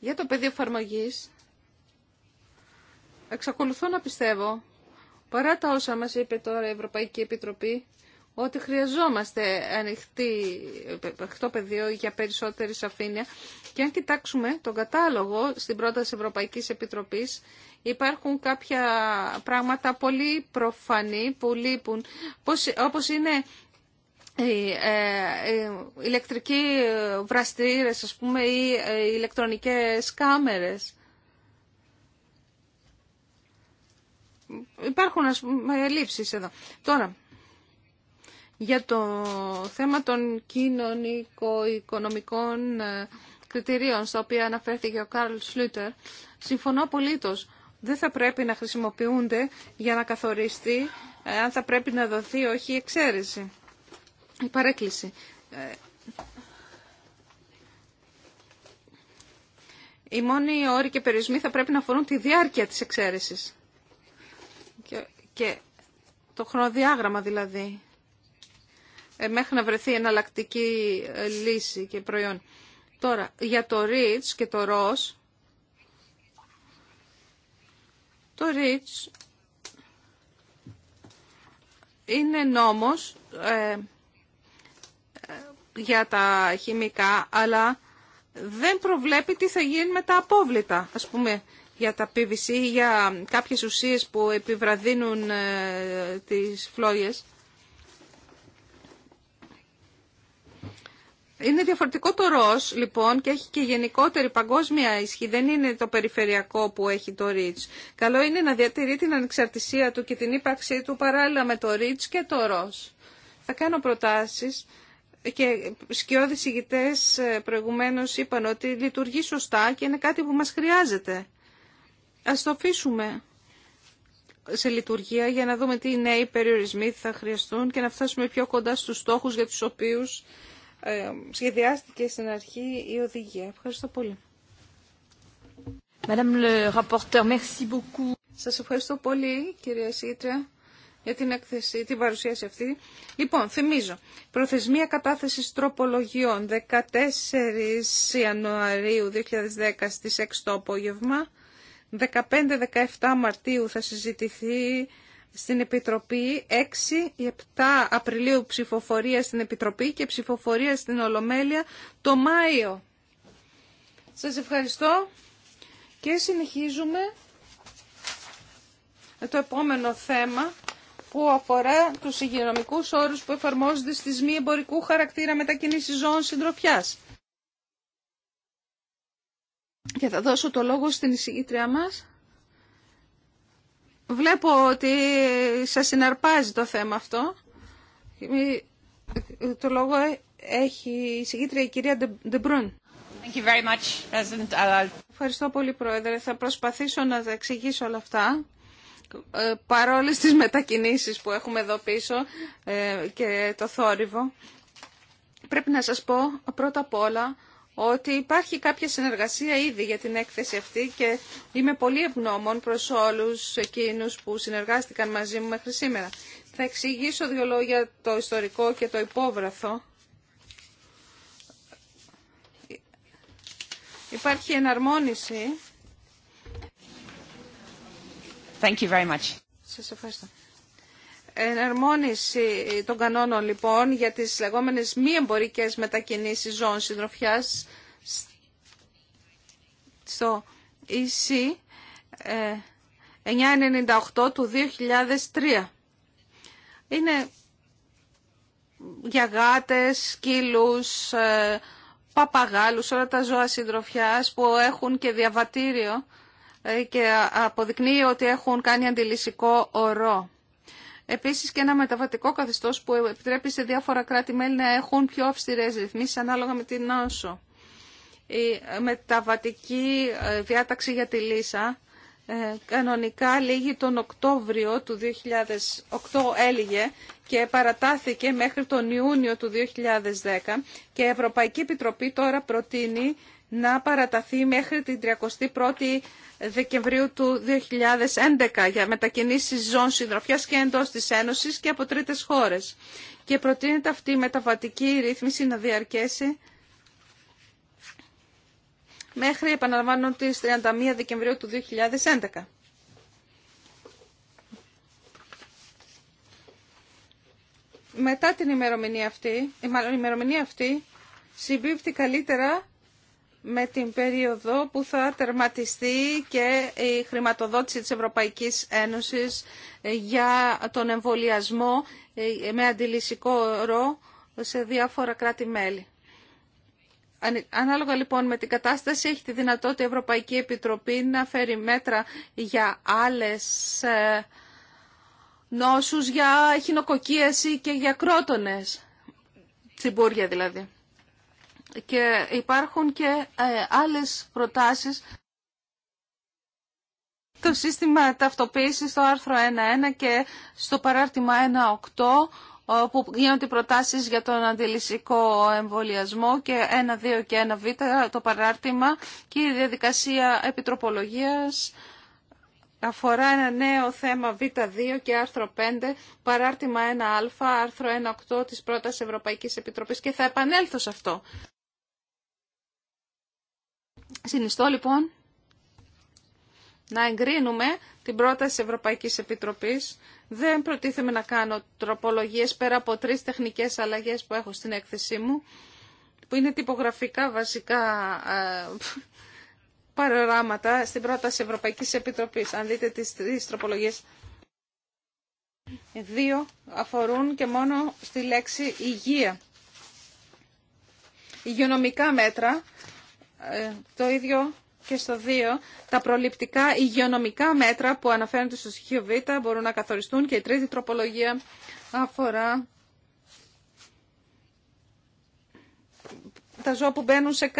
Για το πεδίο εφαρμογής εξακολουθώ να πιστεύω, παρά τα όσα μας είπε τώρα η Ευρωπαϊκή Επιτροπή, ότι χρειαζόμαστε ανοιχτή, ανοιχτό πεδίο για περισσότερη σαφήνεια. Και αν κοιτάξουμε τον κατάλογο στην πρόταση Ευρωπαϊκής Επιτροπής, υπάρχουν κάποια πράγματα πολύ προφανή που λείπουν, όπως είναι οι ε, ηλεκτρικοί ε, βραστήρες, ας πούμε, ή ε, οι ηλεκτρονικές κάμερες. Υπάρχουν ας πούμε εδώ. Τώρα, για το θέμα των κοινωνικο-οικονομικών ε, κριτηρίων, στα οποία αναφέρθηκε ο Κάρλ Σλούτερ, συμφωνώ απολύτως. Δεν θα πρέπει να χρησιμοποιούνται για να καθοριστεί ε, αν θα πρέπει να δοθεί όχι η εξαίρεση, η παρέκκληση. Ε, οι μόνοι όροι και περιορισμοί θα πρέπει να αφορούν τη διάρκεια της εξαίρεσης και το χρονοδιάγραμμα δηλαδή ε, μέχρι να βρεθεί εναλλακτική ε, λύση και προϊόν. Τώρα, για το REACH και το ROS, το REACH είναι νόμος ε, για τα χημικά, αλλά δεν προβλέπει τι θα γίνει με τα απόβλητα, ας πούμε για τα PVC, για κάποιες ουσίες που επιβραδύνουν ε, τις φλόγες. Είναι διαφορετικό το ροζ, λοιπόν, και έχει και γενικότερη παγκόσμια ισχύ. Δεν είναι το περιφερειακό που έχει το ρίτς. Καλό είναι να διατηρεί την ανεξαρτησία του και την ύπαρξή του παράλληλα με το ρίτς και το ροζ. Θα κάνω προτάσεις και σκιώδεις ηγητές ε, προηγουμένως είπαν ότι λειτουργεί σωστά και είναι κάτι που μας χρειάζεται. Ας το αφήσουμε σε λειτουργία για να δούμε τι νέοι περιορισμοί θα χρειαστούν και να φτάσουμε πιο κοντά στους στόχους για τους οποίους ε, σχεδιάστηκε στην αρχή η οδηγία. Ευχαριστώ πολύ. Madame Σας ευχαριστώ πολύ, κυρία Σίτρια, για την, έκθεση, την παρουσίαση αυτή. Λοιπόν, θυμίζω, προθεσμία κατάθεσης τροπολογιών 14 Ιανουαρίου 2010 στις 6 το απόγευμα. 15-17 Μαρτίου θα συζητηθεί στην Επιτροπή, 6-7 Απριλίου ψηφοφορία στην Επιτροπή και ψηφοφορία στην Ολομέλεια το Μάιο. Σας ευχαριστώ και συνεχίζουμε με το επόμενο θέμα που αφορά τους υγειονομικούς όρους που εφαρμόζονται στις μη εμπορικού χαρακτήρα μετακινήσεις ζώων συντροφιάς. Και θα δώσω το λόγο στην εισηγήτριά μας. Βλέπω ότι σας συναρπάζει το θέμα αυτό. Το λόγο ε- έχει η εισηγήτρια η κυρία Ντεμπρούν. Ευχαριστώ πολύ, Πρόεδρε. Θα προσπαθήσω να τα εξηγήσω όλα αυτά ε, παρόλες τις μετακινήσεις που έχουμε εδώ πίσω ε, και το θόρυβο. Πρέπει να σας πω πρώτα απ' όλα ότι υπάρχει κάποια συνεργασία ήδη για την έκθεση αυτή και είμαι πολύ ευγνώμων προς όλους εκείνους που συνεργάστηκαν μαζί μου μέχρι σήμερα. Θα εξηγήσω δύο λόγια το ιστορικό και το υπόβραθο. Υπάρχει εναρμόνιση. Thank you very much. Σας ευχαριστώ εναρμόνιση των κανόνων λοιπόν για τις λεγόμενες μη εμπορικές μετακινήσεις ζώων συντροφιάς στο EC 998 ε, του 2003. Είναι για γάτες, σκύλους, ε, παπαγάλους, όλα τα ζώα συντροφιάς που έχουν και διαβατήριο ε, και αποδεικνύει ότι έχουν κάνει αντιλησικό ορό. Επίση, και ένα μεταβατικό καθεστώς που επιτρέπει σε διάφορα κράτη-μέλη να έχουν πιο αυστηρέ ρυθμίσει ανάλογα με την νόσο. Η μεταβατική ε, διάταξη για τη Λύσα ε, κανονικά λήγει τον Οκτώβριο του 2008 έλεγε, και παρατάθηκε μέχρι τον Ιούνιο του 2010 και η Ευρωπαϊκή Επιτροπή τώρα προτείνει να παραταθεί μέχρι την 31η Δεκεμβρίου του 2011 για μετακινήσεις ζών συντροφιάς και εντός της Ένωσης και από τρίτες χώρες. Και προτείνεται αυτή η μεταβατική ρύθμιση να διαρκέσει μέχρι, επαναλαμβάνω, τις 31 Δεκεμβρίου του 2011. Μετά την ημερομηνία αυτή, ε, η ημερομηνία αυτή συμπίπτει καλύτερα με την περίοδο που θα τερματιστεί και η χρηματοδότηση της Ευρωπαϊκής Ένωσης ε, για τον εμβολιασμό ε, με αντιλησικό ρο σε διάφορα κράτη-μέλη. Ανάλογα λοιπόν με την κατάσταση έχει τη δυνατότητα η Ευρωπαϊκή Επιτροπή να φέρει μέτρα για άλλες ε, νόσους, για χινοκοκίαση και για κρότονες, τσιμπούρια δηλαδή. Και υπάρχουν και ε, άλλες προτάσεις. Το σύστημα ταυτοποίησης στο άρθρο 1.1 και στο παράρτημα 1.8 όπου γίνονται προτάσεις για τον αντιλησικό εμβολιασμό και 1, 2 και 1 β το παράρτημα και η διαδικασία επιτροπολογίας αφορά ένα νέο θέμα Β2 και άρθρο 5, παράρτημα 1α, άρθρο 1.8 της πρώτας Ευρωπαϊκής Επιτροπής και θα επανέλθω σε αυτό. Συνιστώ λοιπόν να εγκρίνουμε την πρόταση Ευρωπαϊκής Επιτροπής δεν προτίθεμαι να κάνω τροπολογίες πέρα από τρεις τεχνικές αλλαγές που έχω στην έκθεσή μου, που είναι τυπογραφικά βασικά ε, παραγράμματα στην πρόταση Ευρωπαϊκής Επιτροπής. Αν δείτε τις τρεις τροπολογίες, δύο αφορούν και μόνο στη λέξη υγεία. Υγειονομικά μέτρα, ε, το ίδιο και στο 2 τα προληπτικά υγειονομικά μέτρα που αναφέρονται στο στοιχείο Β μπορούν να καθοριστούν και η τρίτη τροπολογία αφορά τα ζώα που μπαίνουν σε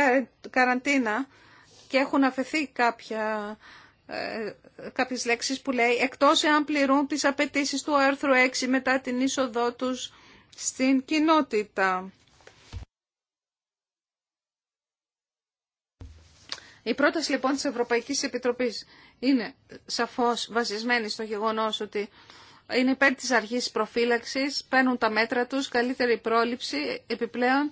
καραντίνα και έχουν αφαιθεί κάποια, ε, κάποιες λέξεις που λέει εκτός εάν πληρούν τις απαιτήσεις του άρθρου 6 μετά την είσοδό τους στην κοινότητα. Η πρόταση λοιπόν της Ευρωπαϊκής Επιτροπής είναι σαφώς βασισμένη στο γεγονός ότι είναι υπέρ της αρχής προφύλαξης, παίρνουν τα μέτρα τους, καλύτερη πρόληψη επιπλέον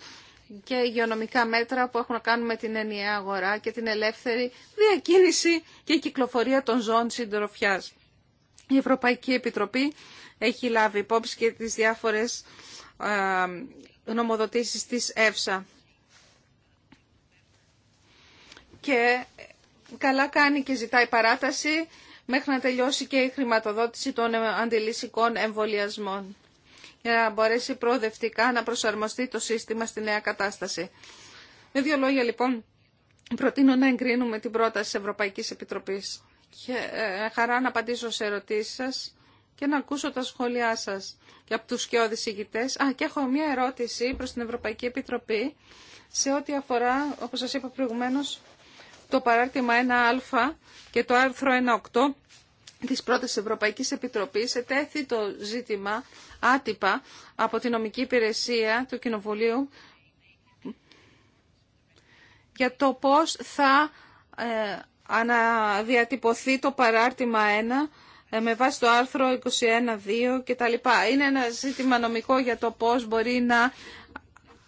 και υγειονομικά μέτρα που έχουν να κάνουν με την ενιαία αγορά και την ελεύθερη διακίνηση και κυκλοφορία των ζώων συντροφιάς. Η Ευρωπαϊκή Επιτροπή έχει λάβει υπόψη και τις διάφορες ε, νομοδοτήσεις της ΕΦΣΑ και καλά κάνει και ζητάει παράταση μέχρι να τελειώσει και η χρηματοδότηση των αντιλυσικών εμβολιασμών για να μπορέσει προοδευτικά να προσαρμοστεί το σύστημα στη νέα κατάσταση. Με δύο λόγια λοιπόν προτείνω να εγκρίνουμε την πρόταση της Ευρωπαϊκής Επιτροπής. Και, ε, χαρά να απαντήσω σε ερωτήσεις σας και να ακούσω τα σχόλιά σας και από τους και ηγητές. Α, και έχω μία ερώτηση προς την Ευρωπαϊκή Επιτροπή σε ό,τι αφορά, όπως σας είπα προηγουμένως, το παράρτημα 1α και το άρθρο 1.8 της πρώτης Ευρωπαϊκής Επιτροπής ετέθη το ζήτημα άτυπα από την νομική υπηρεσία του Κοινοβουλίου για το πώς θα ε, αναδιατυπωθεί το παράρτημα 1 ε, με βάση το άρθρο 21.2 κτλ. Είναι ένα ζήτημα νομικό για το πώς μπορεί να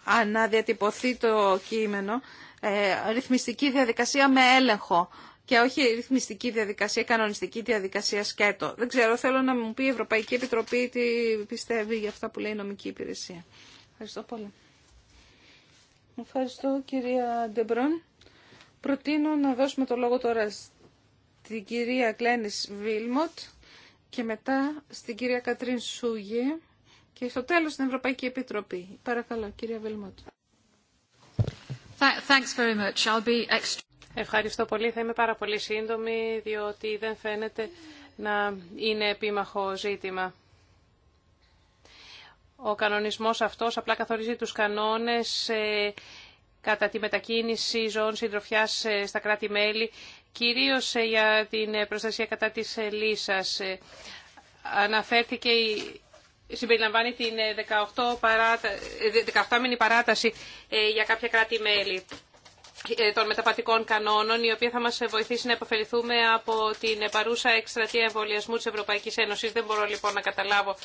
αναδιατυπωθεί το κείμενο ε, ρυθμιστική διαδικασία με έλεγχο και όχι ρυθμιστική διαδικασία, κανονιστική διαδικασία σκέτο. Δεν ξέρω, θέλω να μου πει η Ευρωπαϊκή Επιτροπή τι πιστεύει για αυτά που λέει η νομική υπηρεσία. Ευχαριστώ πολύ. Ευχαριστώ κυρία Ντεμπρόν. Προτείνω να δώσουμε το λόγο τώρα στην κυρία Κλένης Βίλμοτ και μετά στην κυρία Κατρίν Σούγη και στο τέλος στην Ευρωπαϊκή Επιτροπή. Παρακαλώ, κυρία Βίλμοτ. Ευχαριστώ πολύ. Θα είμαι πάρα πολύ σύντομη, διότι δεν φαίνεται να είναι επίμαχο ζήτημα. Ο κανονισμός αυτός απλά καθορίζει τους κανόνες ε, κατά τη μετακίνηση ζώων συντροφιάς ε, στα κράτη-μέλη, κυρίως ε, για την προστασία κατά της λύσας. Αναφέρθηκε η συμπεριλαμβάνει την 18, ε, παράτα... Ε, παράταση ε, για κάποια κράτη-μέλη των μεταπατικών κανόνων, η οποία θα μας βοηθήσει να υποφεληθούμε από την παρούσα εκστρατεία εμβολιασμού της Ευρωπαϊκής Ένωσης. Δεν μπορώ λοιπόν να καταλάβω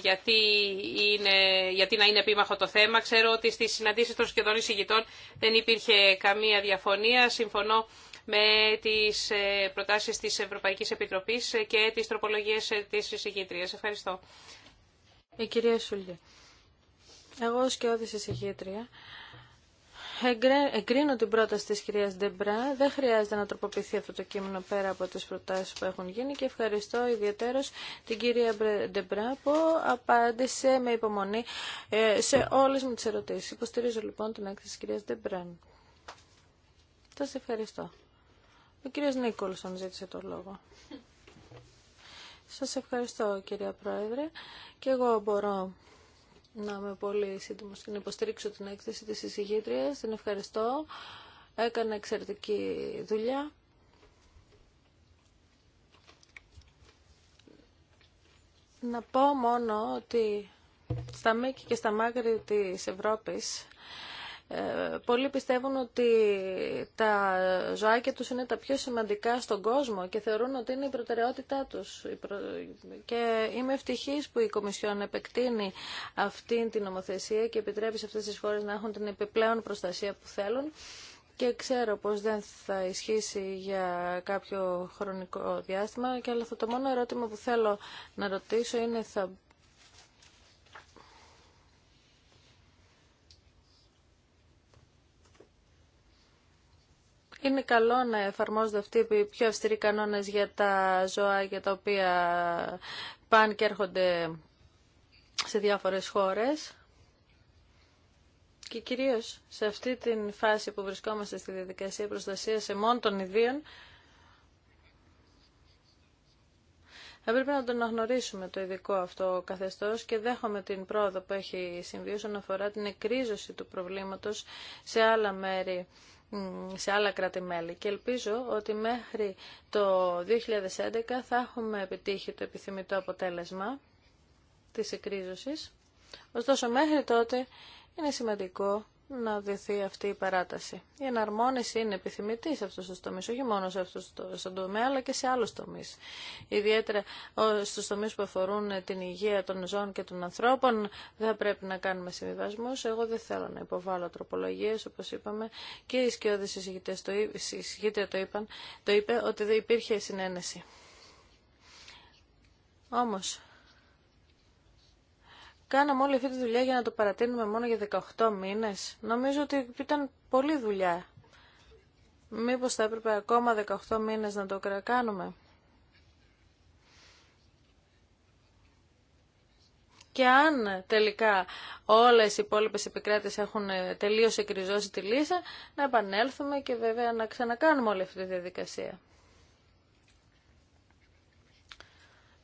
γιατί, είναι, γιατί να είναι επίμαχο το θέμα. Ξέρω ότι στις συναντήσεις των σχεδόν εισηγητών δεν υπήρχε καμία διαφωνία. Συμφωνώ με τις ε, προτάσεις της Ευρωπαϊκής Επιτροπής και τις τροπολογίες ε, της εισηγήτριας. Ευχαριστώ. Η ε, κυρία Σούλια. Εγώ ως και όδηση εισηγήτρια εγκρίνω την πρόταση της κυρίας Ντεμπρά. Δεν χρειάζεται να τροποποιηθεί αυτό το κείμενο πέρα από τις προτάσεις που έχουν γίνει και ευχαριστώ ιδιαίτερως την κυρία Ντεμπρά που απάντησε με υπομονή σε όλες μου τις ερωτήσεις. Υποστηρίζω λοιπόν την έκθεση της κυρίας Ντεμπρά. Σας ευχαριστώ. Ο κύριος Νίκολσον ζήτησε το λόγο. Σας ευχαριστώ κυρία Πρόεδρε και εγώ μπορώ να είμαι πολύ σύντομο και να υποστηρίξω την έκθεση της εισηγήτριας. Την ευχαριστώ. Έκανα εξαιρετική δουλειά. Να πω μόνο ότι στα μήκη και στα μάκρη της Ευρώπης ε, πολλοί πιστεύουν ότι τα ζωάκια τους είναι τα πιο σημαντικά στον κόσμο και θεωρούν ότι είναι η προτεραιότητά τους. Και είμαι ευτυχής που η Κομισιόν επεκτείνει αυτή την νομοθεσία και επιτρέπει σε αυτές τις χώρες να έχουν την επιπλέον προστασία που θέλουν και ξέρω πως δεν θα ισχύσει για κάποιο χρονικό διάστημα και αλλά το μόνο ερώτημα που θέλω να ρωτήσω είναι θα Είναι καλό να εφαρμόζονται αυτοί οι πιο αυστηροί κανόνες για τα ζώα για τα οποία πάνε και έρχονται σε διάφορες χώρες. Και κυρίως σε αυτή την φάση που βρισκόμαστε στη διαδικασία προστασίας εμών των ιδίων, Θα πρέπει να τον αγνωρίσουμε το ειδικό αυτό καθεστώς και δέχομαι την πρόοδο που έχει συμβεί όσον αφορά την εκρίζωση του προβλήματος σε άλλα μέρη σε άλλα κράτη-μέλη και ελπίζω ότι μέχρι το 2011 θα έχουμε επιτύχει το επιθυμητό αποτέλεσμα της εκρίζωσης. Ωστόσο μέχρι τότε είναι σημαντικό να δεθεί αυτή η παράταση. Η εναρμόνιση είναι επιθυμητή σε αυτού του τομεί, όχι μόνο σε αυτού του τομέα, αλλά και σε άλλου τομεί. Ιδιαίτερα στου τομεί που αφορούν την υγεία των ζώων και των ανθρώπων, δεν πρέπει να κάνουμε συμβιβασμού. Εγώ δεν θέλω να υποβάλω τροπολογίε, όπω είπαμε. Και οι σκιώδει συζητητέ το, είπαν, το είπε ότι δεν υπήρχε συνένεση. Όμως, Κάναμε όλη αυτή τη δουλειά για να το παρατείνουμε μόνο για 18 μήνες. Νομίζω ότι ήταν πολλή δουλειά. Μήπως θα έπρεπε ακόμα 18 μήνες να το κρακάνουμε. Και αν τελικά όλες οι υπόλοιπες επικράτες έχουν ε, τελείως εκριζώσει τη λύση, να επανέλθουμε και βέβαια να ξανακάνουμε όλη αυτή τη διαδικασία.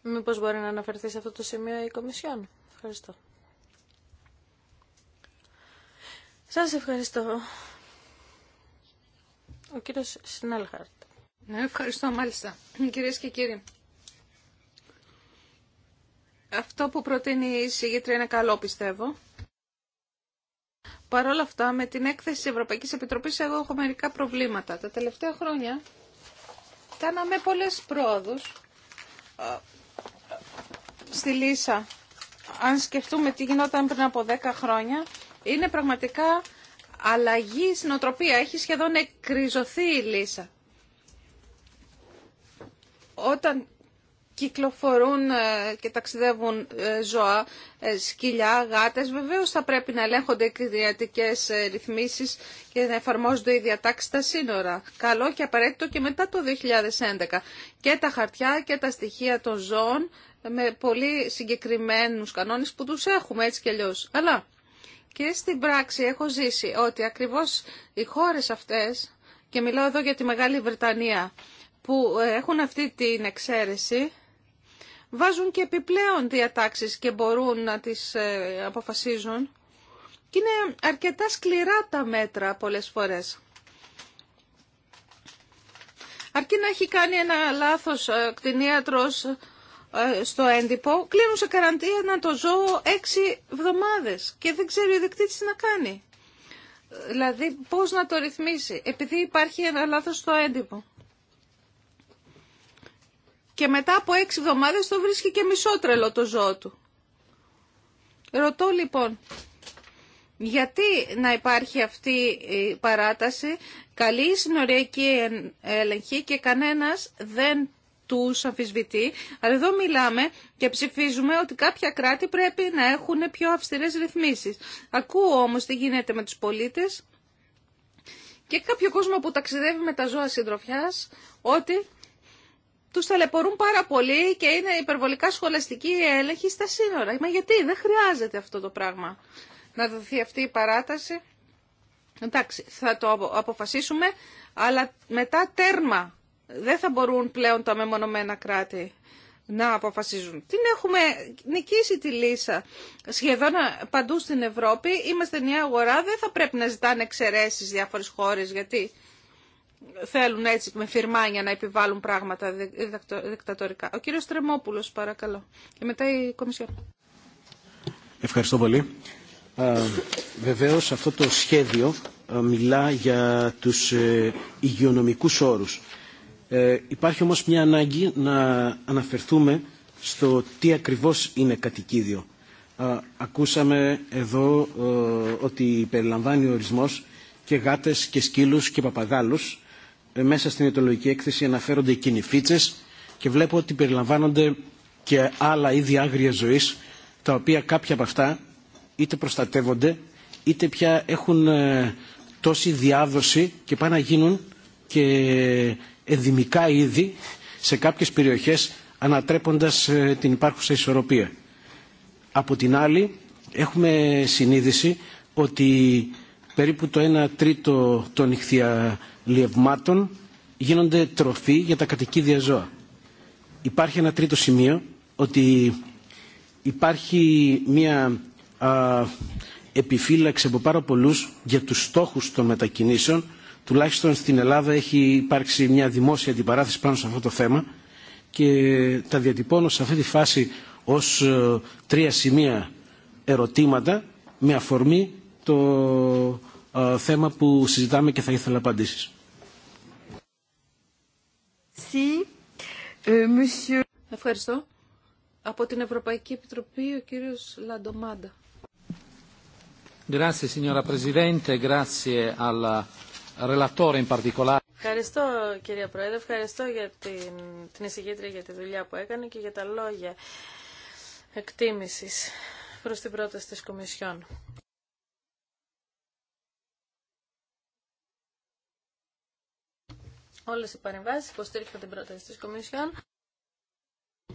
Μήπως μπορεί να αναφερθεί σε αυτό το σημείο η Κομισιόν. Ευχαριστώ. Σας ευχαριστώ. Ο κύριος Σνέλχαρτ. Ναι, ευχαριστώ μάλιστα. Κυρίες και κύριοι. Αυτό που προτείνει η συγγήτρια είναι καλό πιστεύω. Παρ' όλα αυτά, με την έκθεση της Ευρωπαϊκής Επιτροπής εγώ έχω μερικά προβλήματα. Τα τελευταία χρόνια κάναμε πολλές πρόοδους ε, στη Λίσσα αν σκεφτούμε τι γινόταν πριν από 10 χρόνια, είναι πραγματικά αλλαγή στην Έχει σχεδόν εκκριζωθεί η λύσα. Όταν κυκλοφορούν ε, και ταξιδεύουν ε, ζώα, ε, σκυλιά, γάτες. Βεβαίως θα πρέπει να ελέγχονται οι ρυθμίσεις και να εφαρμόζονται οι διατάξεις στα σύνορα. Καλό και απαραίτητο και μετά το 2011. Και τα χαρτιά και τα στοιχεία των ζώων με πολύ συγκεκριμένους κανόνες που τους έχουμε έτσι κι αλλιώς. Αλλά και στην πράξη έχω ζήσει ότι ακριβώς οι χώρες αυτές, και μιλάω εδώ για τη Μεγάλη Βρετανία, που έχουν αυτή την εξαίρεση, βάζουν και επιπλέον διατάξεις και μπορούν να τις ε, αποφασίζουν. Και είναι αρκετά σκληρά τα μέτρα πολλές φορές. Αρκεί να έχει κάνει ένα λάθος ε, κτηνίατρος ε, στο έντυπο, κλείνουν σε να το ζώο έξι εβδομάδες και δεν ξέρει ο δεκτήτης τι να κάνει. Δηλαδή πώς να το ρυθμίσει, επειδή υπάρχει ένα λάθος στο έντυπο. Και μετά από έξι εβδομάδες το βρίσκει και μισό τρελό το ζώο του. Ρωτώ λοιπόν, γιατί να υπάρχει αυτή η παράταση, καλή συνοριακή έλεγχη και κανένας δεν τους αμφισβητεί, αλλά εδώ μιλάμε και ψηφίζουμε ότι κάποια κράτη πρέπει να έχουν πιο αυστηρές ρυθμίσεις. Ακούω όμως τι γίνεται με τους πολίτες και κάποιο κόσμο που ταξιδεύει με τα ζώα συντροφιά ότι τους ταλαιπωρούν πάρα πολύ και είναι υπερβολικά σχολαστική έλεγχη στα σύνορα. Μα γιατί δεν χρειάζεται αυτό το πράγμα να δοθεί αυτή η παράταση. Εντάξει, θα το αποφασίσουμε, αλλά μετά τέρμα δεν θα μπορούν πλέον τα μεμονωμένα κράτη να αποφασίζουν. Την έχουμε νικήσει τη λύσα σχεδόν ε, παντού στην Ευρώπη. Είμαστε μια αγορά, δεν θα πρέπει να ζητάνε εξαιρέσεις διάφορες χώρες γιατί θέλουν έτσι με φυρμάνια να επιβάλλουν πράγματα δικτατορικά. Ο κύριος Τρεμόπουλος παρακαλώ και μετά η Κομισιόν. Ευχαριστώ πολύ. Ε, βεβαίως αυτό το σχέδιο ε, μιλά για τους υγειονομικούς όρους ε, υπάρχει όμως μια ανάγκη να αναφερθούμε στο τι ακριβώς είναι κατοικίδιο. ακούσαμε εδώ ε, ότι περιλαμβάνει ο ορισμός και γάτες και σκύλους και παπαγάλους. Ε, μέσα στην αιτολογική έκθεση αναφέρονται οι και βλέπω ότι περιλαμβάνονται και άλλα είδη άγρια ζωής τα οποία κάποια από αυτά είτε προστατεύονται είτε πια έχουν τόση διάδοση και πάνε να γίνουν και ενδυμικά είδη σε κάποιες περιοχές ανατρέποντας ε, την υπάρχουσα ισορροπία. Από την άλλη έχουμε συνείδηση ότι περίπου το 1 τρίτο των ηχθιαλιευμάτων γίνονται τροφή για τα κατοικίδια ζώα. Υπάρχει ένα τρίτο σημείο ότι υπάρχει μια επιφύλαξη από πάρα πολλούς για τους στόχους των μετακινήσεων τουλάχιστον στην Ελλάδα έχει υπάρξει μια δημόσια αντιπαράθεση πάνω σε αυτό το θέμα και τα διατυπώνω σε αυτή τη φάση ως ε, τρία σημεία ερωτήματα με αφορμή το ε, θέμα που συζητάμε και θα ήθελα απαντήσεις. Ε, Ευχαριστώ. Από την Ευρωπαϊκή Επιτροπή ο κύριος Λαντομάντα. Grazie signora Presidente, grazie alla Ευχαριστώ κυρία Πρόεδρε, ευχαριστώ για την, την εισηγήτρια για τη δουλειά που έκανε και για τα λόγια εκτίμησης προς την πρόταση της Κομισιόν. Όλες οι παρεμβάσεις υποστήριξαν την πρόταση της Κομισιόν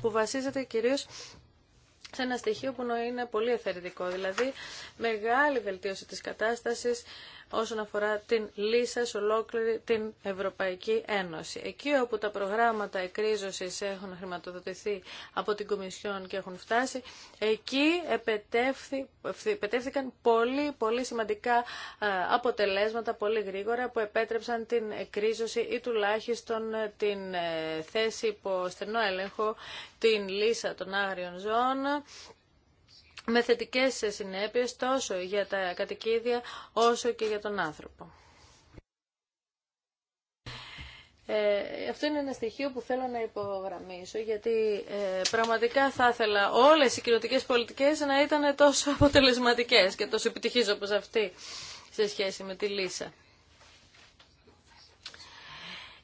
που βασίζεται κυρίως σε ένα στοιχείο που είναι πολύ εθερετικό, δηλαδή μεγάλη βελτίωση της κατάστασης όσον αφορά την λύσα σε ολόκληρη την Ευρωπαϊκή Ένωση. Εκεί όπου τα προγράμματα εκρίζωσης έχουν χρηματοδοτηθεί από την Κομισιόν και έχουν φτάσει, εκεί επετεύθηκαν πολύ, πολύ σημαντικά ε, αποτελέσματα πολύ γρήγορα που επέτρεψαν την εκρίζωση ή τουλάχιστον ε, την ε, θέση υπό στενό έλεγχο την λύσα των άγριων ζώων με θετικές συνέπειες τόσο για τα κατοικίδια όσο και για τον άνθρωπο. Ε, αυτό είναι ένα στοιχείο που θέλω να υπογραμμίσω γιατί ε, πραγματικά θα ήθελα όλες οι κοινωτικές πολιτικές να ήταν τόσο αποτελεσματικές και τόσο επιτυχής όπως αυτή σε σχέση με τη Λύσα.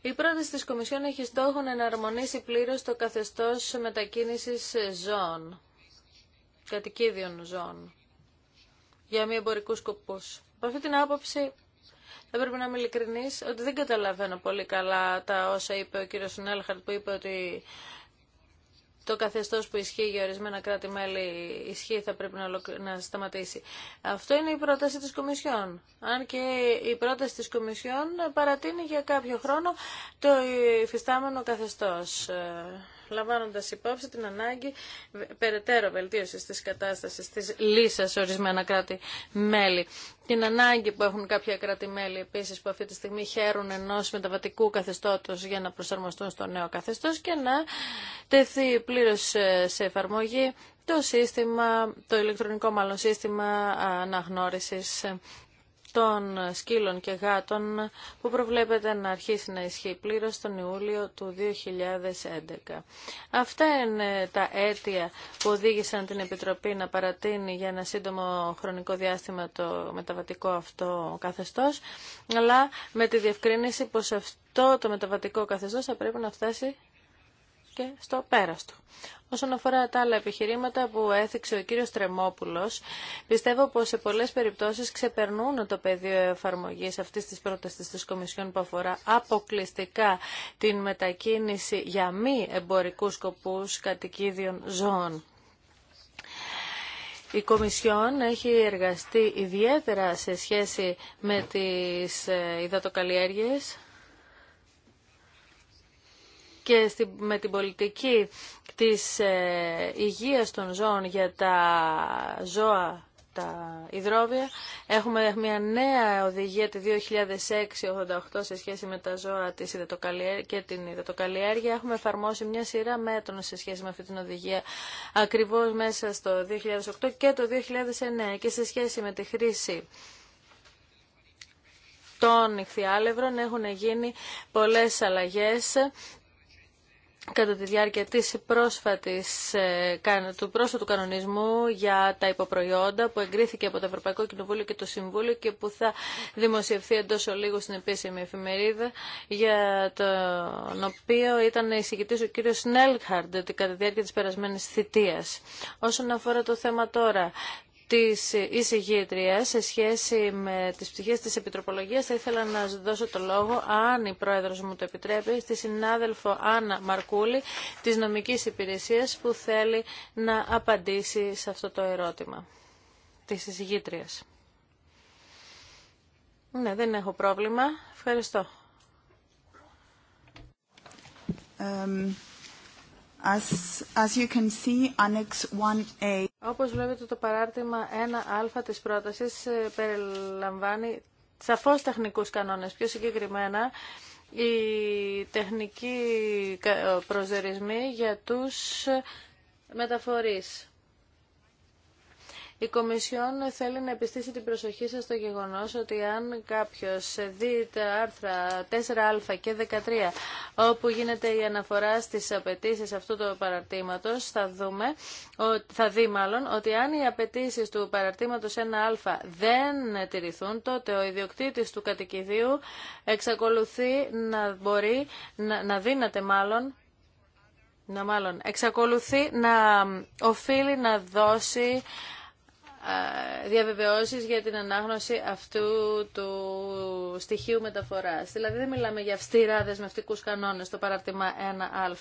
Η πρόταση της Κομισιόν έχει στόχο να εναρμονίσει πλήρως το καθεστώς μετακίνησης ζώων κατοικίδιων ζώων για μη εμπορικού σκοπού. Από αυτή την άποψη θα πρέπει να είμαι ειλικρινή ότι δεν καταλαβαίνω πολύ καλά τα όσα είπε ο κύριο Σουνέλχαρτ που είπε ότι το καθεστώ που ισχύει για ορισμένα κράτη-μέλη ισχύει θα πρέπει να, να σταματήσει. Αυτό είναι η πρόταση τη Κομισιόν. Αν και η πρόταση τη Κομισιόν παρατείνει για κάποιο χρόνο το υφιστάμενο καθεστώ. Λαμβάνοντα υπόψη την ανάγκη περαιτέρω βελτίωση της κατάστασης τη λύσα σε ορισμένα κράτη-μέλη. Την ανάγκη που έχουν κάποια κράτη-μέλη επίσης που αυτή τη στιγμή χαίρουν ενό μεταβατικού καθεστώτος για να προσαρμοστούν στο νέο καθεστώς και να τεθεί πλήρως σε εφαρμογή το σύστημα, το ηλεκτρονικό μάλλον σύστημα αναγνώρισης των σκύλων και γάτων που προβλέπεται να αρχίσει να ισχύει πλήρως τον Ιούλιο του 2011. Αυτά είναι τα αίτια που οδήγησαν την Επιτροπή να παρατείνει για ένα σύντομο χρονικό διάστημα το μεταβατικό αυτό καθεστώς, αλλά με τη διευκρίνηση πως αυτό το μεταβατικό καθεστώς θα πρέπει να φτάσει και στο πέραστο. Όσον αφορά τα άλλα επιχειρήματα που έθιξε ο κύριος Τρεμόπουλος, πιστεύω πως σε πολλές περιπτώσεις ξεπερνούν το πεδίο εφαρμογής αυτής της πρότασης της Κομισιόν που αφορά αποκλειστικά την μετακίνηση για μη εμπορικούς σκοπούς κατοικίδιων ζώων. Η Κομισιόν έχει εργαστεί ιδιαίτερα σε σχέση με τις ε, υδατοκαλλιέργειες και με την πολιτική της ε, υγείας των ζώων για τα ζώα τα υδρόβια. Έχουμε μια νέα οδηγία τη 2006-88 σε σχέση με τα ζώα της και την υδατοκαλλιέργεια. Έχουμε εφαρμόσει μια σειρά μέτρων σε σχέση με αυτή την οδηγία ακριβώς μέσα στο 2008 και το 2009 και σε σχέση με τη χρήση των ηχθιάλευρων έχουν γίνει πολλές αλλαγές κατά τη διάρκεια της πρόσφατης, ε, του πρόσφατου κανονισμού για τα υποπροϊόντα που εγκρίθηκε από το Ευρωπαϊκό Κοινοβούλιο και το Συμβούλιο και που θα δημοσιευθεί εντός ολίγου στην επίσημη εφημερίδα για τον οποίο ήταν εισηγητής ο κύριος Νέλχαρντ κατά τη διάρκεια της περασμένης θητείας. Όσον αφορά το θέμα τώρα της εισηγήτριας σε σχέση με τις πτυχές της επιτροπολογίας θα ήθελα να δώσω το λόγο, αν η πρόεδρος μου το επιτρέπει, στη συνάδελφο Άννα Μαρκούλη της νομικής υπηρεσίας που θέλει να απαντήσει σε αυτό το ερώτημα της εισηγήτριας. Ναι, δεν έχω πρόβλημα. Ευχαριστώ. As, you 1A. Όπως βλέπετε το παράρτημα 1α της πρότασης ε, περιλαμβάνει σαφώς τεχνικούς κανόνες, πιο συγκεκριμένα οι τεχνικοί προσδερισμοί για τους μεταφορείς. Η Κομισιόν θέλει να επιστήσει την προσοχή σας στο γεγονός ότι αν κάποιος δει τα άρθρα 4α και 13 όπου γίνεται η αναφορά στις απαιτήσει αυτού του παραρτήματος θα, δούμε, θα δει μάλλον ότι αν οι απαιτήσει του παραρτήματος 1α δεν τηρηθούν τότε ο ιδιοκτήτης του κατοικιδίου εξακολουθεί να μπορεί, να, να μάλλον να μάλλον εξακολουθεί να οφείλει να δώσει ε, διαβεβαιώσεις για την ανάγνωση αυτού του στοιχείου μεταφοράς. Δηλαδή δεν μιλάμε για αυστηρά δεσμευτικούς κανόνες στο παράρτημα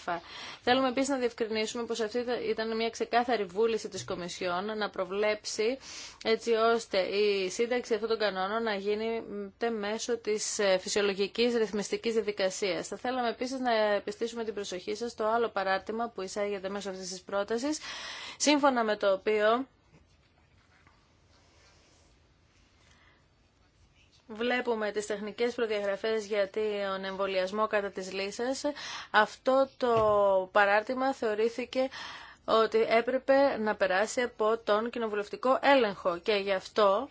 1α. Θέλουμε επίσης να διευκρινίσουμε πως αυτή ήταν μια ξεκάθαρη βούληση της Κομισιόν να προβλέψει έτσι ώστε η σύνταξη αυτών των κανόνων να γίνεται μέσω της ε, φυσιολογικής ρυθμιστικής διαδικασία. Θα θέλαμε επίσης να επιστήσουμε την προσοχή σας στο άλλο παράρτημα που εισάγεται μέσω αυτής της πρότασης, σύμφωνα με το οποίο βλέπουμε τις τεχνικές προδιαγραφές για τον εμβολιασμό κατά της λύσας, αυτό το παράρτημα θεωρήθηκε ότι έπρεπε να περάσει από τον κοινοβουλευτικό έλεγχο και γι' αυτό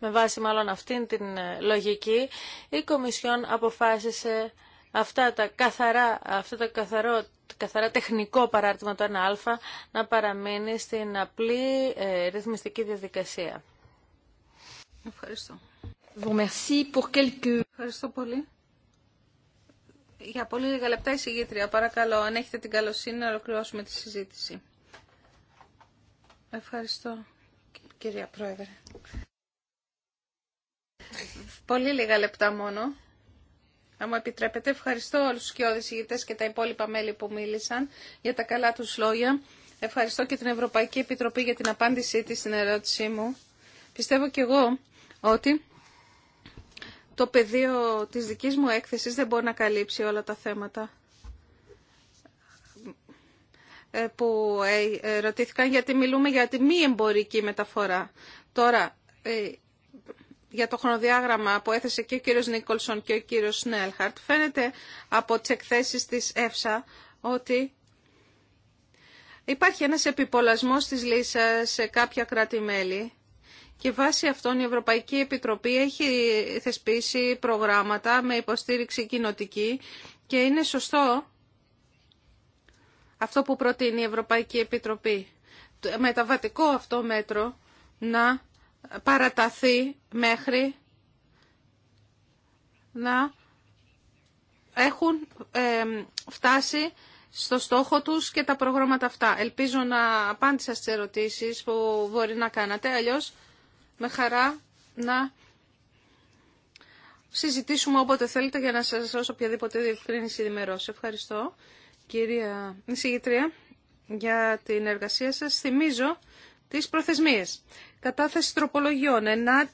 με βάση μάλλον αυτήν την λογική η Κομισιόν αποφάσισε αυτά τα καθαρά, αυτά τα καθαρό, καθαρά τεχνικό παράρτημα το 1α να παραμείνει στην απλή ε, ρυθμιστική διαδικασία. Ευχαριστώ. Ευχαριστώ πολύ. Για πολύ λίγα λεπτά η Παρακαλώ, αν έχετε την καλοσύνη να ολοκληρώσουμε τη συζήτηση. Ευχαριστώ, κυρία Πρόεδρε. Πολύ λίγα λεπτά μόνο. Αν μου επιτρέπετε, ευχαριστώ όλους τους κοιόδης ηγητές και τα υπόλοιπα μέλη που μίλησαν για τα καλά τους λόγια. Ευχαριστώ και την Ευρωπαϊκή Επιτροπή για την απάντησή της στην ερώτησή μου. Πιστεύω και εγώ ότι το πεδίο της δικής μου έκθεσης δεν μπορεί να καλύψει όλα τα θέματα ε, που ε, ε, ρωτήθηκαν γιατί μιλούμε για τη μη εμπορική μεταφορά. Τώρα, για το χρονοδιάγραμμα που έθεσε και ο κύριος Νίκολσον και ο κύριος Σνέλχαρτ, φαίνεται από τις εκθέσεις της ΕΦΣΑ ότι υπάρχει ένας επιπολασμός της λύσας σε κάποια κράτη-μέλη και βάσει αυτών η Ευρωπαϊκή Επιτροπή έχει θεσπίσει προγράμματα με υποστήριξη κοινοτική και είναι σωστό αυτό που προτείνει η Ευρωπαϊκή Επιτροπή. Μεταβατικό αυτό μέτρο να παραταθεί μέχρι να έχουν φτάσει στο στόχο τους και τα προγράμματα αυτά. Ελπίζω να απάντησα στις ερωτήσεις που μπορεί να κάνατε, αλλιώς με χαρά να συζητήσουμε όποτε θέλετε για να σας δώσω οποιαδήποτε διευκρίνηση ενημερώσει. Ευχαριστώ κυρία εισηγητρία για την εργασία σας. Θυμίζω τις προθεσμίες. Κατάθεση τροπολογιών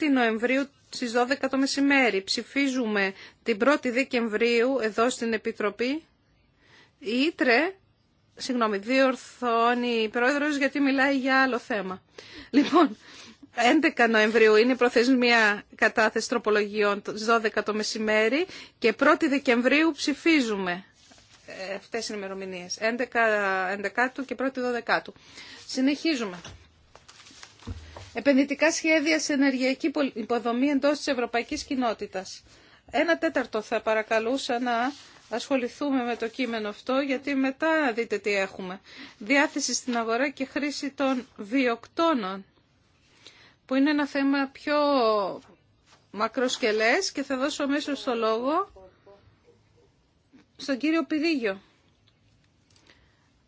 9 Νοεμβρίου στις 12 το μεσημέρι. Ψηφίζουμε την 1η Δεκεμβρίου εδώ στην Επιτροπή. Η Ήτρε, συγγνώμη, διορθώνει η Πρόεδρος γιατί μιλάει για άλλο θέμα. Λοιπόν, 11 Νοεμβρίου είναι η προθεσμία κατάθεση τροπολογιών, 12 το μεσημέρι και 1 Δεκεμβρίου ψηφίζουμε. Ε, αυτές οι ημερομηνίες. 11, 11 και 1η Συνεχίζουμε. Επενδυτικά σχέδια σε ενεργειακή υποδομή εντός της Ευρωπαϊκής Κοινότητας. Ένα τέταρτο θα παρακαλούσα να ασχοληθούμε με το κείμενο αυτό, γιατί μετά δείτε τι έχουμε. Διάθεση στην αγορά και χρήση των βιοκτώνων που είναι ένα θέμα πιο μακροσκελές και θα δώσω αμέσω το λόγο στον κύριο Πηδίγιο.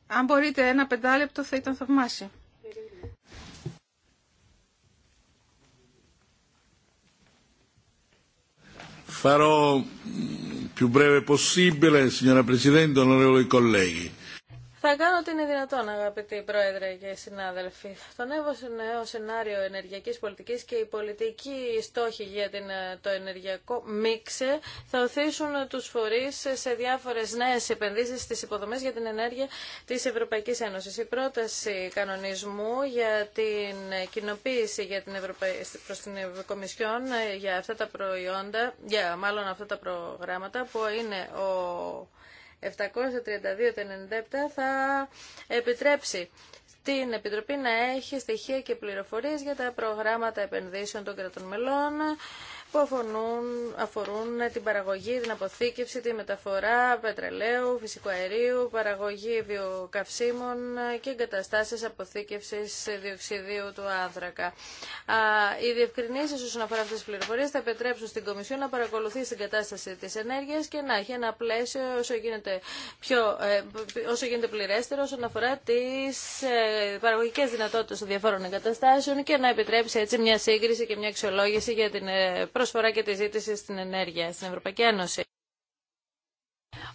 Αν μπορείτε ένα πεντάλεπτο θα ήταν θαυμάσιο. Farò più breve possibile, signora Presidente, onorevoli colleghi. Θα κάνω ό,τι είναι δυνατόν, αγαπητοί Πρόεδρε και συνάδελφοι. Το νέο σενάριο ενεργειακής πολιτικής και οι πολιτική στόχοι για ε, το ενεργειακό μίξε θα οθήσουν τους φορείς σε διάφορες νέες επενδύσεις στι υποδομέ για την ενέργεια της Ευρωπαϊκής Ένωση. Η πρόταση κανονισμού για την κοινοποίηση για την ευρωπαϊκή την Ευρωκομισιόν ε, για αυτά τα προϊόντα, για μάλλον αυτά τα προγράμματα που είναι ο 732 97 θα επιτρέψει την Επιτροπή να έχει στοιχεία και πληροφορίες για τα προγράμματα επενδύσεων των κρατών μελών που αφορούν, αφορούν την παραγωγή, την αποθήκευση, τη μεταφορά πετρελαίου, φυσικού αερίου, παραγωγή βιοκαυσίμων και εγκαταστάσεις αποθήκευσης διοξιδίου του άνθρακα. Οι διευκρινήσεις όσον αφορά αυτές τις πληροφορίες θα επιτρέψουν στην Κομισιό να παρακολουθεί στην κατάσταση της ενέργειας και να έχει ένα πλαίσιο όσο γίνεται, πιο, ε, όσο γίνεται πληρέστερο όσον αφορά τις ε, παραγωγικές δυνατότητες των διαφόρων εγκαταστάσεων και να επιτρέψει έτσι μια σύγκριση και μια αξιολόγηση για την ε, προσφορά και τη ζήτηση στην ενέργεια στην Ευρωπαϊκή Ένωση.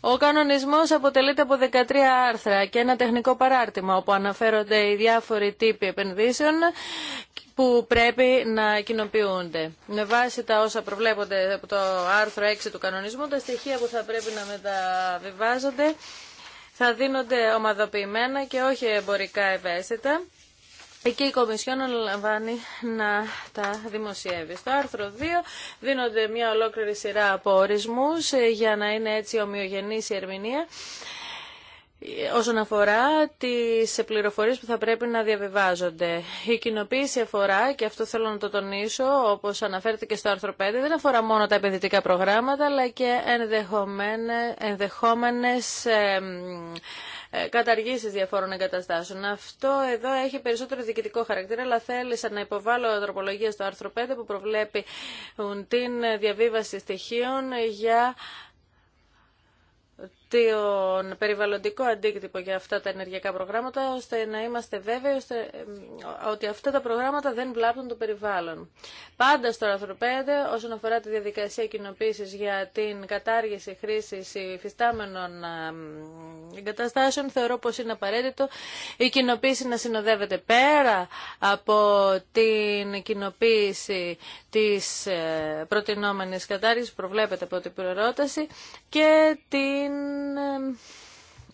Ο κανονισμός αποτελείται από 13 άρθρα και ένα τεχνικό παράρτημα όπου αναφέρονται οι διάφοροι τύποι επενδύσεων που πρέπει να κοινοποιούνται. Με βάση τα όσα προβλέπονται από το άρθρο 6 του κανονισμού, τα στοιχεία που θα πρέπει να μεταβιβάζονται θα δίνονται ομαδοποιημένα και όχι εμπορικά ευαίσθητα Εκεί η Κομισιόν αναλαμβάνει να τα δημοσιεύει. Στο άρθρο 2 δίνονται μια ολόκληρη σειρά από ορισμούς ε, για να είναι έτσι ομοιογενής η ερμηνεία όσον αφορά τις πληροφορίες που θα πρέπει να διαβιβάζονται. Η κοινοποίηση αφορά, και αυτό θέλω να το τονίσω, όπως αναφέρεται και στο άρθρο 5, δεν αφορά μόνο τα επενδυτικά προγράμματα, αλλά και ενδεχόμενες, ενδεχόμενες ε, Καταργήσει διαφόρων εγκαταστάσεων. Αυτό εδώ έχει περισσότερο διοικητικό χαρακτήρα, αλλά θέλησα να υποβάλω τροπολογία στο άρθρο 5 που προβλέπει την διαβίβαση στοιχείων για τον περιβαλλοντικό αντίκτυπο για αυτά τα ενεργειακά προγράμματα, ώστε να είμαστε βέβαιοι ώστε, ε, ότι αυτά τα προγράμματα δεν βλάπτουν το περιβάλλον. Πάντα στο άρθρο 5, όσον αφορά τη διαδικασία κοινοποίηση για την κατάργηση χρήση υφιστάμενων ε, εγκαταστάσεων, θεωρώ πω είναι απαραίτητο η κοινοποίηση να συνοδεύεται πέρα από την κοινοποίηση τη ε, προτινόμενη κατάργηση, προβλέπεται από την προερώταση και την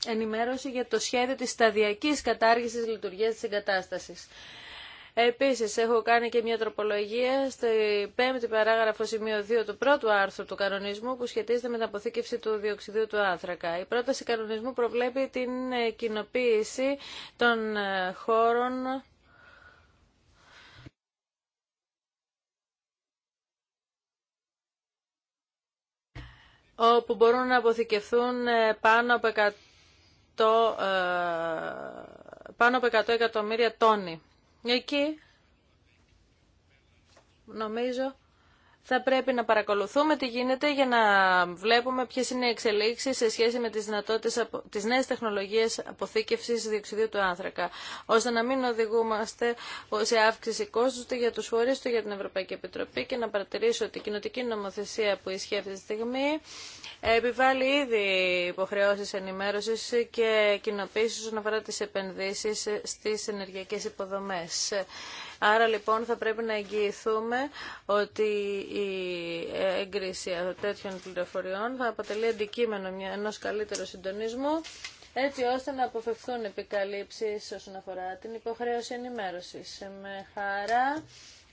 ενημέρωση για το σχέδιο της σταδιακής κατάργησης λειτουργίας της εγκατάστασης. Επίσης, έχω κάνει και μια τροπολογία στη πέμπτη παράγραφο σημείο 2 του πρώτου άρθρου του κανονισμού που σχετίζεται με την αποθήκευση του διοξιδίου του άνθρακα. Η πρόταση κανονισμού προβλέπει την κοινοποίηση των ε, χώρων όπου μπορούν να αποθηκευθούν ε, πάνω από 100, ε, πάνω από 100 εκατομμύρια τόνοι. Εκεί νομίζω θα πρέπει να παρακολουθούμε τι γίνεται για να βλέπουμε ποιε είναι οι εξελίξει σε σχέση με τις δυνατότητε τη νέες τεχνολογίες αποθήκευσης διοξιδίου του άνθρακα, ώστε να μην οδηγούμαστε σε αύξηση κόστους του για τους φορείς του για την Ευρωπαϊκή Επιτροπή και να παρατηρήσω ότι η κοινοτική νομοθεσία που ισχύει αυτή τη στιγμή επιβάλλει ήδη υποχρεώσει ενημέρωση και κοινοποίηση όσον αφορά τι επενδύσει στι ενεργειακές υποδομέ. Άρα λοιπόν θα πρέπει να εγγυηθούμε ότι η έγκριση τέτοιων πληροφοριών θα αποτελεί αντικείμενο ενός καλύτερου συντονισμού έτσι ώστε να αποφευθούν επικαλύψεις όσον αφορά την υποχρέωση ενημέρωσης. Με χαρά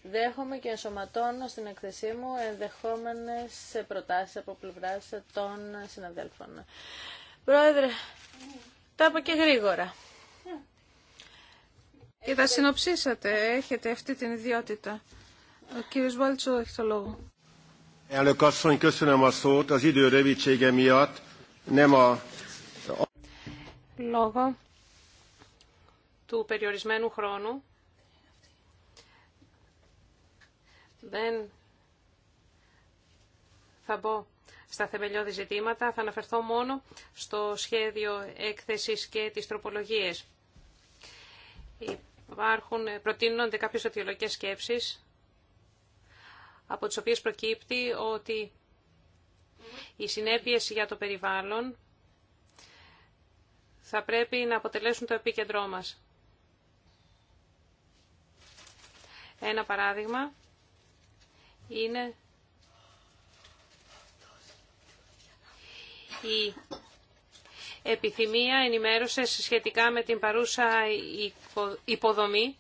δέχομαι και ενσωματώνω στην εκθεσή μου ενδεχόμενες προτάσεις από πλευρά των συναδέλφων. Πρόεδρε, τα είπα και γρήγορα τα συνοψίσατε, έχετε αυτή την ιδιότητα. Ο κύριος Βάλτσο έχει το λόγο. Λόγω του περιορισμένου χρόνου δεν θα μπω στα θεμελιώδη ζητήματα, θα αναφερθώ μόνο στο σχέδιο έκθεσης και τις τροπολογίες. Υπάρχουν, ε, προτείνονται κάποιες αιτιολογικές σκέψεις, από τις οποίες προκύπτει ότι η συνέπειες για το περιβάλλον θα πρέπει να αποτελέσουν το επίκεντρό μας. Ένα παράδειγμα είναι η επιθυμία ενημέρωσης σχετικά με την παρούσα υποδομή.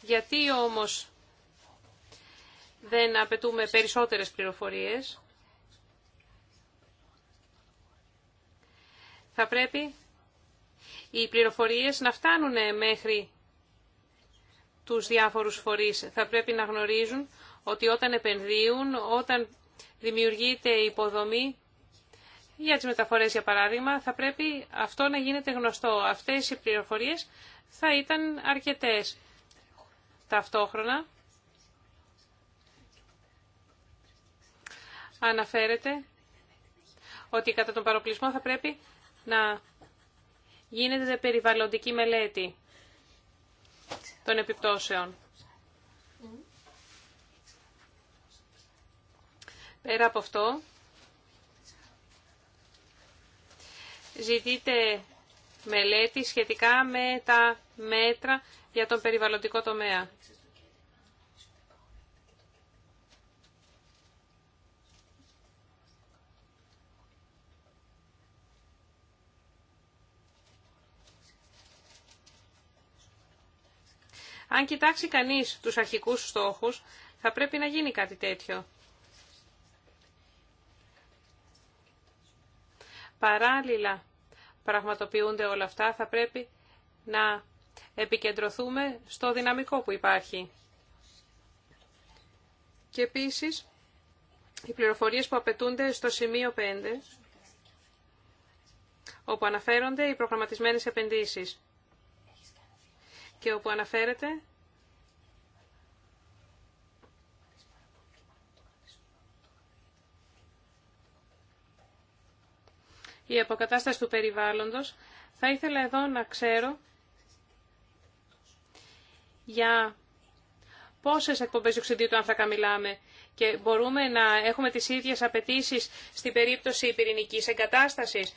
Γιατί όμως δεν απαιτούμε περισσότερες πληροφορίες. Θα πρέπει οι πληροφορίες να φτάνουν μέχρι τους διάφορους φορείς. Θα πρέπει να γνωρίζουν ότι όταν επενδύουν, όταν δημιουργείται υποδομή, για τις μεταφορές για παράδειγμα, θα πρέπει αυτό να γίνεται γνωστό. Αυτές οι πληροφορίες θα ήταν αρκετές. Ταυτόχρονα αναφέρεται ότι κατά τον παροπλισμό θα πρέπει να γίνεται περιβαλλοντική μελέτη των επιπτώσεων. Πέρα από αυτό, ζητείτε μελέτη σχετικά με τα μέτρα για τον περιβαλλοντικό τομέα. Αν κοιτάξει κανείς τους αρχικούς στόχους, θα πρέπει να γίνει κάτι τέτοιο. παράλληλα πραγματοποιούνται όλα αυτά, θα πρέπει να επικεντρωθούμε στο δυναμικό που υπάρχει. Και επίσης, οι πληροφορίες που απαιτούνται στο σημείο 5, όπου αναφέρονται οι προγραμματισμένες επενδύσεις και όπου αναφέρεται η αποκατάσταση του περιβάλλοντος. Θα ήθελα εδώ να ξέρω για πόσες εκπομπές διοξιδίου του άνθρακα μιλάμε και μπορούμε να έχουμε τις ίδιες απαιτήσει στην περίπτωση πυρηνικής εγκατάστασης.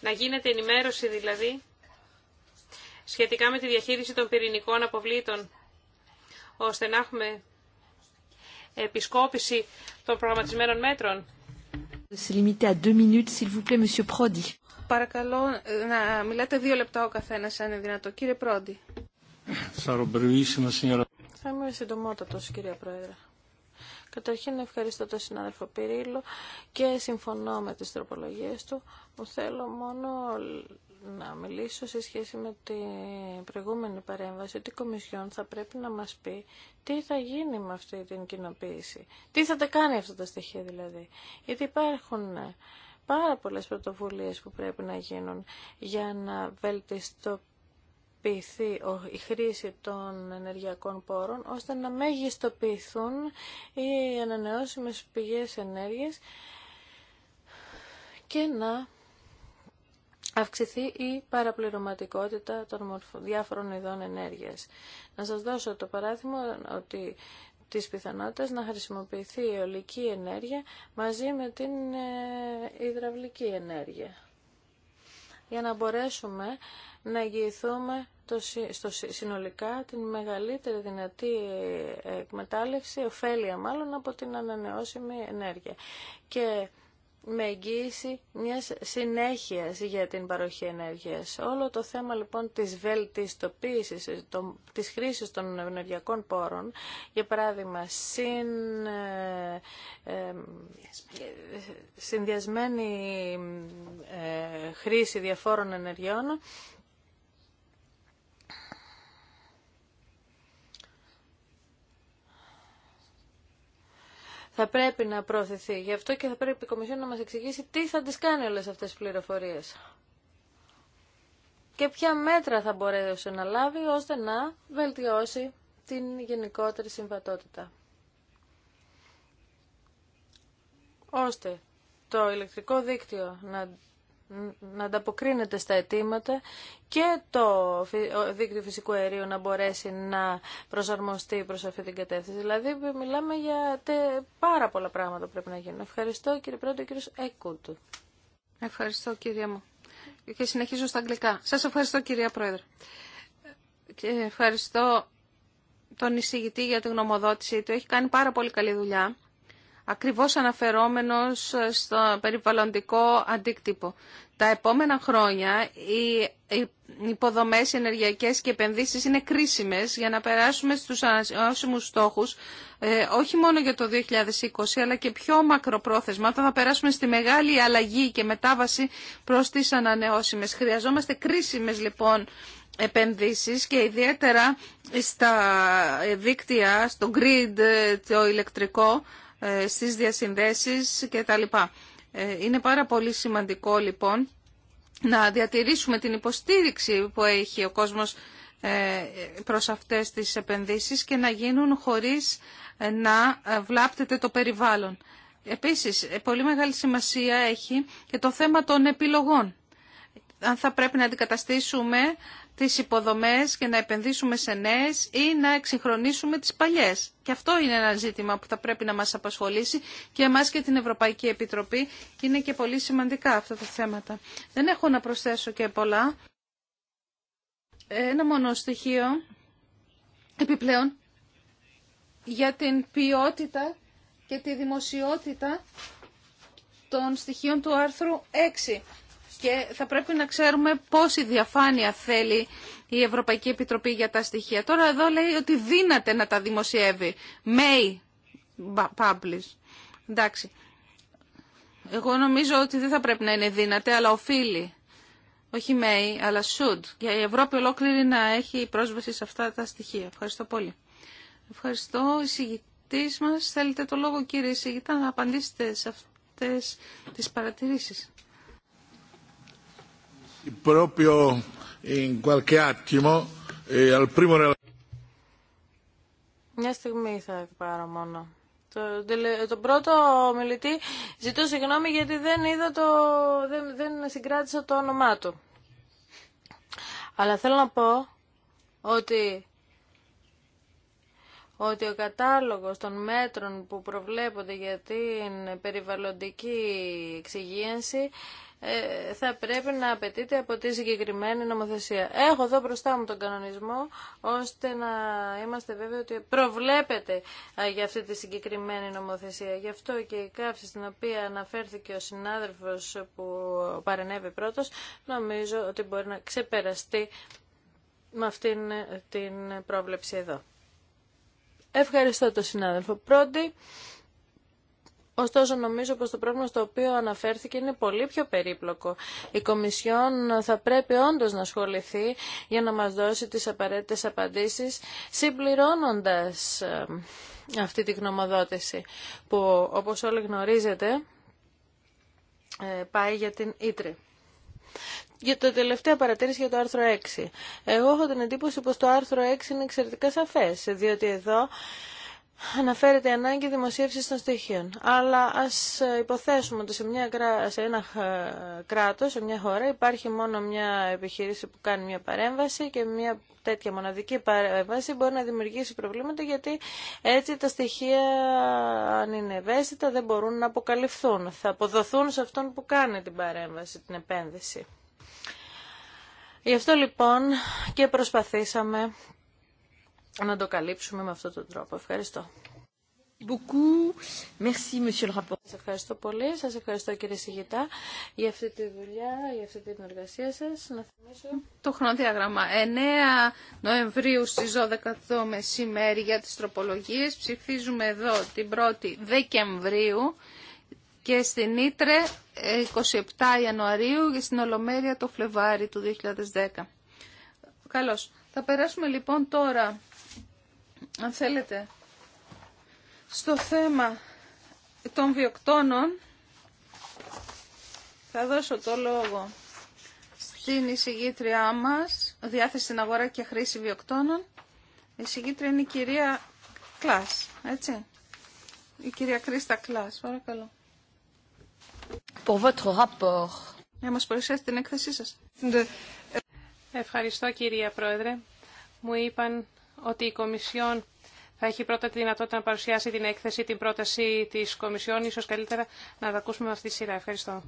Να γίνεται ενημέρωση δηλαδή σχετικά με τη διαχείριση των πυρηνικών αποβλήτων, ώστε να έχουμε επισκόπηση των προγραμματισμένων μέτρων. Παρακαλώ ε, να μιλάτε δύο λεπτά ο καθένας, αν είναι δυνατό. Κύριε Πρόντι. Θα είμαι συντομότατος, κύριε Πρόεδρε. Καταρχήν ευχαριστώ τον συνάδελφο Πυρίλο και συμφωνώ με τις τροπολογίες του. Μου θέλω μόνο να μιλήσω σε σχέση με την προηγούμενη παρέμβαση ότι η Κομισιόν θα πρέπει να μας πει τι θα γίνει με αυτή την κοινοποίηση. Τι θα τα κάνει αυτά τα στοιχεία δηλαδή. Γιατί υπάρχουν πάρα πολλές πρωτοβουλίες που πρέπει να γίνουν για να βελτιστοποιηθεί η χρήση των ενεργειακών πόρων ώστε να μεγιστοποιηθούν οι ανανεώσιμες πηγές ενέργειας και να αυξηθεί η παραπληρωματικότητα των διάφορων ειδών ενέργειας. Να σας δώσω το παράδειγμα ότι τις πιθανότητες να χρησιμοποιηθεί η ολική ενέργεια μαζί με την ε, υδραυλική ενέργεια για να μπορέσουμε να εγγυηθούμε το, στο, συνολικά την μεγαλύτερη δυνατή ε, εκμετάλλευση, ωφέλεια μάλλον από την ανανεώσιμη ενέργεια. Και με εγγύηση μιας συνέχειας για την παροχή ενέργειας. Όλο το θέμα λοιπόν της βελτιστοποίησης, το, της χρήσης των ενεργειακών πόρων, για παράδειγμα συν, ε, ε, συνδυασμένη ε, χρήση διαφόρων ενεργειών, θα πρέπει να προωθηθεί. Γι' αυτό και θα πρέπει η Κομισιόν να μας εξηγήσει τι θα τις κάνει όλες αυτές τις πληροφορίες. Και ποια μέτρα θα μπορέσει να λάβει ώστε να βελτιώσει την γενικότερη συμβατότητα. Ώστε το ηλεκτρικό δίκτυο να να ανταποκρίνεται στα αιτήματα και το δίκτυο φυσικού αερίου να μπορέσει να προσαρμοστεί προς αυτή την κατεύθυνση. Δηλαδή μιλάμε για πάρα πολλά πράγματα που πρέπει να γίνουν. Ευχαριστώ κύριε Πρόεδρε, κύριος Εκούτου. Ευχαριστώ κύριε μου. Και συνεχίζω στα αγγλικά. Σας ευχαριστώ κυρία Πρόεδρε. Και ευχαριστώ τον εισηγητή για την γνωμοδότησή του. Έχει κάνει πάρα πολύ καλή δουλειά ακριβώς αναφερόμενος στο περιβαλλοντικό αντίκτυπο. Τα επόμενα χρόνια οι υποδομές ενεργειακές και επενδύσεις είναι κρίσιμες για να περάσουμε στους ανασιώσιμους στόχους, ε, όχι μόνο για το 2020, αλλά και πιο μακροπρόθεσμα, όταν θα περάσουμε στη μεγάλη αλλαγή και μετάβαση προς τις ανανεώσιμες. Χρειαζόμαστε κρίσιμες λοιπόν επενδύσεις και ιδιαίτερα στα δίκτυα, στο grid, ε, το ηλεκτρικό, ε, στις διασυνδέσεις κτλ. Ε, είναι πάρα πολύ σημαντικό λοιπόν να διατηρήσουμε την υποστήριξη που έχει ο κόσμος ε, προς αυτές τις επενδύσεις και να γίνουν χωρίς να βλάπτεται το περιβάλλον. Επίσης, πολύ μεγάλη σημασία έχει και το θέμα των επιλογών. Αν θα πρέπει να αντικαταστήσουμε τις υποδομές και να επενδύσουμε σε νέες ή να εξυγχρονίσουμε τις παλιές. Και αυτό είναι ένα ζήτημα που θα πρέπει να μας απασχολήσει και εμάς και την Ευρωπαϊκή Επιτροπή. Είναι και πολύ σημαντικά αυτά τα θέματα. Δεν έχω να προσθέσω και πολλά. Ένα μόνο στοιχείο επιπλέον για την ποιότητα και τη δημοσιότητα των στοιχείων του άρθρου 6 και θα πρέπει να ξέρουμε πόση διαφάνεια θέλει η Ευρωπαϊκή Επιτροπή για τα στοιχεία. Τώρα εδώ λέει ότι δύναται να τα δημοσιεύει. May publish. Εντάξει. Εγώ νομίζω ότι δεν θα πρέπει να είναι δύναται, αλλά οφείλει. Όχι may, αλλά should. Για η Ευρώπη ολόκληρη να έχει πρόσβαση σε αυτά τα στοιχεία. Ευχαριστώ πολύ. Ευχαριστώ. Εισηγητής μας, θέλετε το λόγο κύριε εισηγητά να απαντήσετε σε αυτές τις παρατηρήσεις proprio in qualche attimo e al primo Μια στιγμή θα πάρω μόνο. Το, το πρώτο μιλητή ζητώ συγγνώμη γιατί δεν είδα το, δεν, δεν συγκράτησα το όνομά του. Αλλά θέλω να πω ότι ότι ο κατάλογος των μέτρων που προβλέπονται για την περιβαλλοντική εξυγίανση ε, θα πρέπει να απαιτείται από τη συγκεκριμένη νομοθεσία. Έχω εδώ μπροστά μου τον κανονισμό ώστε να είμαστε βέβαιοι ότι προβλέπεται ε, για αυτή τη συγκεκριμένη νομοθεσία. Γι' αυτό και η κάψη στην οποία αναφέρθηκε ο συνάδελφος που παρενέβη πρώτος νομίζω ότι μπορεί να ξεπεραστεί με αυτήν την πρόβλεψη εδώ. Ευχαριστώ τον συνάδελφο πρώτη. Ωστόσο, νομίζω πως το πρόβλημα στο οποίο αναφέρθηκε είναι πολύ πιο περίπλοκο. Η Κομισιόν θα πρέπει όντως να ασχοληθεί για να μας δώσει τις απαραίτητες απαντήσεις, συμπληρώνοντας ε, αυτή τη γνωμοδότηση που, όπως όλοι γνωρίζετε, ε, πάει για την Ήτρη. Για το τελευταίο παρατήρηση για το άρθρο 6. Εγώ έχω την εντύπωση πως το άρθρο 6 είναι εξαιρετικά σαφές, διότι εδώ αναφέρεται ανάγκη δημοσίευσης των στοιχείων. Αλλά ας ε, υποθέσουμε ότι σε, μια, ένα κράτος, σε μια χώρα, υπάρχει μόνο μια επιχείρηση που κάνει μια παρέμβαση και μια τέτοια μοναδική παρέμβαση μπορεί να δημιουργήσει προβλήματα γιατί έτσι τα στοιχεία, αν είναι ευαίσθητα, δεν μπορούν να αποκαλυφθούν. Θα αποδοθούν σε αυτόν που κάνει την παρέμβαση, την επένδυση. Γι' αυτό λοιπόν και προσπαθήσαμε να το καλύψουμε με αυτόν τον τρόπο. Ευχαριστώ. Merci, monsieur le Σας ευχαριστώ πολύ. Σας ευχαριστώ κύριε Σιγητά για αυτή τη δουλειά, για αυτή την εργασία σας. Να θυμίσω το χρονοδιάγραμμα. 9 Νοεμβρίου στις 12 το μεσημέρι για τις τροπολογίες. Ψηφίζουμε εδώ την 1η Δεκεμβρίου και στην Ήτρε 27 ε, Ιανουαρίου και στην Ολομέρεια το Φλεβάρι του 2010. Καλώς. Θα περάσουμε λοιπόν τώρα αν θέλετε, στο θέμα των βιοκτώνων, θα δώσω το λόγο στην εισηγήτριά μας, διάθεση στην αγορά και χρήση βιοκτώνων. Η εισηγήτρια είναι η κυρία Κλάς, έτσι. Η κυρία Κρίστα Κλάς, παρακαλώ. Pour votre Για μας παρουσιάσετε την έκθεσή σας. Ευχαριστώ κυρία Πρόεδρε. Μου είπαν ότι η Κομισιόν θα έχει πρώτα τη δυνατότητα να παρουσιάσει την έκθεση, την πρόταση τη Κομισιόν. σω καλύτερα να τα ακούσουμε με αυτή τη σειρά. Ευχαριστώ.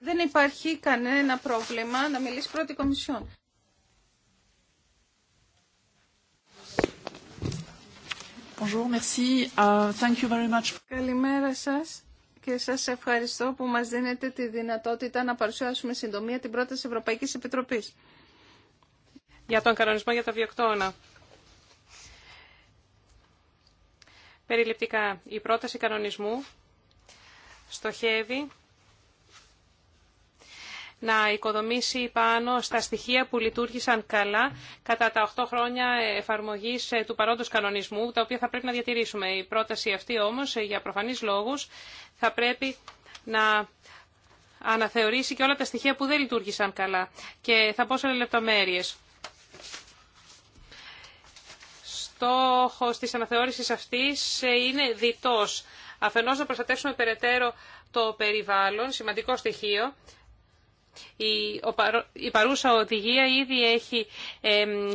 Δεν υπάρχει κανένα πρόβλημα να μιλήσει πρώτη η Κομισιόν. Uh, Καλημέρα σας και σας ευχαριστώ που μας δίνετε τη δυνατότητα να παρουσιάσουμε συντομία την πρόταση Ευρωπαϊκής Επιτροπής για τον κανονισμό για τα βιοκτώνα. Περιληπτικά, η πρόταση κανονισμού στοχεύει να οικοδομήσει πάνω στα στοιχεία που λειτουργήσαν καλά κατά τα 8 χρόνια εφαρμογής ε, του παρόντος κανονισμού, τα οποία θα πρέπει να διατηρήσουμε. Η πρόταση αυτή όμως, ε, για προφανείς λόγους, θα πρέπει να αναθεωρήσει και όλα τα στοιχεία που δεν λειτουργήσαν καλά. Και θα πω σε λεπτομέρειες. στόχος της αναθεώρησης αυτής είναι διτός. Αφενός να προστατεύσουμε περαιτέρω το περιβάλλον, σημαντικό στοιχείο. Η παρούσα οδηγία ήδη έχει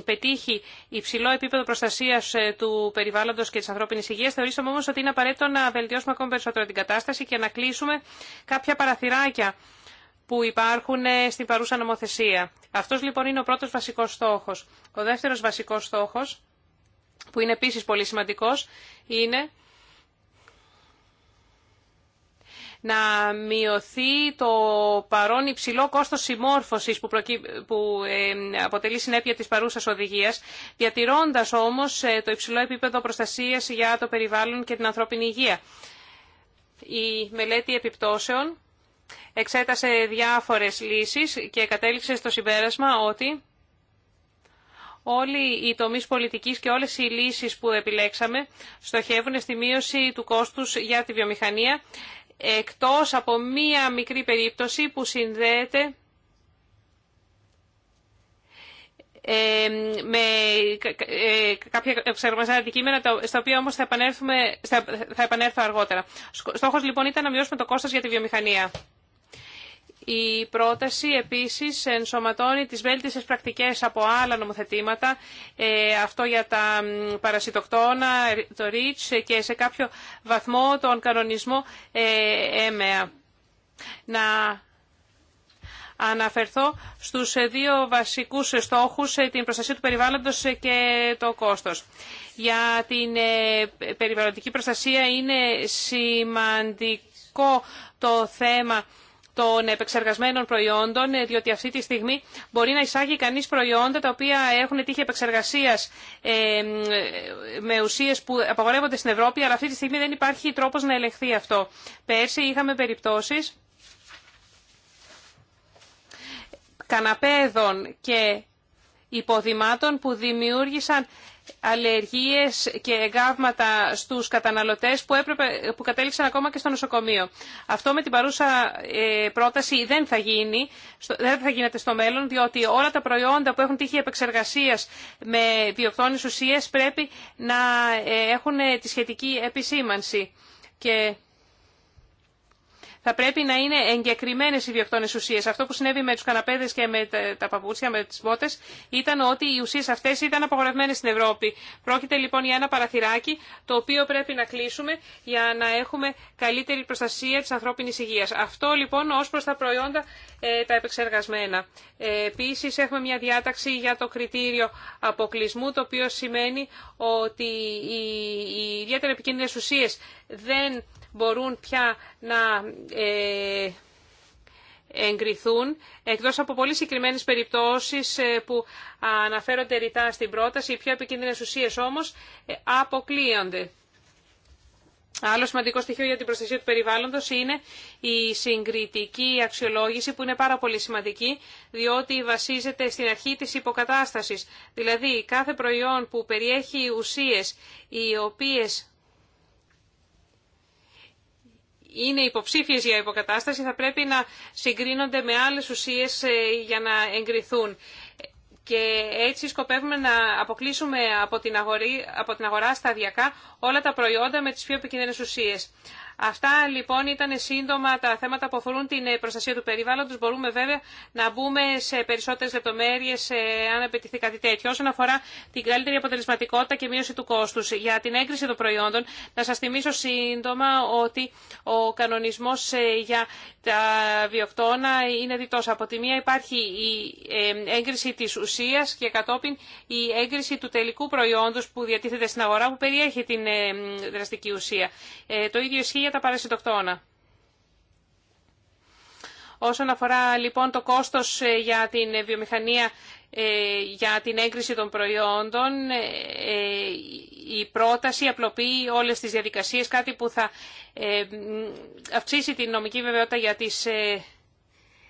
πετύχει υψηλό επίπεδο προστασίας ε, του περιβάλλοντος και της ανθρώπινης υγείας. Θεωρήσαμε όμως ότι είναι απαραίτητο να βελτιώσουμε ακόμα περισσότερο την κατάσταση και να κλείσουμε κάποια παραθυράκια που υπάρχουν ε, στην παρούσα νομοθεσία. Αυτός λοιπόν είναι ο πρώτος βασικός στόχος. Ο δεύτερος βασικός στόχος που είναι επίσης πολύ σημαντικός, είναι να μειωθεί το παρόν υψηλό κόστος συμμόρφωσης που, που ε, αποτελεί συνέπεια της παρούσας οδηγίας, διατηρώντας όμως ε, το υψηλό επίπεδο προστασίας για το περιβάλλον και την ανθρώπινη υγεία. Η μελέτη επιπτώσεων εξέτασε διάφορες λύσεις και κατέληξε στο συμπέρασμα ότι Όλοι οι τομείς πολιτικής και όλες οι λύσει που επιλέξαμε στοχεύουν στη μείωση του κόστους για τη βιομηχανία, εκτός από μία μικρή περίπτωση που συνδέεται ε, με ε, κάποια εξαρμαζά αντικείμενα, στα οποία όμως θα, θα επανέλθω αργότερα. Στόχος λοιπόν ήταν να μειώσουμε το κόστος για τη βιομηχανία. Η πρόταση επίσης ενσωματώνει τις βέλτιστες πρακτικές από άλλα νομοθετήματα, ε, αυτό για τα παρασιτοκτόνα, το REACH και σε κάποιο βαθμό τον κανονισμό ε, ΕΜΕΑ. Να αναφερθώ στους δύο βασικούς στόχους, ε, την προστασία του περιβάλλοντος και το κόστος. Για την περιβαλλοντική προστασία είναι σημαντικό το θέμα των επεξεργασμένων προϊόντων, ε, διότι αυτή τη στιγμή μπορεί να εισάγει κανείς προϊόντα τα οποία έχουν τύχη επεξεργασίας ε, με ουσίες που απαγορεύονται στην Ευρώπη, αλλά αυτή τη στιγμή δεν υπάρχει τρόπος να ελεγχθεί αυτό. Πέρσι είχαμε περιπτώσεις καναπέδων και υποδημάτων που δημιούργησαν αλλεργίες και εγκάβματα στους καταναλωτές που, έπρεπε, που κατέληξαν ακόμα και στο νοσοκομείο. Αυτό με την παρούσα ε, πρόταση δεν θα, γίνει, δεν θα γίνεται στο μέλλον, διότι όλα τα προϊόντα που έχουν τύχει επεξεργασίας με βιοκτόνες ουσίες πρέπει να ε, έχουν ε, τη σχετική επισήμανση. Και θα πρέπει να είναι εγκεκριμένε οι βιοκτόνε ουσίε. Αυτό που συνέβη με του καναπέδε και με τα παπούτσια, με τι μπότε, ήταν ότι οι ουσίε αυτέ ήταν απογορευμένε στην Ευρώπη. Πρόκειται λοιπόν για ένα παραθυράκι το οποίο πρέπει να κλείσουμε για να έχουμε καλύτερη προστασία τη ανθρώπινη υγεία. Αυτό λοιπόν ω προ τα προϊόντα ε, τα επεξεργασμένα. Ε, Επίση έχουμε μια διάταξη για το κριτήριο αποκλεισμού, το οποίο σημαίνει ότι οι ιδιαίτερα επικίνδυνε ουσίε δεν μπορούν πια να ε, εγκριθούν, εκτός από πολύ συγκεκριμένες περιπτώσεις ε, που αναφέρονται ρητά στην πρόταση. Οι πιο επικίνδυνες ουσίες όμως ε, αποκλείονται. Άλλο σημαντικό στοιχείο για την προστασία του περιβάλλοντος είναι η συγκριτική αξιολόγηση που είναι πάρα πολύ σημαντική διότι βασίζεται στην αρχή της υποκατάστασης. Δηλαδή κάθε προϊόν που περιέχει ουσίες οι οποίες είναι υποψήφιες για υποκατάσταση θα πρέπει να συγκρίνονται με άλλες ουσίες ε, για να εγκριθούν. Και έτσι σκοπεύουμε να αποκλείσουμε από την, αγορά σταδιακά όλα τα προϊόντα με τις πιο επικίνδυνες ουσίες. Αυτά λοιπόν ήταν σύντομα τα θέματα που αφορούν την ε, προστασία του περιβάλλοντος. Μπορούμε βέβαια να μπούμε σε περισσότερες λεπτομέρειες ε, αν απαιτηθεί κάτι τέτοιο. Όσον αφορά την καλύτερη αποτελεσματικότητα και μείωση του κόστους για την έγκριση των προϊόντων, να σας θυμίσω σύντομα ότι ο κανονισμός ε, για τα βιοκτώνα είναι διτός. Από τη μία υπάρχει η έγκριση της ουσίας και κατόπιν η έγκριση του τελικού προϊόντος που διατίθεται στην αγορά που περιέχει την δραστική ουσία. Το ίδιο για τα παρασιτοκτόνα. Όσον αφορά λοιπόν το κόστος ε, για την ε, βιομηχανία ε, για την έγκριση των προϊόντων, η πρόταση απλοποιεί όλες τις διαδικασίες, κάτι που θα αυξήσει την νομική βεβαιότητα για τις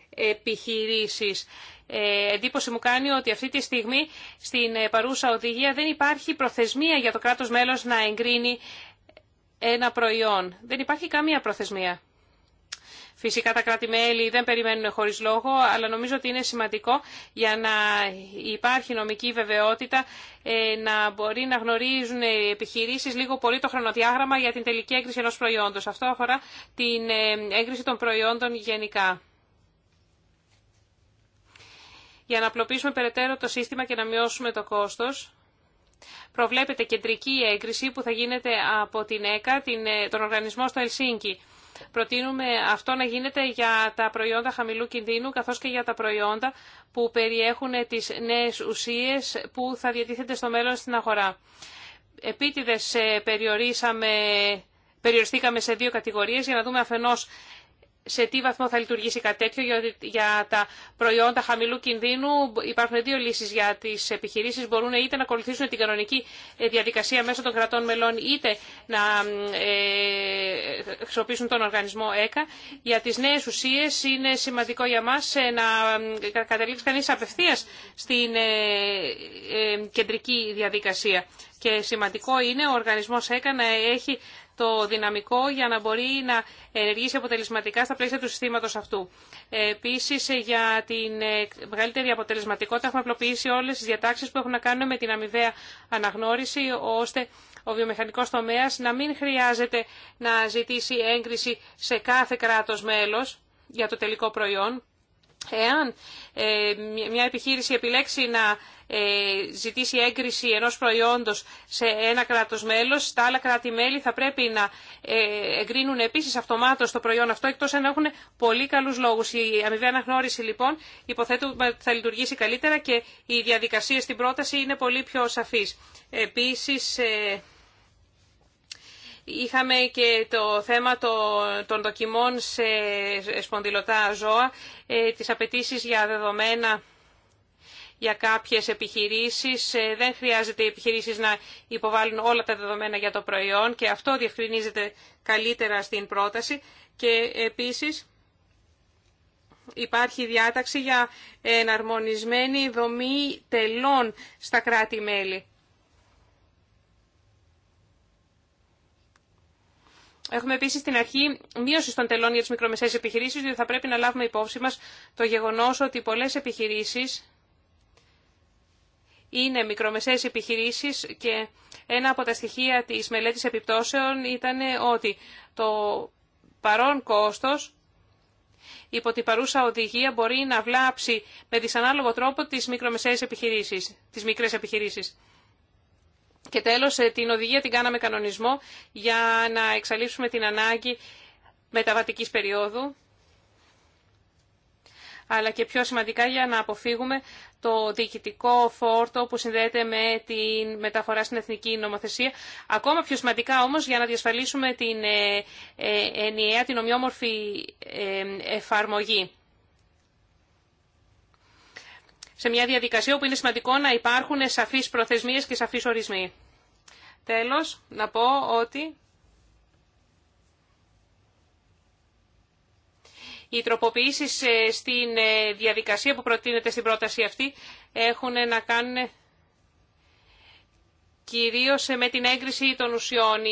επιχειρήσεις. Ε, εντύπωση μου κάνει ότι αυτή τη στιγμή στην παρούσα οδηγία δεν υπάρχει προθεσμία για το κράτος μέλος να εγκρίνει ένα προϊόν. Δεν υπάρχει καμία προθεσμία. Φυσικά τα κράτη-μέλη δεν περιμένουν χωρίς λόγο, αλλά νομίζω ότι είναι σημαντικό για να υπάρχει νομική βεβαιότητα ε, να μπορεί να γνωρίζουν οι επιχειρήσεις λίγο πολύ το χρονοδιάγραμμα για την τελική έγκριση ενός προϊόντος. Αυτό αφορά την ε, έγκριση των προϊόντων γενικά. Για να απλοποιήσουμε περαιτέρω το σύστημα και να μειώσουμε το κόστος, προβλέπεται κεντρική έγκριση που θα γίνεται από την ΕΚΑ, την, ε, τον οργανισμό στο Ελσίνκι. Προτείνουμε αυτό να γίνεται για τα προϊόντα χαμηλού κινδύνου καθώς και για τα προϊόντα που περιέχουν τις νέες ουσίες που θα διατίθενται στο μέλλον στην αγορά. Επίτηδες ε, περιορίσαμε περιοριστήκαμε σε δύο κατηγορίες για να δούμε αφενός σε τι βαθμό θα λειτουργήσει κάτι τέτοιο για τα προϊόντα χαμηλού κινδύνου. Υπάρχουν δύο λύσεις για τις επιχειρήσεις. Μπορούν είτε να ακολουθήσουν την κανονική ε, διαδικασία μέσω των κρατών μελών, είτε να ε, χρησιμοποιήσουν τον οργανισμό ΕΚΑ. Για τις νέες ουσίες είναι σημαντικό για μας ε, να καταλήξει κανείς απευθείας στην κεντρική διαδικασία. Και σημαντικό είναι ο οργανισμός ΕΚΑ να έχει το δυναμικό για να μπορεί να ενεργήσει αποτελεσματικά στα πλαίσια του συστήματος αυτού. Επίσης, για την ε, μεγαλύτερη αποτελεσματικότητα έχουμε απλοποιήσει όλες τις διατάξεις που έχουν να κάνουν με την αμοιβαία αναγνώριση, ώστε ο βιομηχανικός τομέα να μην χρειάζεται να ζητήσει έγκριση σε κάθε κράτο μέλο για το τελικό προϊόν. Εάν ε, μια επιχείρηση επιλέξει να ε, ζητήσει έγκριση ενός προϊόντος σε ένα κράτος μέλος, τα άλλα κράτη-μέλη θα πρέπει να ε, εγκρίνουν επίσης αυτομάτως το προϊόν αυτό, εκτός αν έχουν πολύ καλούς λόγους. Η αμοιβή αναγνώριση λοιπόν υποθέτω θα λειτουργήσει καλύτερα και η διαδικασία στην πρόταση είναι πολύ πιο σαφής Επίσης, ε, Είχαμε και το θέμα των δοκιμών σε σπονδυλωτά ζώα, τις απαιτήσει για δεδομένα για κάποιες επιχειρήσεις. Ε, δεν χρειάζεται οι επιχειρήσεις να υποβάλουν όλα τα δεδομένα για το προϊόν και αυτό διευκρινίζεται καλύτερα στην πρόταση. Και επίσης υπάρχει διάταξη για εναρμονισμένη δομή τελών στα κράτη-μέλη. Έχουμε επίση την αρχή μείωση των τελών για τι μικρομεσαίε επιχειρήσει, διότι θα πρέπει να λάβουμε υπόψη μα το γεγονό ότι πολλέ επιχειρήσει είναι μικρομεσαίες επιχειρήσεις και ένα από τα στοιχεία της μελέτης επιπτώσεων ήταν ότι το παρόν κόστος υπό την παρούσα οδηγία μπορεί να βλάψει με δυσανάλογο τρόπο τις μικρομεσαίες επιχειρήσεις, τις μικρές επιχειρήσεις. Και τέλος, ε, την οδηγία την κάναμε κανονισμό για να εξαλείψουμε την ανάγκη μεταβατικής περίοδου αλλά και πιο σημαντικά για να αποφύγουμε το διοικητικό φόρτο που συνδέεται με τη μεταφορά στην εθνική νομοθεσία. Ακόμα πιο σημαντικά όμως για να διασφαλίσουμε την ε, ε, ενιαία, την ομοιόμορφη ε, εφαρμογή. Σε μια διαδικασία όπου είναι σημαντικό να υπάρχουν σαφείς προθεσμίες και σαφείς ορισμοί. Τέλος, να πω ότι Οι τροποποίησει ε, στην ε, διαδικασία που προτείνεται στην πρόταση αυτή έχουν να κάνουν κυρίως ε, με την έγκριση των ουσιών.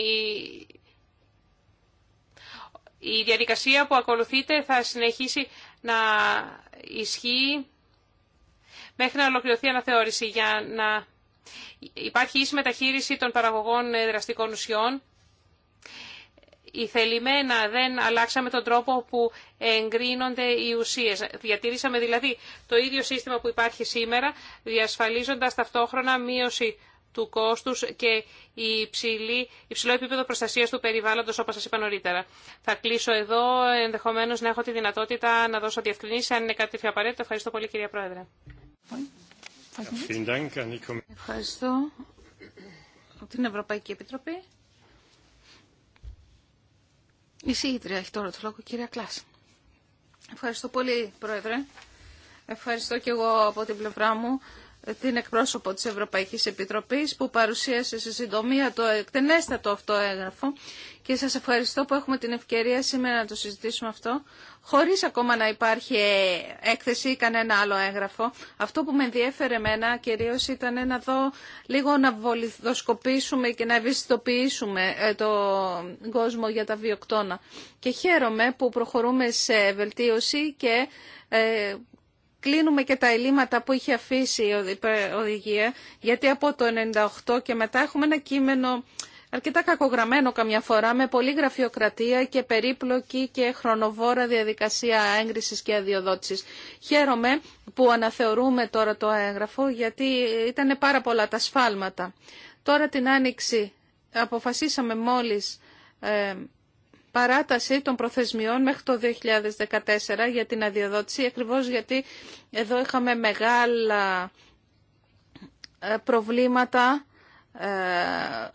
Η διαδικασία που ακολουθείται θα συνεχίσει να ισχύει μέχρι να ολοκληρωθεί αναθεώρηση για να υπάρχει ίση μεταχείριση των παραγωγών δραστικών ουσιών η θελημένα δεν αλλάξαμε τον τρόπο που εγκρίνονται οι ουσίες. Διατηρήσαμε δηλαδή το ίδιο σύστημα που υπάρχει σήμερα, διασφαλίζοντας ταυτόχρονα μείωση του κόστους και υψηλή, υψηλό επίπεδο προστασίας του περιβάλλοντος, όπως σας είπα νωρίτερα. Θα κλείσω εδώ, ενδεχομένως να έχω τη δυνατότητα να δώσω διευκρινήσεις, αν είναι κάτι τέτοιο απαραίτητο. Ευχαριστώ πολύ, κυρία Πρόεδρε. Ευχαριστώ την Ευρωπαϊκή Επιτροπή. Η έχει τώρα το λόγο, κυρία Κλάς. Ευχαριστώ πολύ, Πρόεδρε. Ευχαριστώ και εγώ από την πλευρά μου την εκπρόσωπο της Ευρωπαϊκής Επιτροπής που παρουσίασε σε συντομία το εκτενέστατο αυτό έγγραφο και σας ευχαριστώ που έχουμε την ευκαιρία σήμερα να το συζητήσουμε αυτό χωρίς ακόμα να υπάρχει ε, έκθεση ή κανένα άλλο έγγραφο. Αυτό που με ενδιέφερε εμένα κυρίως ήταν να δω λίγο να βολιδοσκοπήσουμε και να ευαισθητοποιήσουμε ε, τον κόσμο για τα βιοκτώνα. Και χαίρομαι που προχωρούμε σε βελτίωση και ε, κλείνουμε και τα ελλείμματα που είχε αφήσει η οδηγία, γιατί από το 98 και μετά έχουμε ένα κείμενο αρκετά κακογραμμένο καμιά φορά, με πολλή γραφειοκρατία και περίπλοκη και χρονοβόρα διαδικασία έγκρισης και αδειοδότησης. Χαίρομαι που αναθεωρούμε τώρα το έγγραφο, γιατί ήταν πάρα πολλά τα σφάλματα. Τώρα την Άνοιξη αποφασίσαμε μόλις ε, παράταση των προθεσμιών μέχρι το 2014 για την αδειοδότηση, ακριβώς γιατί εδώ είχαμε μεγάλα ε, προβλήματα ε,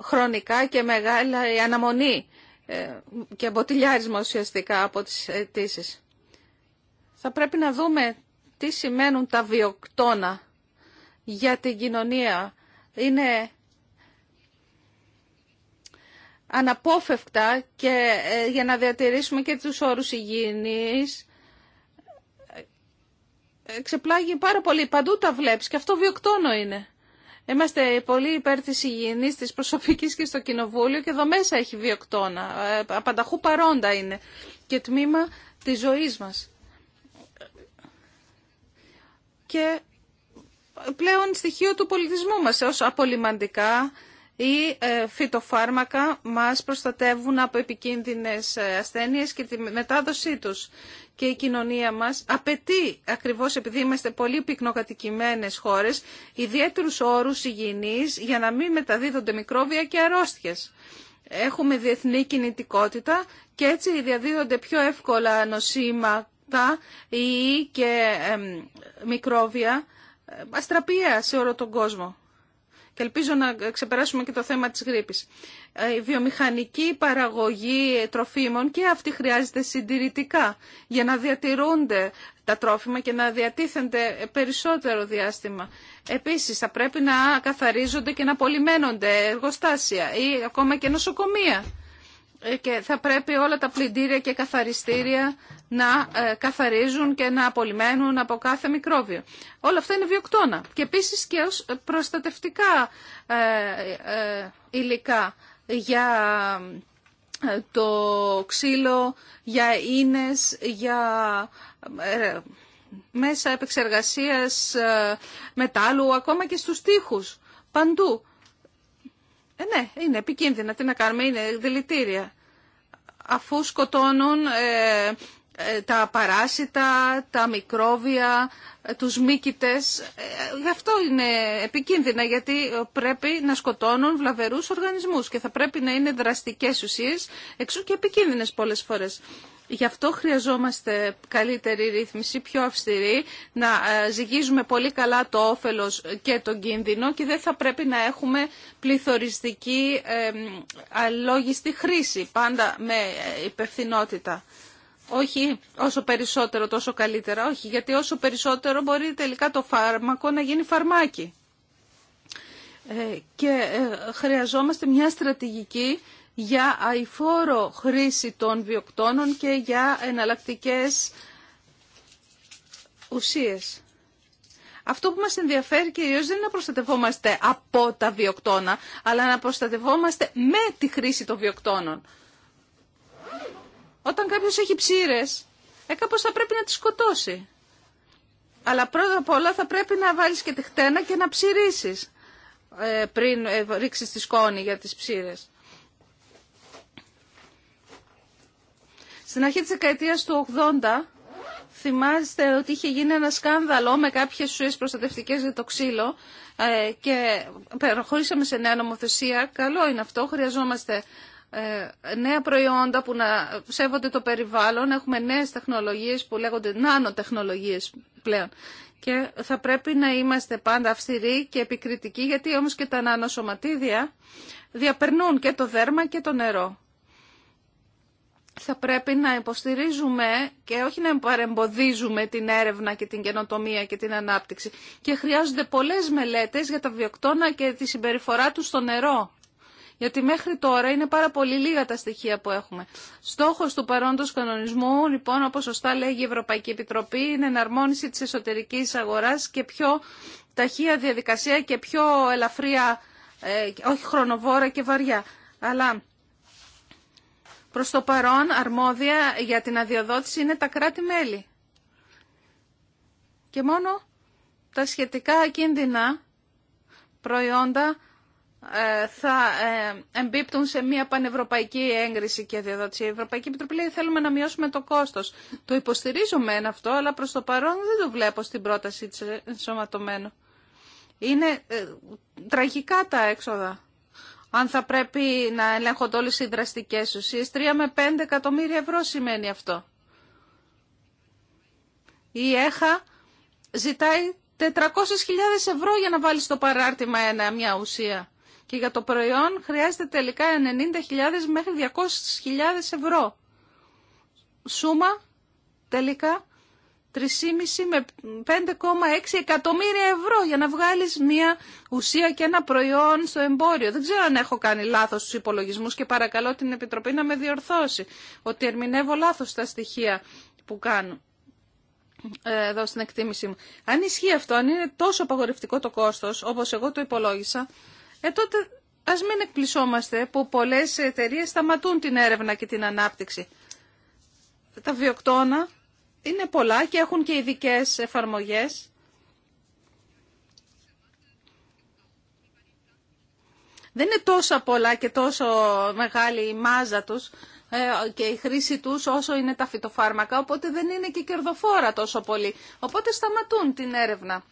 χρονικά και μεγάλα αναμονή ε, και μποτιλιάρισμα ουσιαστικά από τις αιτήσει. Θα πρέπει να δούμε τι σημαίνουν τα βιοκτώνα για την κοινωνία. Είναι αναπόφευκτα και ε, για να διατηρήσουμε και τους όρους υγιεινής. Ε, ξεπλάγει πάρα πολύ. Παντού τα βλέπεις και αυτό βιοκτόνο είναι. Είμαστε πολύ υπέρ της υγιεινής, της προσωπικής και στο κοινοβούλιο και εδώ μέσα έχει βιοκτόνα. Ε, απανταχού παρόντα είναι και τμήμα της ζωής μας. Και πλέον στοιχείο του πολιτισμού μας ως απολυμαντικά ή ε, φυτοφάρμακα μας προστατεύουν από επικίνδυνες ε, ασθένειες και τη μετάδοσή τους. Και η κοινωνία μας απαιτεί, ακριβώς επειδή είμαστε πολύ πυκνοκατοικημένες χώρες, ιδιαίτερους όρους υγιεινής για να μην μεταδίδονται μικρόβια και αρρώστιες. Έχουμε διεθνή κινητικότητα και έτσι διαδίδονται πιο εύκολα νοσήματα ή και μικρόβια ε, αστραπία σε όλο τον κόσμο και ελπίζω να ξεπεράσουμε και το θέμα της γρήπης. Ε, η βιομηχανική παραγωγή τροφίμων και αυτή χρειάζεται συντηρητικά για να διατηρούνται τα τρόφιμα και να διατίθενται περισσότερο διάστημα. Επίσης θα πρέπει να καθαρίζονται και να πολυμένονται εργοστάσια ή ακόμα και νοσοκομεία. Ε, και θα πρέπει όλα τα πλυντήρια και καθαριστήρια να ε, καθαρίζουν και να απολυμένουν από κάθε μικρόβιο. Όλα αυτά είναι βιοκτώνα και επίσης και ως προστατευτικά ε, υλικά για το ξύλο, για ίνες, για μέσα επεξεργασίας μετάλλου, ακόμα και στους τείχους, παντού. Ε, ναι, είναι επικίνδυνα. Τι να κάνουμε, είναι δηλητήρια. Αφού σκοτώνουν ε, ε, τα παράσιτα, τα μικρόβια, ε, τους μύκητες. Γι' αυτό είναι επικίνδυνα, γιατί πρέπει να σκοτώνουν βλαβερούς οργανισμούς και θα πρέπει να είναι δραστικές ουσίες, εξού και επικίνδυνες πολλές φορές. Γι' αυτό χρειαζόμαστε καλύτερη ρύθμιση, πιο αυστηρή, να ε, ζυγίζουμε πολύ καλά το όφελος και τον κίνδυνο και δεν θα πρέπει να έχουμε πληθωριστική αλόγιστη χρήση, πάντα με ε, υπευθυνότητα. Όχι όσο περισσότερο τόσο καλύτερα, όχι, γιατί όσο περισσότερο μπορεί τελικά το φάρμακο να γίνει φαρμάκι. Ε, και χρειαζόμαστε μια στρατηγική για αηφόρο χρήση των βιοκτώνων και για εναλλακτικές ουσίες. Αυτό που μας ενδιαφέρει κυρίως δεν είναι να προστατευόμαστε από τα βιοκτώνα, αλλά να προστατευόμαστε με τη χρήση των βιοκτώνων. Όταν κάποιος έχει ψήρες, ε, κάπως θα πρέπει να τις σκοτώσει. Αλλά πρώτα απ' όλα θα πρέπει να βάλεις και τη χτένα και να ψηρίσεις ε, πριν ε, ρίξεις τη σκόνη για τις ψήρες. Στην αρχή της δεκαετίας του 80 θυμάστε ότι είχε γίνει ένα σκάνδαλο με κάποιες ουσίες προστατευτικές για το ξύλο ε, και προχωρήσαμε σε νέα νομοθεσία. Καλό είναι αυτό, χρειαζόμαστε ε, νέα προϊόντα που να σέβονται το περιβάλλον. Έχουμε νέες τεχνολογίες που λέγονται νάνοτεχνολογίες πλέον. Και θα πρέπει να είμαστε πάντα αυστηροί και επικριτικοί, γιατί όμως και τα νάνο-σωματίδια διαπερνούν και το δέρμα και το νερό θα πρέπει να υποστηρίζουμε και όχι να παρεμποδίζουμε την έρευνα και την καινοτομία και την ανάπτυξη. Και χρειάζονται πολλές μελέτες για τα βιοκτώνα και τη συμπεριφορά του στο νερό. Γιατί μέχρι τώρα είναι πάρα πολύ λίγα τα στοιχεία που έχουμε. Στόχος του παρόντος κανονισμού, λοιπόν, όπως σωστά λέγει η Ευρωπαϊκή Επιτροπή, είναι εναρμόνιση της εσωτερικής αγοράς και πιο ταχεία διαδικασία και πιο ελαφρία, ε, όχι χρονοβόρα και βαριά. Αλλά Προς το παρόν αρμόδια για την αδειοδότηση είναι τα κράτη-μέλη. Και μόνο τα σχετικά κίνδυνα προϊόντα ε, θα ε, εμπίπτουν σε μια πανευρωπαϊκή έγκριση και αδειοδότηση. Η Ευρωπαϊκή Επιτροπή λέει θέλουμε να μειώσουμε το κόστος. Το υποστηρίζουμε αυτό, αλλά προς το παρόν δεν το βλέπω στην πρόταση της ενσωματωμένου. Είναι ε, τραγικά τα έξοδα αν θα πρέπει να ελέγχονται όλες οι δραστικές ουσίες. 3 με 5 εκατομμύρια ευρώ σημαίνει αυτό. Η ΕΧΑ ζητάει 400.000 ευρώ για να βάλει στο παράρτημα ένα, μια ουσία. Και για το προϊόν χρειάζεται τελικά 90.000 μέχρι 200.000 ευρώ. Σούμα τελικά 3,5 με 5,6 εκατομμύρια ευρώ για να βγάλεις μια ουσία και ένα προϊόν στο εμπόριο. Δεν ξέρω αν έχω κάνει λάθος στους υπολογισμούς και παρακαλώ την Επιτροπή να με διορθώσει ότι ερμηνεύω λάθος τα στοιχεία που κάνω ε, εδώ στην εκτίμησή μου. Αν ισχύει αυτό, αν είναι τόσο απαγορευτικό το κόστος όπως εγώ το υπολόγισα, ε, τότε ας μην εκπλησόμαστε που πολλές εταιρείε σταματούν την έρευνα και την ανάπτυξη. Τα βιοκτώνα είναι πολλά και έχουν και ειδικέ εφαρμογέ. Δεν είναι τόσο πολλά και τόσο μεγάλη η μάζα τους ε, και η χρήση τους όσο είναι τα φυτοφάρμακα, οπότε δεν είναι και κερδοφόρα τόσο πολύ. Οπότε σταματούν την έρευνα.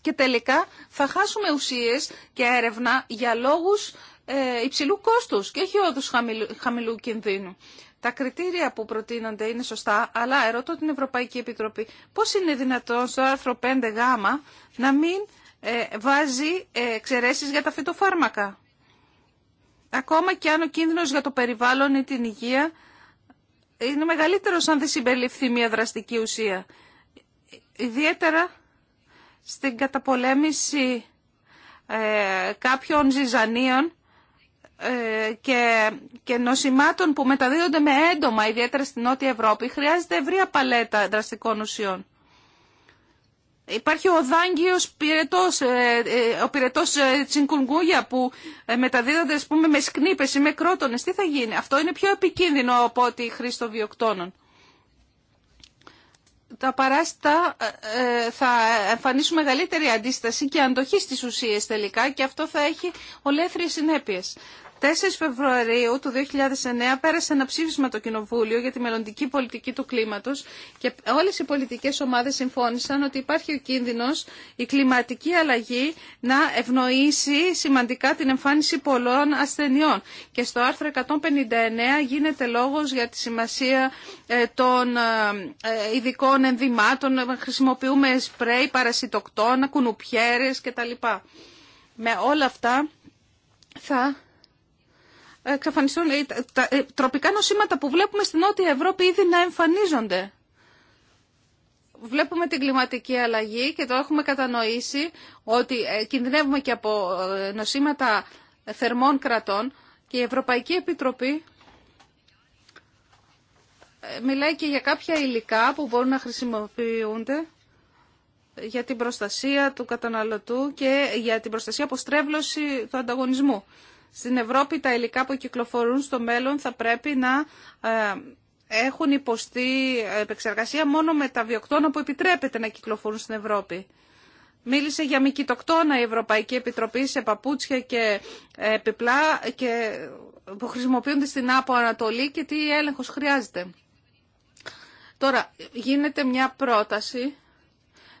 Και τελικά θα χάσουμε ουσίες και έρευνα για λόγους ε, υψηλού κόστους και όχι όντως χαμηλού, χαμηλού κινδύνου. Τα κριτήρια που προτείνονται είναι σωστά, αλλά ερωτώ την Ευρωπαϊκή Επιτροπή πώς είναι δυνατόν στο άρθρο 5 γάμα να μην ε, βάζει ε, εξαιρέσεις για τα φυτοφάρμακα. Ακόμα και αν ο κίνδυνος για το περιβάλλον ή την υγεία είναι μεγαλύτερος αν δεν συμπεριληφθεί μια δραστική ουσία. Ιδιαίτερα στην καταπολέμηση ε, κάποιων ζυζανίων ε, και, και νοσημάτων που μεταδίδονται με έντομα, ιδιαίτερα στην Νότια Ευρώπη, χρειάζεται ευρία παλέτα δραστικών ουσιών. Υπάρχει ο δάγκιος πυρετός, ε, ε, ο πυρετός τσιγκουνγκούγια που μεταδίδονται πούμε, με σκνήπες ή με κρότονες. Τι θα γίνει. Αυτό είναι πιο επικίνδυνο από ότι η χρήση των βιοκτώνων. Τα παράστα θα εμφανίσουν μεγαλύτερη αντίσταση και αντοχή στις ουσίες τελικά και αυτό θα έχει ολέθριες συνέπειες. 4 Φεβρουαρίου του 2009 πέρασε ένα ψήφισμα το Κοινοβούλιο για τη μελλοντική πολιτική του κλίματος και όλες οι πολιτικές ομάδες συμφώνησαν ότι υπάρχει ο κίνδυνος η κλιματική αλλαγή να ευνοήσει σημαντικά την εμφάνιση πολλών ασθενειών. Και στο άρθρο 159 γίνεται λόγος για τη σημασία ε, των ε, ε, ειδικών ενδυμάτων, χρησιμοποιούμε σπρέι, παρασιτοκτόνα, κουνουπιέρε κτλ. Με όλα αυτά θα εξαφανιστούν τα ε, τροπικά νοσήματα που βλέπουμε στην Νότια Ευρώπη ήδη να εμφανίζονται. Βλέπουμε την κλιματική αλλαγή και το έχουμε κατανοήσει ότι ε, κινδυνεύουμε και από ε, νοσήματα θερμών κρατών και η Ευρωπαϊκή Επιτροπή μιλάει και για κάποια υλικά που μπορούν να χρησιμοποιούνται για την προστασία του καταναλωτού και για την προστασία από του ανταγωνισμού. Στην Ευρώπη τα υλικά που κυκλοφορούν στο μέλλον θα πρέπει να ε, έχουν υποστεί επεξεργασία μόνο με τα βιοκτώνα που επιτρέπεται να κυκλοφορούν στην Ευρώπη. Μίλησε για μικητοκτόνα η Ευρωπαϊκή Επιτροπή σε παπούτσια και ε, επιπλά και που χρησιμοποιούνται στην Άπο Ανατολή και τι έλεγχος χρειάζεται. Τώρα, γίνεται μια πρόταση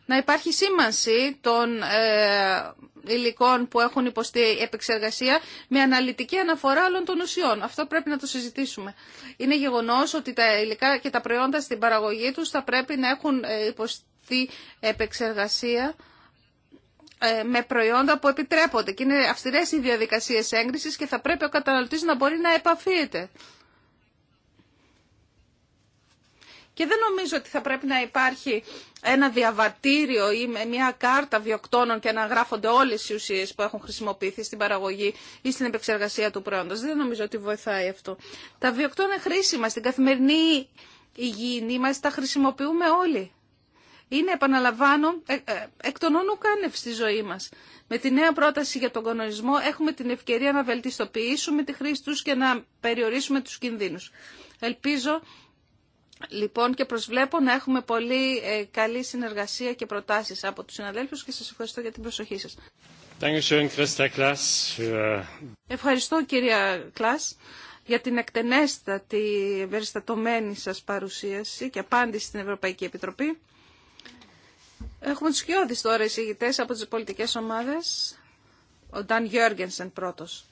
να υπάρχει σήμανση των ε, υλικών που έχουν υποστεί επεξεργασία με αναλυτική αναφορά άλλων των ουσιών. Αυτό πρέπει να το συζητήσουμε. Είναι γεγονός ότι τα υλικά και τα προϊόντα στην παραγωγή τους θα πρέπει να έχουν ε, υποστεί επεξεργασία ε, με προϊόντα που επιτρέπονται και είναι αυστηρές οι διαδικασίες έγκρισης και θα πρέπει ο καταναλωτής να μπορεί να επαφείται. Και δεν νομίζω ότι θα πρέπει να υπάρχει ένα διαβατήριο ή με μια κάρτα βιοκτώνων και να γράφονται όλες οι ουσίες που έχουν χρησιμοποιηθεί στην παραγωγή ή στην επεξεργασία του προϊόντος. Δεν νομίζω ότι βοηθάει αυτό. Τα βιοκτώνα χρήσιμα στην καθημερινή υγιεινή μας τα χρησιμοποιούμε όλοι. Είναι, επαναλαμβάνω, ε, ε, εκ των όνων στη ζωή μας. Με τη νέα πρόταση για τον κανονισμό έχουμε την ευκαιρία να βελτιστοποιήσουμε τη χρήση και να περιορίσουμε τους κινδύνους. Ελπίζω Λοιπόν και προσβλέπω να έχουμε πολύ ε, καλή συνεργασία και προτάσεις από τους συναδέλφους και σας ευχαριστώ για την προσοχή σας. Ευχαριστώ κυρία Κλάς για την εκτενέστατη ευεριστατωμένη σας παρουσίαση και απάντηση στην Ευρωπαϊκή Επιτροπή. Έχουμε τους κοιόδης τώρα εισηγητές από τις πολιτικές ομάδες. Ο Νταν Γιώργενσεν πρώτος.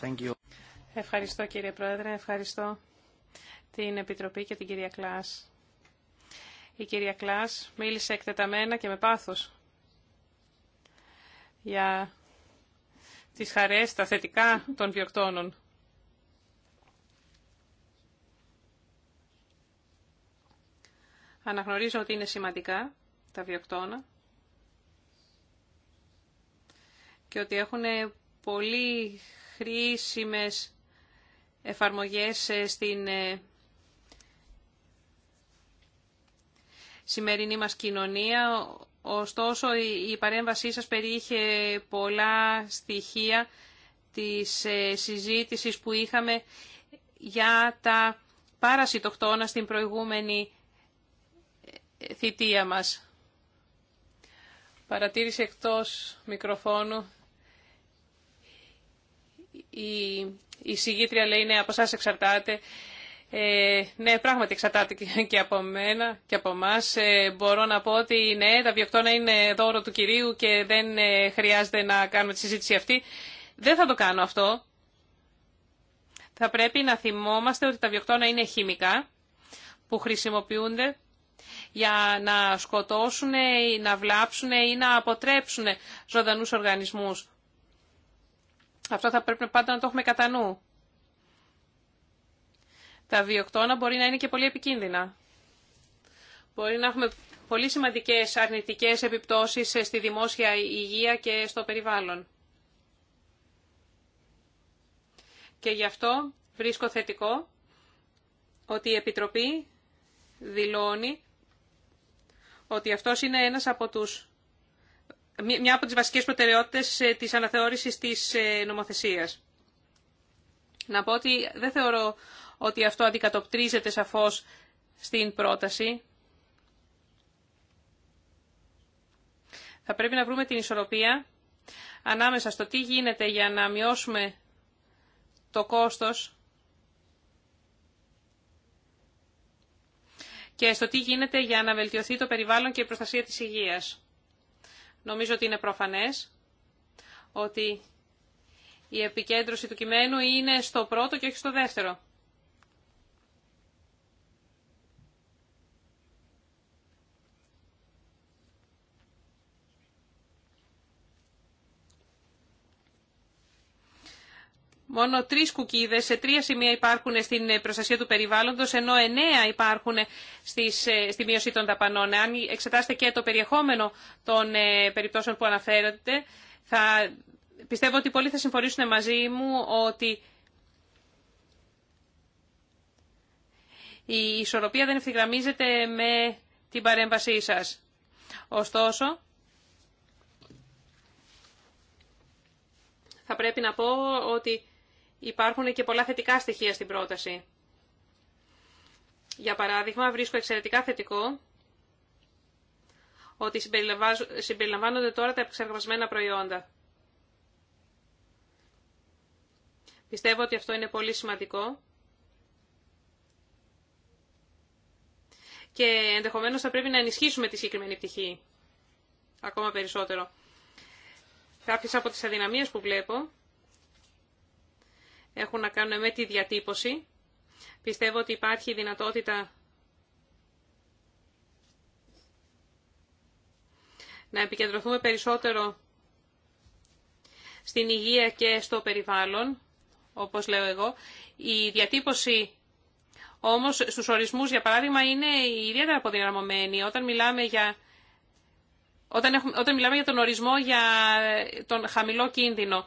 Thank Ευχαριστώ κύριε Πρόεδρε, ευχαριστώ την Επιτροπή και την κυρία Κλάς. Η κυρία Κλάς μίλησε εκτεταμένα και με πάθος για τις χαρές, τα θετικά των βιοκτώνων. Αναγνωρίζω ότι είναι σημαντικά τα βιοκτώνα και ότι έχουν πολύ χρήσιμες εφαρμογές ε, στην ε, σημερινή μας κοινωνία. Ωστόσο, η παρέμβασή σας περιείχε πολλά στοιχεία της ε, συζήτησης που είχαμε για τα παρασιτοκτόνα στην προηγούμενη θητεία μας. Παρατήρηση εκτός μικροφώνου η, η συγγήτρια λέει ναι, από εσάς εξαρτάται. Ε, ναι, πράγματι εξαρτάται και από μένα και από εμά. Ε, μπορώ να πω ότι ναι, τα βιοκτώνα είναι δώρο του κυρίου και δεν ε, χρειάζεται να κάνουμε τη συζήτηση αυτή. Δεν θα το κάνω αυτό. Θα πρέπει να θυμόμαστε ότι τα βιοκτώνα είναι χημικά που χρησιμοποιούνται για να σκοτώσουν, να βλάψουν ή να αποτρέψουν ζωντανούς οργανισμούς. Αυτό θα πρέπει πάντα να το έχουμε κατά νου. Τα βιοκτώνα μπορεί να είναι και πολύ επικίνδυνα. Μπορεί να έχουμε πολύ σημαντικές αρνητικές επιπτώσεις στη δημόσια υγεία και στο περιβάλλον. Και γι' αυτό βρίσκω θετικό ότι η Επιτροπή δηλώνει ότι αυτός είναι ένας από τους μια από τις βασικές προτεραιότητες ε, της αναθεώρησης της ε, νομοθεσίας. Να πω ότι δεν θεωρώ ότι αυτό αντικατοπτρίζεται σαφώς στην πρόταση. Θα πρέπει να βρούμε την ισορροπία ανάμεσα στο τι γίνεται για να μειώσουμε το κόστος και στο τι γίνεται για να βελτιωθεί το περιβάλλον και η προστασία της υγείας. Νομίζω ότι είναι προφανές ότι η επικέντρωση του κειμένου είναι στο πρώτο και όχι στο δεύτερο. Μόνο τρει κουκίδε σε τρία σημεία υπάρχουν στην ε, προστασία του περιβάλλοντο, ενώ εννέα υπάρχουν ε, στις, ε, στη μείωση των δαπανών. Αν εξετάσετε και το περιεχόμενο των περιπτώσεων που αναφέρετε θα, πιστεύω ότι πολλοί θα συμφωνήσουν μαζί μου ότι η ισορροπία δεν ευθυγραμμίζεται με την παρέμβασή σας. Ωστόσο, θα πρέπει να πω ότι υπάρχουν και πολλά θετικά στοιχεία στην πρόταση. Για παράδειγμα, βρίσκω εξαιρετικά θετικό ότι συμπεριλαμβάνονται τώρα τα επεξεργασμένα προϊόντα. Πιστεύω ότι αυτό είναι πολύ σημαντικό και ενδεχομένως θα πρέπει να ενισχύσουμε τη συγκεκριμένη πτυχή ακόμα περισσότερο. Κάποιες από τις αδυναμίες που βλέπω έχουν να κάνουν με τη διατύπωση. Πιστεύω ότι υπάρχει δυνατότητα να επικεντρωθούμε περισσότερο στην υγεία και στο περιβάλλον, όπως λέω εγώ. Η διατύπωση όμως στους ορισμούς, για παράδειγμα, είναι ιδιαίτερα αποδυναμωμένη. Όταν μιλάμε για, όταν έχουμε... όταν μιλάμε για τον ορισμό για τον χαμηλό κίνδυνο,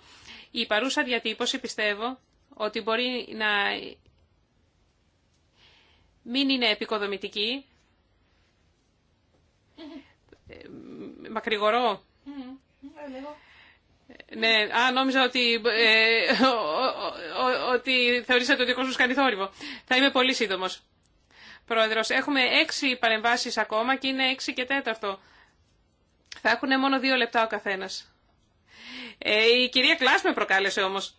η παρούσα διατύπωση, πιστεύω, ότι μπορεί να μην είναι επικοδομητική. Μακρηγορώ. Ναι, α, νόμιζα ότι, ε, ότι θεωρήσατε ότι ο κόσμος κάνει θόρυβο. Θα είμαι πολύ σύντομος. Πρόεδρος, έχουμε έξι παρεμβάσεις ακόμα και είναι έξι και τέταρτο. Θα έχουν μόνο δύο λεπτά ο καθένας. Ε, η κυρία Κλάς με προκάλεσε όμως.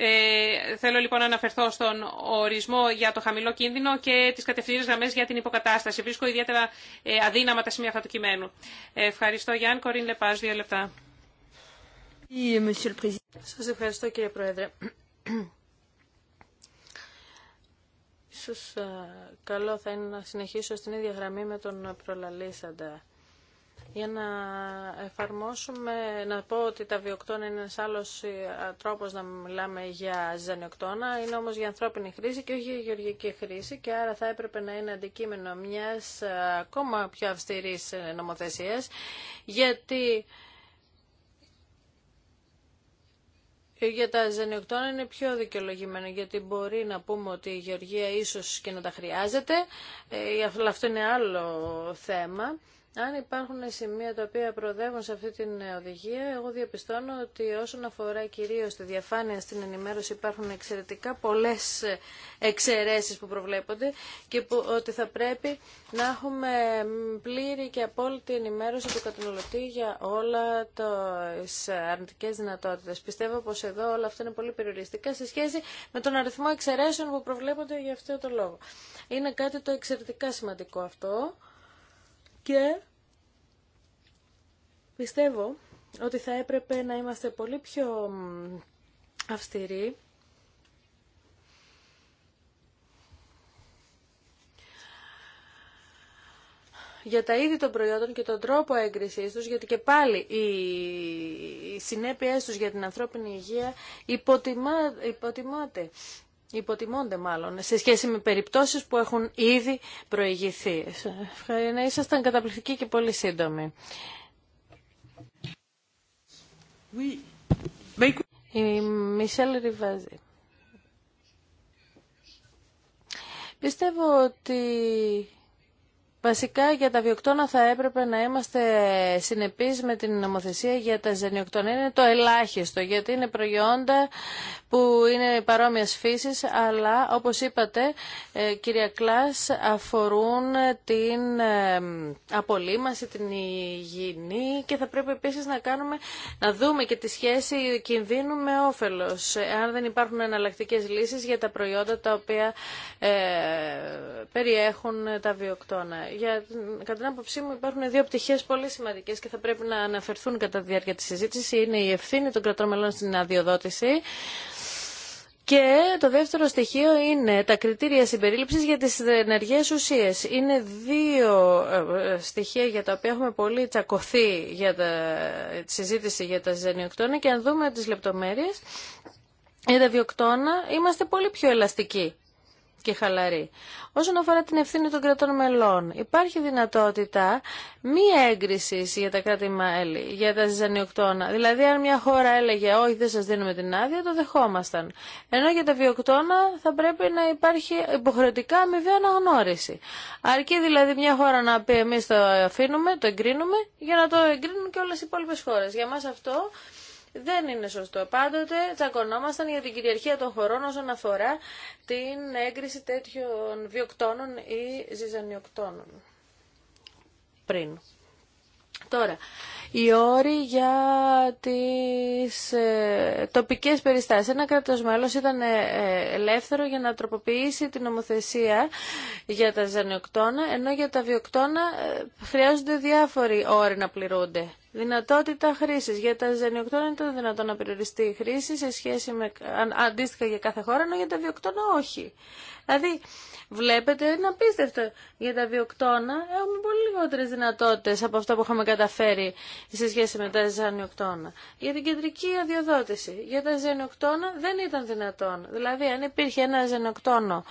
Ε, θέλω λοιπόν να αναφερθώ στον ορισμό για το χαμηλό κίνδυνο και τι κατευθυντήρες γραμμέ για την υποκατάσταση. Βρίσκω ιδιαίτερα ε, αδύναμα τα σημεία αυτά του κειμένου. ευχαριστώ Γιάννη. Κορίν Λεπά. δύο λεπτά. Σα ευχαριστώ κύριε Πρόεδρε. Ίσως καλό θα είναι να συνεχίσω στην ίδια γραμμή με τον προλαλήσαντα για να εφαρμόσουμε, να πω ότι τα βιοκτώνα είναι ένας άλλος ε, τρόπος να μιλάμε για ζανιοκτώνα, είναι όμως για ανθρώπινη χρήση και όχι για γεωργική χρήση και άρα θα έπρεπε να είναι αντικείμενο μιας ε, ακόμα πιο αυστηρής ε, νομοθεσίας, γιατί Για τα ζενιοκτώνα είναι πιο δικαιολογημένο γιατί μπορεί να πούμε ότι η γεωργία ίσως και να τα χρειάζεται, αλλά αυτό είναι άλλο θέμα. Αν υπάρχουν σημεία τα οποία προοδεύουν σε αυτή την οδηγία, εγώ διαπιστώνω ότι όσον αφορά κυρίως τη διαφάνεια στην ενημέρωση υπάρχουν εξαιρετικά πολλές εξαιρέσεις που προβλέπονται και ότι θα πρέπει να έχουμε πλήρη και απόλυτη ενημέρωση του καταναλωτή για όλα τις αρνητικές δυνατότητες. Πιστεύω πως εδώ όλα αυτά είναι πολύ περιοριστικά σε σχέση με τον αριθμό εξαιρέσεων που προβλέπονται για αυτό το λόγο. Είναι κάτι το εξαιρετικά σημαντικό αυτό και πιστεύω ότι θα έπρεπε να είμαστε πολύ πιο αυστηροί για τα είδη των προϊόντων και τον τρόπο έγκρισής τους, γιατί και πάλι οι συνέπειές τους για την ανθρώπινη υγεία υποτιμά, υποτιμάται υποτιμώνται μάλλον, σε σχέση με περιπτώσεις που έχουν ήδη προηγηθεί. Ευχαριστώ. Ήσασταν καταπληκτικοί και πολύ σύντομοι. Η Μισελ Ριβάζη. Πιστεύω ότι Βασικά για τα βιοκτώνα θα έπρεπε να είμαστε συνεπείς με την νομοθεσία για τα ζενιοκτώνα. Είναι το ελάχιστο γιατί είναι προϊόντα που είναι παρόμοια φύσης αλλά όπως είπατε ε, κυρία Κλάς αφορούν την ε, απολύμαση, την υγιεινή και θα πρέπει επίσης να, κάνουμε, να δούμε και τη σχέση κινδύνου με όφελος. Αν δεν υπάρχουν εναλλακτικέ λύσεις για τα προϊόντα τα οποία ε, περιέχουν τα βιοκτώνα για, κατά την άποψή μου υπάρχουν δύο πτυχές πολύ σημαντικέ και θα πρέπει να αναφερθούν κατά τη διάρκεια τη συζήτηση. Είναι η ευθύνη των κρατών μελών στην αδειοδότηση. Και το δεύτερο στοιχείο είναι τα κριτήρια συμπερίληψης για τις ενεργές ουσίες. Είναι δύο ε, στοιχεία για τα οποία έχουμε πολύ τσακωθεί για τα, ε, τη συζήτηση για τα ζενιοκτώνα και αν δούμε τις λεπτομέρειες για τα βιοκτώνα είμαστε πολύ πιο ελαστικοί και χαλαρή. Όσον αφορά την ευθύνη των κρατών μελών, υπάρχει δυνατότητα μη έγκριση για τα κράτη-μέλη, για τα ζυζανιοκτώνα. Δηλαδή, αν μια χώρα έλεγε Όχι, δεν σα δίνουμε την άδεια, το δεχόμασταν. Ενώ για τα βιοκτώνα θα πρέπει να υπάρχει υποχρεωτικά αμοιβή αναγνώριση. Αρκεί δηλαδή μια χώρα να πει Εμεί το αφήνουμε, το εγκρίνουμε, για να το εγκρίνουν και όλε οι υπόλοιπε χώρε. Για μα αυτό δεν είναι σωστό. Πάντοτε τσακωνόμασταν για την κυριαρχία των χωρών όσον αφορά την έγκριση τέτοιων βιοκτώνων ή ζυζανιοκτώνων. Πριν. Τώρα, οι όροι για τις ε, τοπικές περιστάσεις. Ένα κράτος μέλος ήταν ε, ε, ελεύθερο για να τροποποιήσει την νομοθεσία για τα ζανιοκτώνα, ενώ για τα βιοκτώνα χρειάζονται διάφοροι όροι να πληρούνται. Δυνατότητα χρήση. Για τα ζενιοκτώνα ήταν δυνατόν να περιοριστεί η χρήση σε σχέση με. αντίστοιχα για κάθε χώρα, ενώ για τα βιοκτώνα όχι. Δηλαδή, Βλέπετε, είναι απίστευτο για τα βιοκτώνα. Έχουμε πολύ λιγότερε δυνατότητε από αυτά που είχαμε καταφέρει σε σχέση με τα ζανιοκτώνα. Για την κεντρική αδειοδότηση. Για τα ζανιοκτώνα δεν ήταν δυνατόν. Δηλαδή, αν υπήρχε ένα ζανιοκτώνο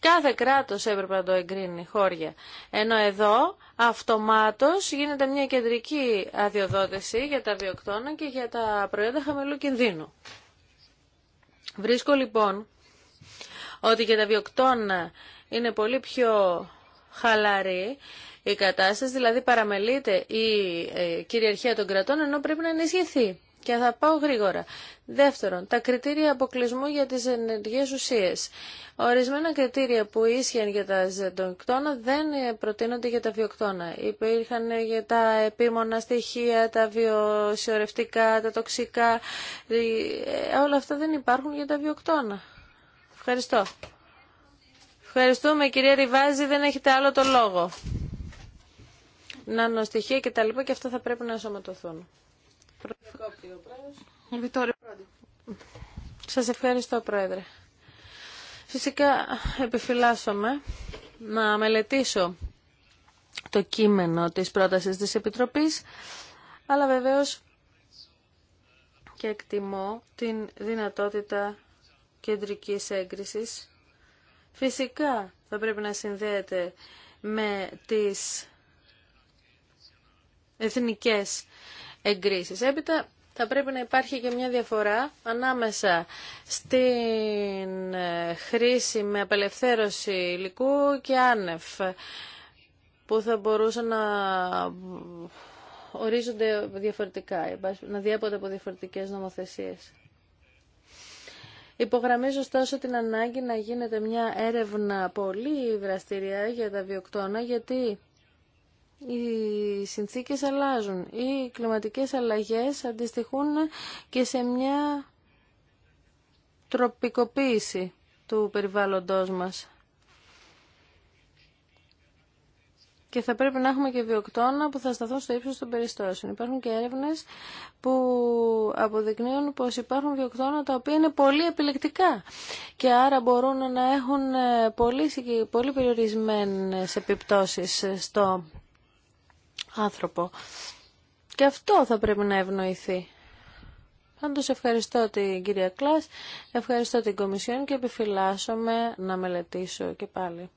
Κάθε κράτος έπρεπε να το εγκρίνει χώρια. Ενώ εδώ αυτομάτως γίνεται μια κεντρική αδειοδότηση για τα βιοκτώνα και για τα προϊόντα χαμηλού κινδύνου. Βρίσκω λοιπόν ότι για τα βιοκτώνα είναι πολύ πιο χαλαρή η κατάσταση, δηλαδή παραμελείται η ε, κυριαρχία των κρατών ενώ πρέπει να ενισχυθεί. Και θα πάω γρήγορα. Δεύτερον, τα κριτήρια αποκλεισμού για τις ενεργές ουσίες. Ορισμένα κριτήρια που ίσχυαν για τα ζεντοκτώνα δεν ε, προτείνονται για τα βιοκτώνα. Υπήρχαν ε, για τα επίμονα στοιχεία, τα βιοσιορευτικά, τα τοξικά. Όλα αυτά δεν υπάρχουν για τα βιοκτώνα. Ευχαριστώ. Ευχαριστούμε κυρία Ριβάζη, δεν έχετε άλλο το λόγο. να και τα λοιπά και αυτά θα πρέπει να σωματωθούν. Σας ευχαριστώ Πρόεδρε. Φυσικά επιφυλάσσομαι να μελετήσω το κείμενο της πρότασης της Επιτροπής, αλλά βεβαίως και εκτιμώ την δυνατότητα κεντρικής έγκρισης φυσικά θα πρέπει να συνδέεται με τις εθνικές εγκρίσεις. Έπειτα θα πρέπει να υπάρχει και μια διαφορά ανάμεσα στην χρήση με απελευθέρωση υλικού και άνευ που θα μπορούσαν να ορίζονται διαφορετικά, να διέπονται από διαφορετικές νομοθεσίες. Υπογραμμίζω ωστόσο την ανάγκη να γίνεται μια έρευνα πολύ δραστηριά για τα βιοκτώνα γιατί οι συνθήκες αλλάζουν. Οι κλιματικές αλλαγές αντιστοιχούν και σε μια τροπικοποίηση του περιβάλλοντός μας. και θα πρέπει να έχουμε και βιοκτώνα που θα σταθούν στο ύψος των περιστώσεων. Υπάρχουν και έρευνες που αποδεικνύουν πως υπάρχουν βιοκτώνα τα οποία είναι πολύ επιλεκτικά και άρα μπορούν να έχουν ε, πολύ, πολύ περιορισμένες επιπτώσεις στο άνθρωπο. Και αυτό θα πρέπει να ευνοηθεί. Πάντως ευχαριστώ την κυρία Κλάς, ευχαριστώ την Κομισιόν και επιφυλάσσομαι να μελετήσω και πάλι.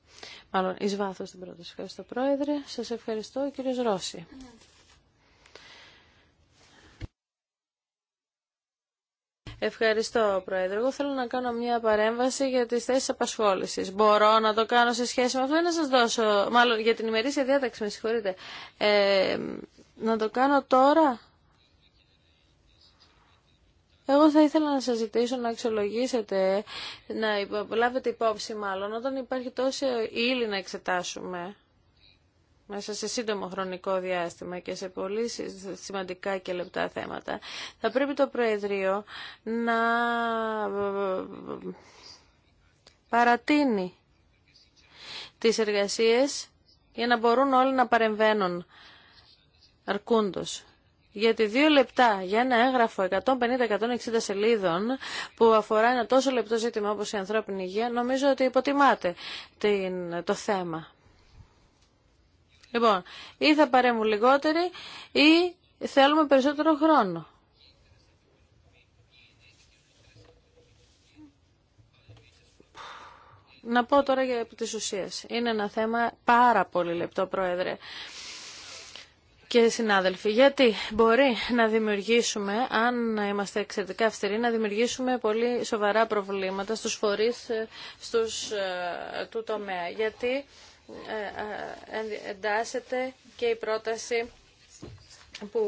Μάλλον εις βάθος την πρόταση. Ευχαριστώ Πρόεδρε, σας ευχαριστώ κύριος Ρώση. Ευχαριστώ, Πρόεδρε. Εγώ θέλω να κάνω μια παρέμβαση για τι θέσει απασχόληση. Μπορώ να το κάνω σε σχέση με αυτό ή να σα δώσω. Μάλλον για την ημερήσια διάταξη, με συγχωρείτε. Ε, να το κάνω τώρα. Εγώ θα ήθελα να σας ζητήσω να αξιολογήσετε, να λάβετε υπόψη μάλλον, όταν υπάρχει τόση ύλη να εξετάσουμε μέσα σε σύντομο χρονικό διάστημα και σε πολύ σημαντικά και λεπτά θέματα, θα πρέπει το Προεδρείο να ε, παρατείνει τις εργασίες για να μπορούν όλοι να παρεμβαίνουν αρκούντος γιατί δύο λεπτά για ένα έγγραφο 150-160 σελίδων που αφορά ένα τόσο λεπτό ζήτημα όπως η ανθρώπινη υγεία, νομίζω ότι υποτιμάται την, το θέμα. Λοιπόν, ή θα παρέμουν λιγότεροι ή θέλουμε περισσότερο χρόνο. Να πω τώρα για τις της Είναι ένα θέμα πάρα πολύ λεπτό, Πρόεδρε και συνάδελφοι, γιατί μπορεί να δημιουργήσουμε, αν είμαστε εξαιρετικά αυστηροί, να δημιουργήσουμε πολύ σοβαρά προβλήματα στους φορείς ε, στους, ε, του τομέα. Γιατί ε, εντάσσεται και η πρόταση που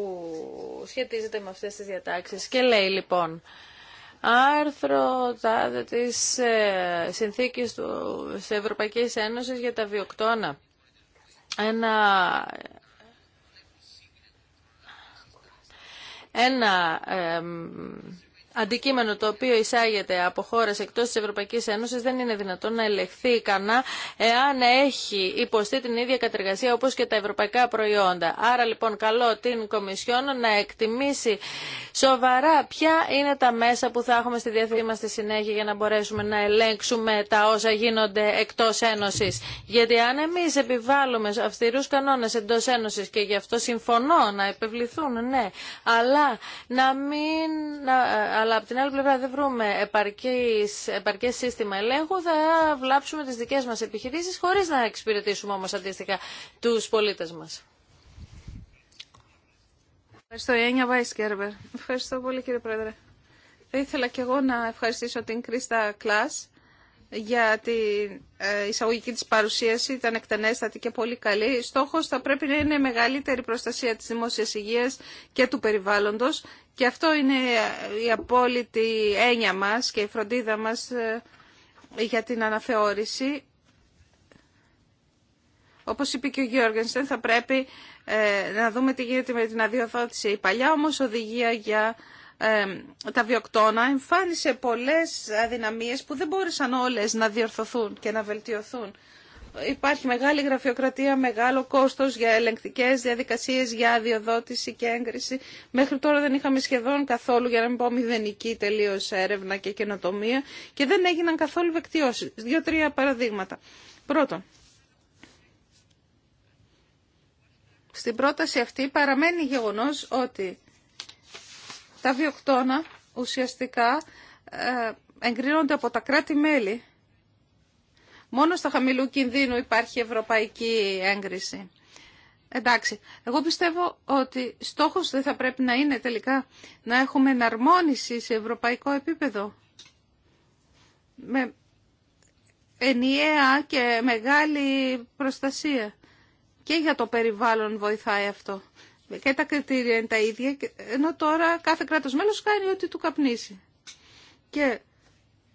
σχετίζεται με αυτές τις διατάξεις και λέει λοιπόν άρθρο τάδε της συνθήκης του, της Ευρωπαϊκής Ένωσης για τα βιοκτώνα. Ένα ένα αντικείμενο το οποίο εισάγεται από χώρες εκτός της Ευρωπαϊκής Ένωσης δεν είναι δυνατόν να ελεγχθεί ικανά εάν έχει υποστεί την ίδια κατεργασία όπως και τα ευρωπαϊκά προϊόντα. Άρα λοιπόν καλό την Κομισιόν να εκτιμήσει σοβαρά ποια είναι τα μέσα που θα έχουμε στη διάθεσή μας στη συνέχεια για να μπορέσουμε να ελέγξουμε τα όσα γίνονται εκτός Ένωσης. Γιατί αν εμείς επιβάλλουμε αυστηρούς κανόνες εντός Ένωσης και γι' αυτό συμφωνώ να επιβληθούν, ναι, αλλά να μην αλλά από την άλλη πλευρά δεν βρούμε επαρκές, επαρκές σύστημα ελέγχου, θα βλάψουμε τις δικές μας επιχειρήσεις χωρίς να εξυπηρετήσουμε όμως αντίστοιχα τους πολίτες μας. Ευχαριστώ, Ένια Βάισκερβερ. Ευχαριστώ πολύ, κύριε Πρόεδρε. Θα ήθελα και εγώ να ευχαριστήσω την Κρίστα Κλάς για την ε, εισαγωγική της παρουσίαση ήταν εκτενέστατη και πολύ καλή. Στόχος θα πρέπει να είναι μεγαλύτερη προστασία της δημόσιας υγείας και του περιβάλλοντος και αυτό είναι η απόλυτη έννοια μας και η φροντίδα μας ε, για την αναθεώρηση. Όπως είπε και ο δεν θα πρέπει ε, να δούμε τι γίνεται με την αδειοδότηση. Η παλιά όμως οδηγία για τα βιοκτώνα εμφάνισε πολλές αδυναμίες που δεν μπόρεσαν όλες να διορθωθούν και να βελτιωθούν. Υπάρχει μεγάλη γραφειοκρατία, μεγάλο κόστος για ελεγκτικές διαδικασίες, για αδειοδότηση και έγκριση. Μέχρι τώρα δεν είχαμε σχεδόν καθόλου, για να μην πω μηδενική τελείως έρευνα και καινοτομία και δεν έγιναν καθόλου βελτιώσεις. Δύο-τρία παραδείγματα. Πρώτον, στην πρόταση αυτή παραμένει γεγονός ότι τα βιοκτώνα ουσιαστικά ε, εγκρίνονται από τα κράτη-μέλη. Μόνο στα χαμηλού κινδύνου υπάρχει ευρωπαϊκή έγκριση. Εντάξει, εγώ πιστεύω ότι στόχος δεν θα πρέπει να είναι τελικά να έχουμε εναρμόνιση σε ευρωπαϊκό επίπεδο. Με ενιαία και μεγάλη προστασία. Και για το περιβάλλον βοηθάει αυτό και τα κριτήρια είναι τα ίδια, ενώ τώρα κάθε κράτος μέλος κάνει ό,τι του καπνίσει. Και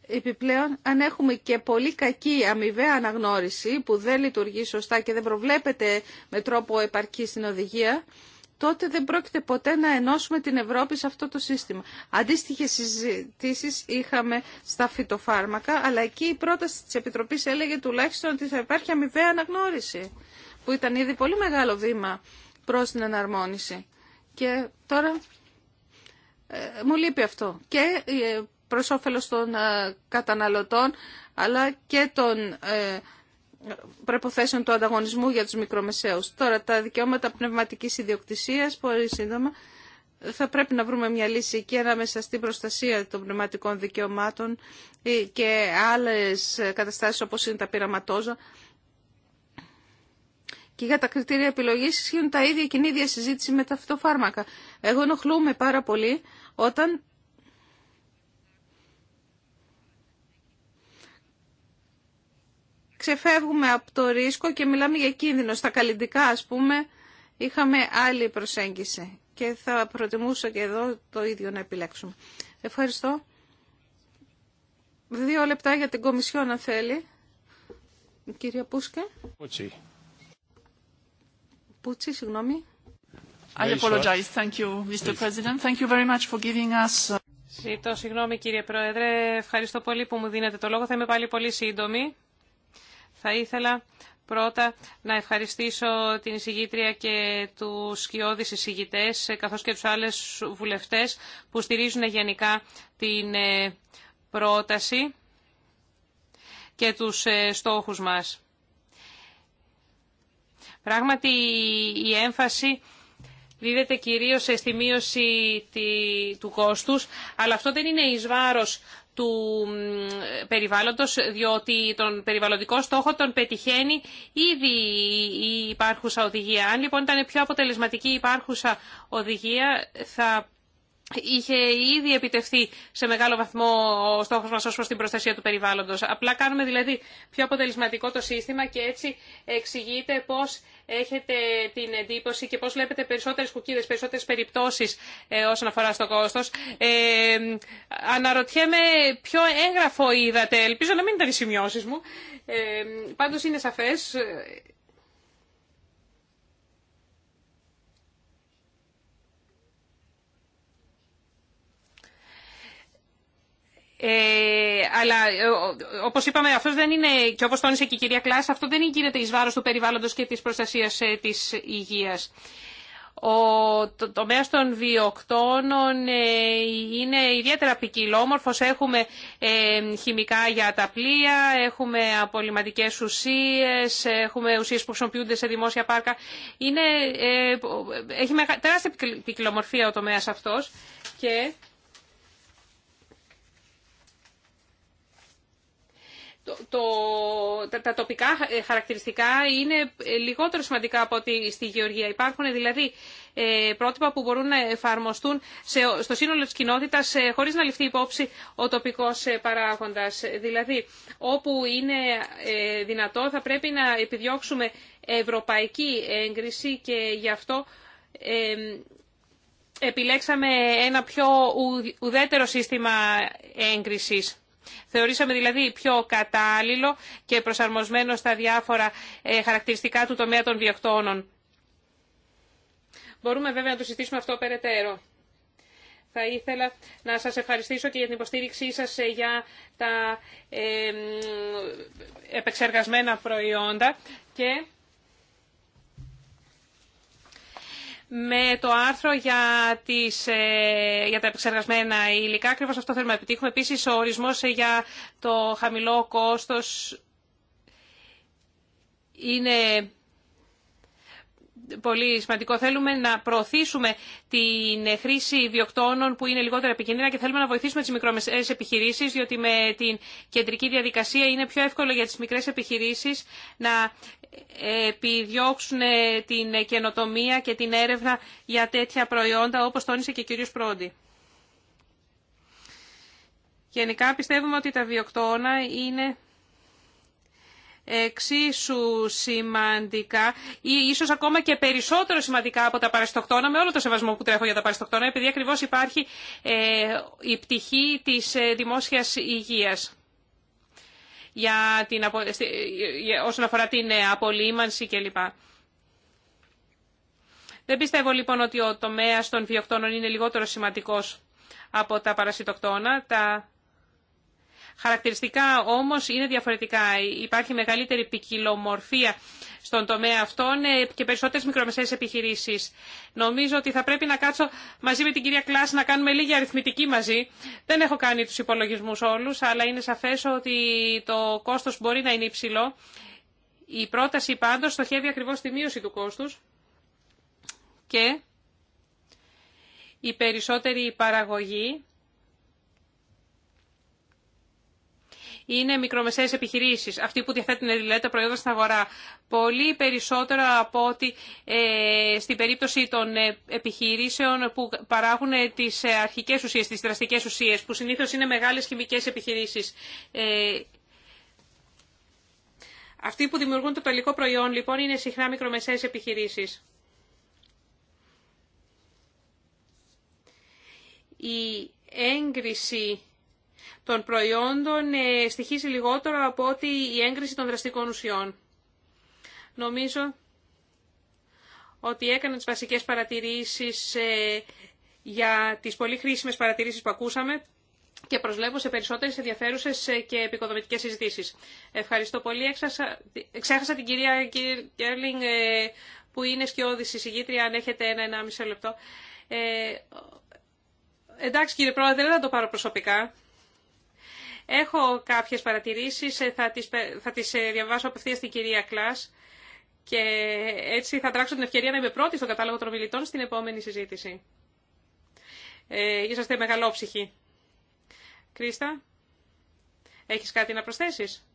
επιπλέον, αν έχουμε και πολύ κακή αμοιβαία αναγνώριση που δεν λειτουργεί σωστά και δεν προβλέπεται με τρόπο επαρκή στην οδηγία, τότε δεν πρόκειται ποτέ να ενώσουμε την Ευρώπη σε αυτό το σύστημα. Αντίστοιχες συζητήσεις είχαμε στα φυτοφάρμακα, αλλά εκεί η πρόταση της Επιτροπής έλεγε τουλάχιστον ότι θα υπάρχει αμοιβαία αναγνώριση, που ήταν ήδη πολύ μεγάλο βήμα προς την εναρμόνιση. Και τώρα ε, μου λείπει αυτό. Και ε, προς όφελος των ε, καταναλωτών, αλλά και των ε, προποθέσεων του ανταγωνισμού για τους μικρομεσαίους. Τώρα τα δικαιώματα πνευματικής ιδιοκτησίας, πολύ σύντομα, θα πρέπει να βρούμε μια λύση και ανάμεσα στην προστασία των πνευματικών δικαιωμάτων και άλλες καταστάσεις όπως είναι τα πειραματόζα και για τα κριτήρια επιλογής ισχύουν τα ίδια και η ίδια συζήτηση με τα φυτοφάρμακα. Εγώ ενοχλούμαι πάρα πολύ όταν ξεφεύγουμε από το ρίσκο και μιλάμε για κίνδυνο. Στα καλλιντικά, ας πούμε, είχαμε άλλη προσέγγιση και θα προτιμούσα και εδώ το ίδιο να επιλέξουμε. Ευχαριστώ. Δύο λεπτά για την Κομισιόν, αν θέλει. Κυρία Πούσκα συγγνώμη. κύριε Πρόεδρε. Ευχαριστώ πολύ που μου δίνετε το λόγο. Θα είμαι πάλι πολύ σύντομη. Θα ήθελα πρώτα να ευχαριστήσω την εισηγήτρια και τους σκιώδεις εισηγητές ε, καθώς και τους άλλες βουλευτές που στηρίζουν γενικά την ε, πρόταση και τους ε, στόχους μας. Πράγματι η έμφαση δίδεται κυρίως στη μείωση του κόστους, αλλά αυτό δεν είναι εις βάρος του περιβάλλοντος, διότι τον περιβαλλοντικό στόχο τον πετυχαίνει ήδη η υπάρχουσα οδηγία. Αν λοιπόν ήταν πιο αποτελεσματική η υπάρχουσα οδηγία, θα είχε ήδη επιτευχθεί σε μεγάλο βαθμό ο στόχος μας ως προς την προστασία του περιβάλλοντος. Απλά κάνουμε δηλαδή πιο αποτελεσματικό το σύστημα και έτσι εξηγείτε πώς έχετε την εντύπωση και πώς βλέπετε περισσότερες κουκίδες, περισσότερες περιπτώσεις ε, όσον αφορά στο κόστος. Ε, αναρωτιέμαι ποιο έγγραφο είδατε, ελπίζω να μην ήταν οι σημειώσει μου. Ε, πάντως είναι σαφές Ε, αλλά ε, όπω είπαμε, αυτό δεν είναι, και όπω τόνισε και η κυρία Κλάσ, αυτό δεν γίνεται ει βάρο του περιβάλλοντο και τη προστασία ε, τη υγεία. Ο το, τομέα των βιοκτώνων ε, είναι ιδιαίτερα ποικιλόμορφο. Έχουμε ε, χημικά για τα πλοία, έχουμε απολυματικέ ουσίε, έχουμε ουσίε που χρησιμοποιούνται σε δημόσια πάρκα. Είναι, έχει τεράστια ποικιλομορφία ο τομέα αυτό. Και τα, τοπικά ε, χαρακτηριστικά είναι ε, λιγότερο σημαντικά από ότι στη γεωργία. Υπάρχουν δηλαδή ε, πρότυπα που μπορούν να εφαρμοστούν στο σύνολο της κοινότητας χωρίς να ληφθεί υπόψη ο τοπικός ε, παράγοντας. Δηλαδή, όπου είναι δυνατό θα πρέπει να επιδιώξουμε ευρωπαϊκή έγκριση και γι' αυτό επιλέξαμε ένα πιο ουδέτερο σύστημα έγκρισης. Θεωρήσαμε δηλαδή πιο κατάλληλο και προσαρμοσμένο στα διάφορα ε, χαρακτηριστικά του τομέα των βιοκτώνων. Μπορούμε βέβαια να το συζητήσουμε αυτό περαιτέρω. Θα ήθελα να σας ευχαριστήσω και για την υποστήριξή σας ε, για τα ε, επεξεργασμένα προϊόντα και με το άρθρο για, τις, ε, για τα επεξεργασμένα υλικά. Ακριβώ αυτό θέλουμε να επιτύχουμε. Επίσης, ο ορισμός ε, για το χαμηλό κόστος είναι πολύ σημαντικό. Θέλουμε να προωθήσουμε την χρήση βιοκτώνων που είναι λιγότερα επικίνδυνα και θέλουμε να βοηθήσουμε τις μικρομεσαίε επιχειρήσεις, διότι με την κεντρική διαδικασία είναι πιο εύκολο για τις μικρές επιχειρήσεις να ε, επιδιώξουν ε, την καινοτομία και την έρευνα για τέτοια προϊόντα, όπως τόνισε και ο κ. Πρόντι. Γενικά πιστεύουμε ότι τα βιοκτώνα είναι εξίσου σημαντικά ή ίσως ακόμα και περισσότερο σημαντικά από τα παραστοκτόνα με όλο το σεβασμό που τρέχω για τα παραστοκτόνα επειδή ακριβώς υπάρχει ε, η πτυχή της ε, δημόσιας υγείας για την, ε, όσον αφορά την απολύμανση κλπ. Δεν πιστεύω λοιπόν ότι ο τομέας των βιοκτώνων είναι λιγότερο σημαντικός από τα παρασιτοκτόνα. Τα Χαρακτηριστικά όμως είναι διαφορετικά. Υπάρχει μεγαλύτερη ποικιλομορφία στον τομέα αυτών ε, και περισσότερες μικρομεσαίες επιχειρήσεις. Νομίζω ότι θα πρέπει να κάτσω μαζί με την κυρία Κλάς να κάνουμε λίγη αριθμητική μαζί. Δεν έχω κάνει τους υπολογισμούς όλους, αλλά είναι σαφές ότι το κόστος μπορεί να είναι υψηλό. Η πρόταση πάντως στοχεύει ακριβώς στη μείωση του κόστους και η περισσότερη παραγωγή είναι μικρομεσαίες επιχειρήσεις, αυτοί που διαθέτουν δηλαδή τα προϊόντα στην αγορά. Πολύ περισσότερο από ότι ε, στην περίπτωση των ε, επιχειρήσεων που παράγουν ε, τις ε, αρχικές ουσίες, τις δραστικές ουσίες, που συνήθως είναι μεγάλες χημικές επιχειρήσεις. Ε, αυτοί που δημιουργούν το τελικό προϊόν, λοιπόν, είναι συχνά μικρομεσαίες επιχειρήσεις. Η έγκριση των προϊόντων ε, στοιχίζει λιγότερο από ότι η έγκριση των δραστικών ουσιών. Νομίζω ότι έκανα τις βασικές παρατηρήσεις ε, για τις πολύ χρήσιμες παρατηρήσεις που ακούσαμε και προσλέπω σε περισσότερες ενδιαφέρουσες ε, και επικοδομητικές συζητήσεις. Ευχαριστώ πολύ. Έξασα... Ξέχασα την κυρία Κέρλινγκ που είναι σκιώδης εισηγήτρια, αν έχετε ένα-ενάμιση λεπτό. εντάξει κύριε Πρόεδρε, δεν θα το πάρω προσωπικά. Έχω κάποιες παρατηρήσεις, ε, θα τις, θα τις ε, διαβάσω απευθείας στην κυρία Κλάς και έτσι θα τράξω την ευκαιρία να είμαι πρώτη στο κατάλογο των μιλητών στην επόμενη συζήτηση. Ε, είσαστε μεγαλόψυχοι. Κρίστα, έχεις κάτι να προσθέσεις?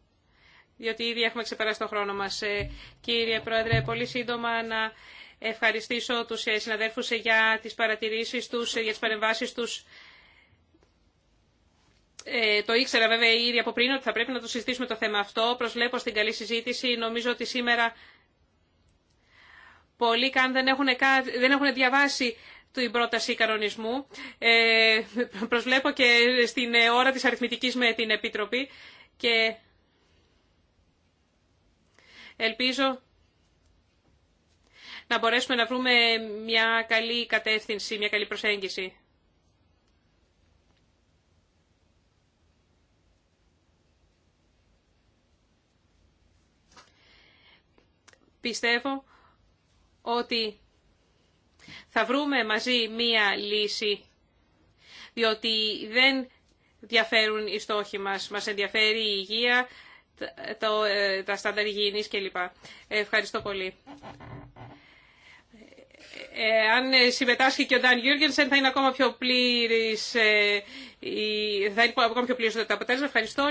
Διότι ήδη έχουμε ξεπεράσει τον χρόνο μας. Ε, κύριε Πρόεδρε, πολύ σύντομα να ευχαριστήσω τους ε, συναδέλφους για τις παρατηρήσεις τους, για τις παρεμβάσεις τους. Ε, το ήξερα βέβαια ήδη από πριν ότι θα πρέπει να το συζητήσουμε το θέμα αυτό. Προσβλέπω στην καλή συζήτηση. Νομίζω ότι σήμερα πολλοί καν δεν έχουν, δεν έχουν διαβάσει την πρόταση κανονισμού. Ε, προσβλέπω και στην ώρα της αριθμητικής με την Επίτροπη και ελπίζω να μπορέσουμε να βρούμε μια καλή κατεύθυνση, μια καλή προσέγγιση. πιστεύω ότι θα βρούμε μαζί μία λύση, διότι δεν διαφέρουν οι στόχοι μας. Μας ενδιαφέρει η υγεία, το, ε, τα στάνταρ υγιεινής κλπ. Ευχαριστώ πολύ. Ε, αν συμμετάσχει και ο Ντάν Γιούργενσεν θα είναι ακόμα πιο πλήρης, ε, θα είναι ακόμα πιο πλήρης το αποτέλεσμα. Ευχαριστώ.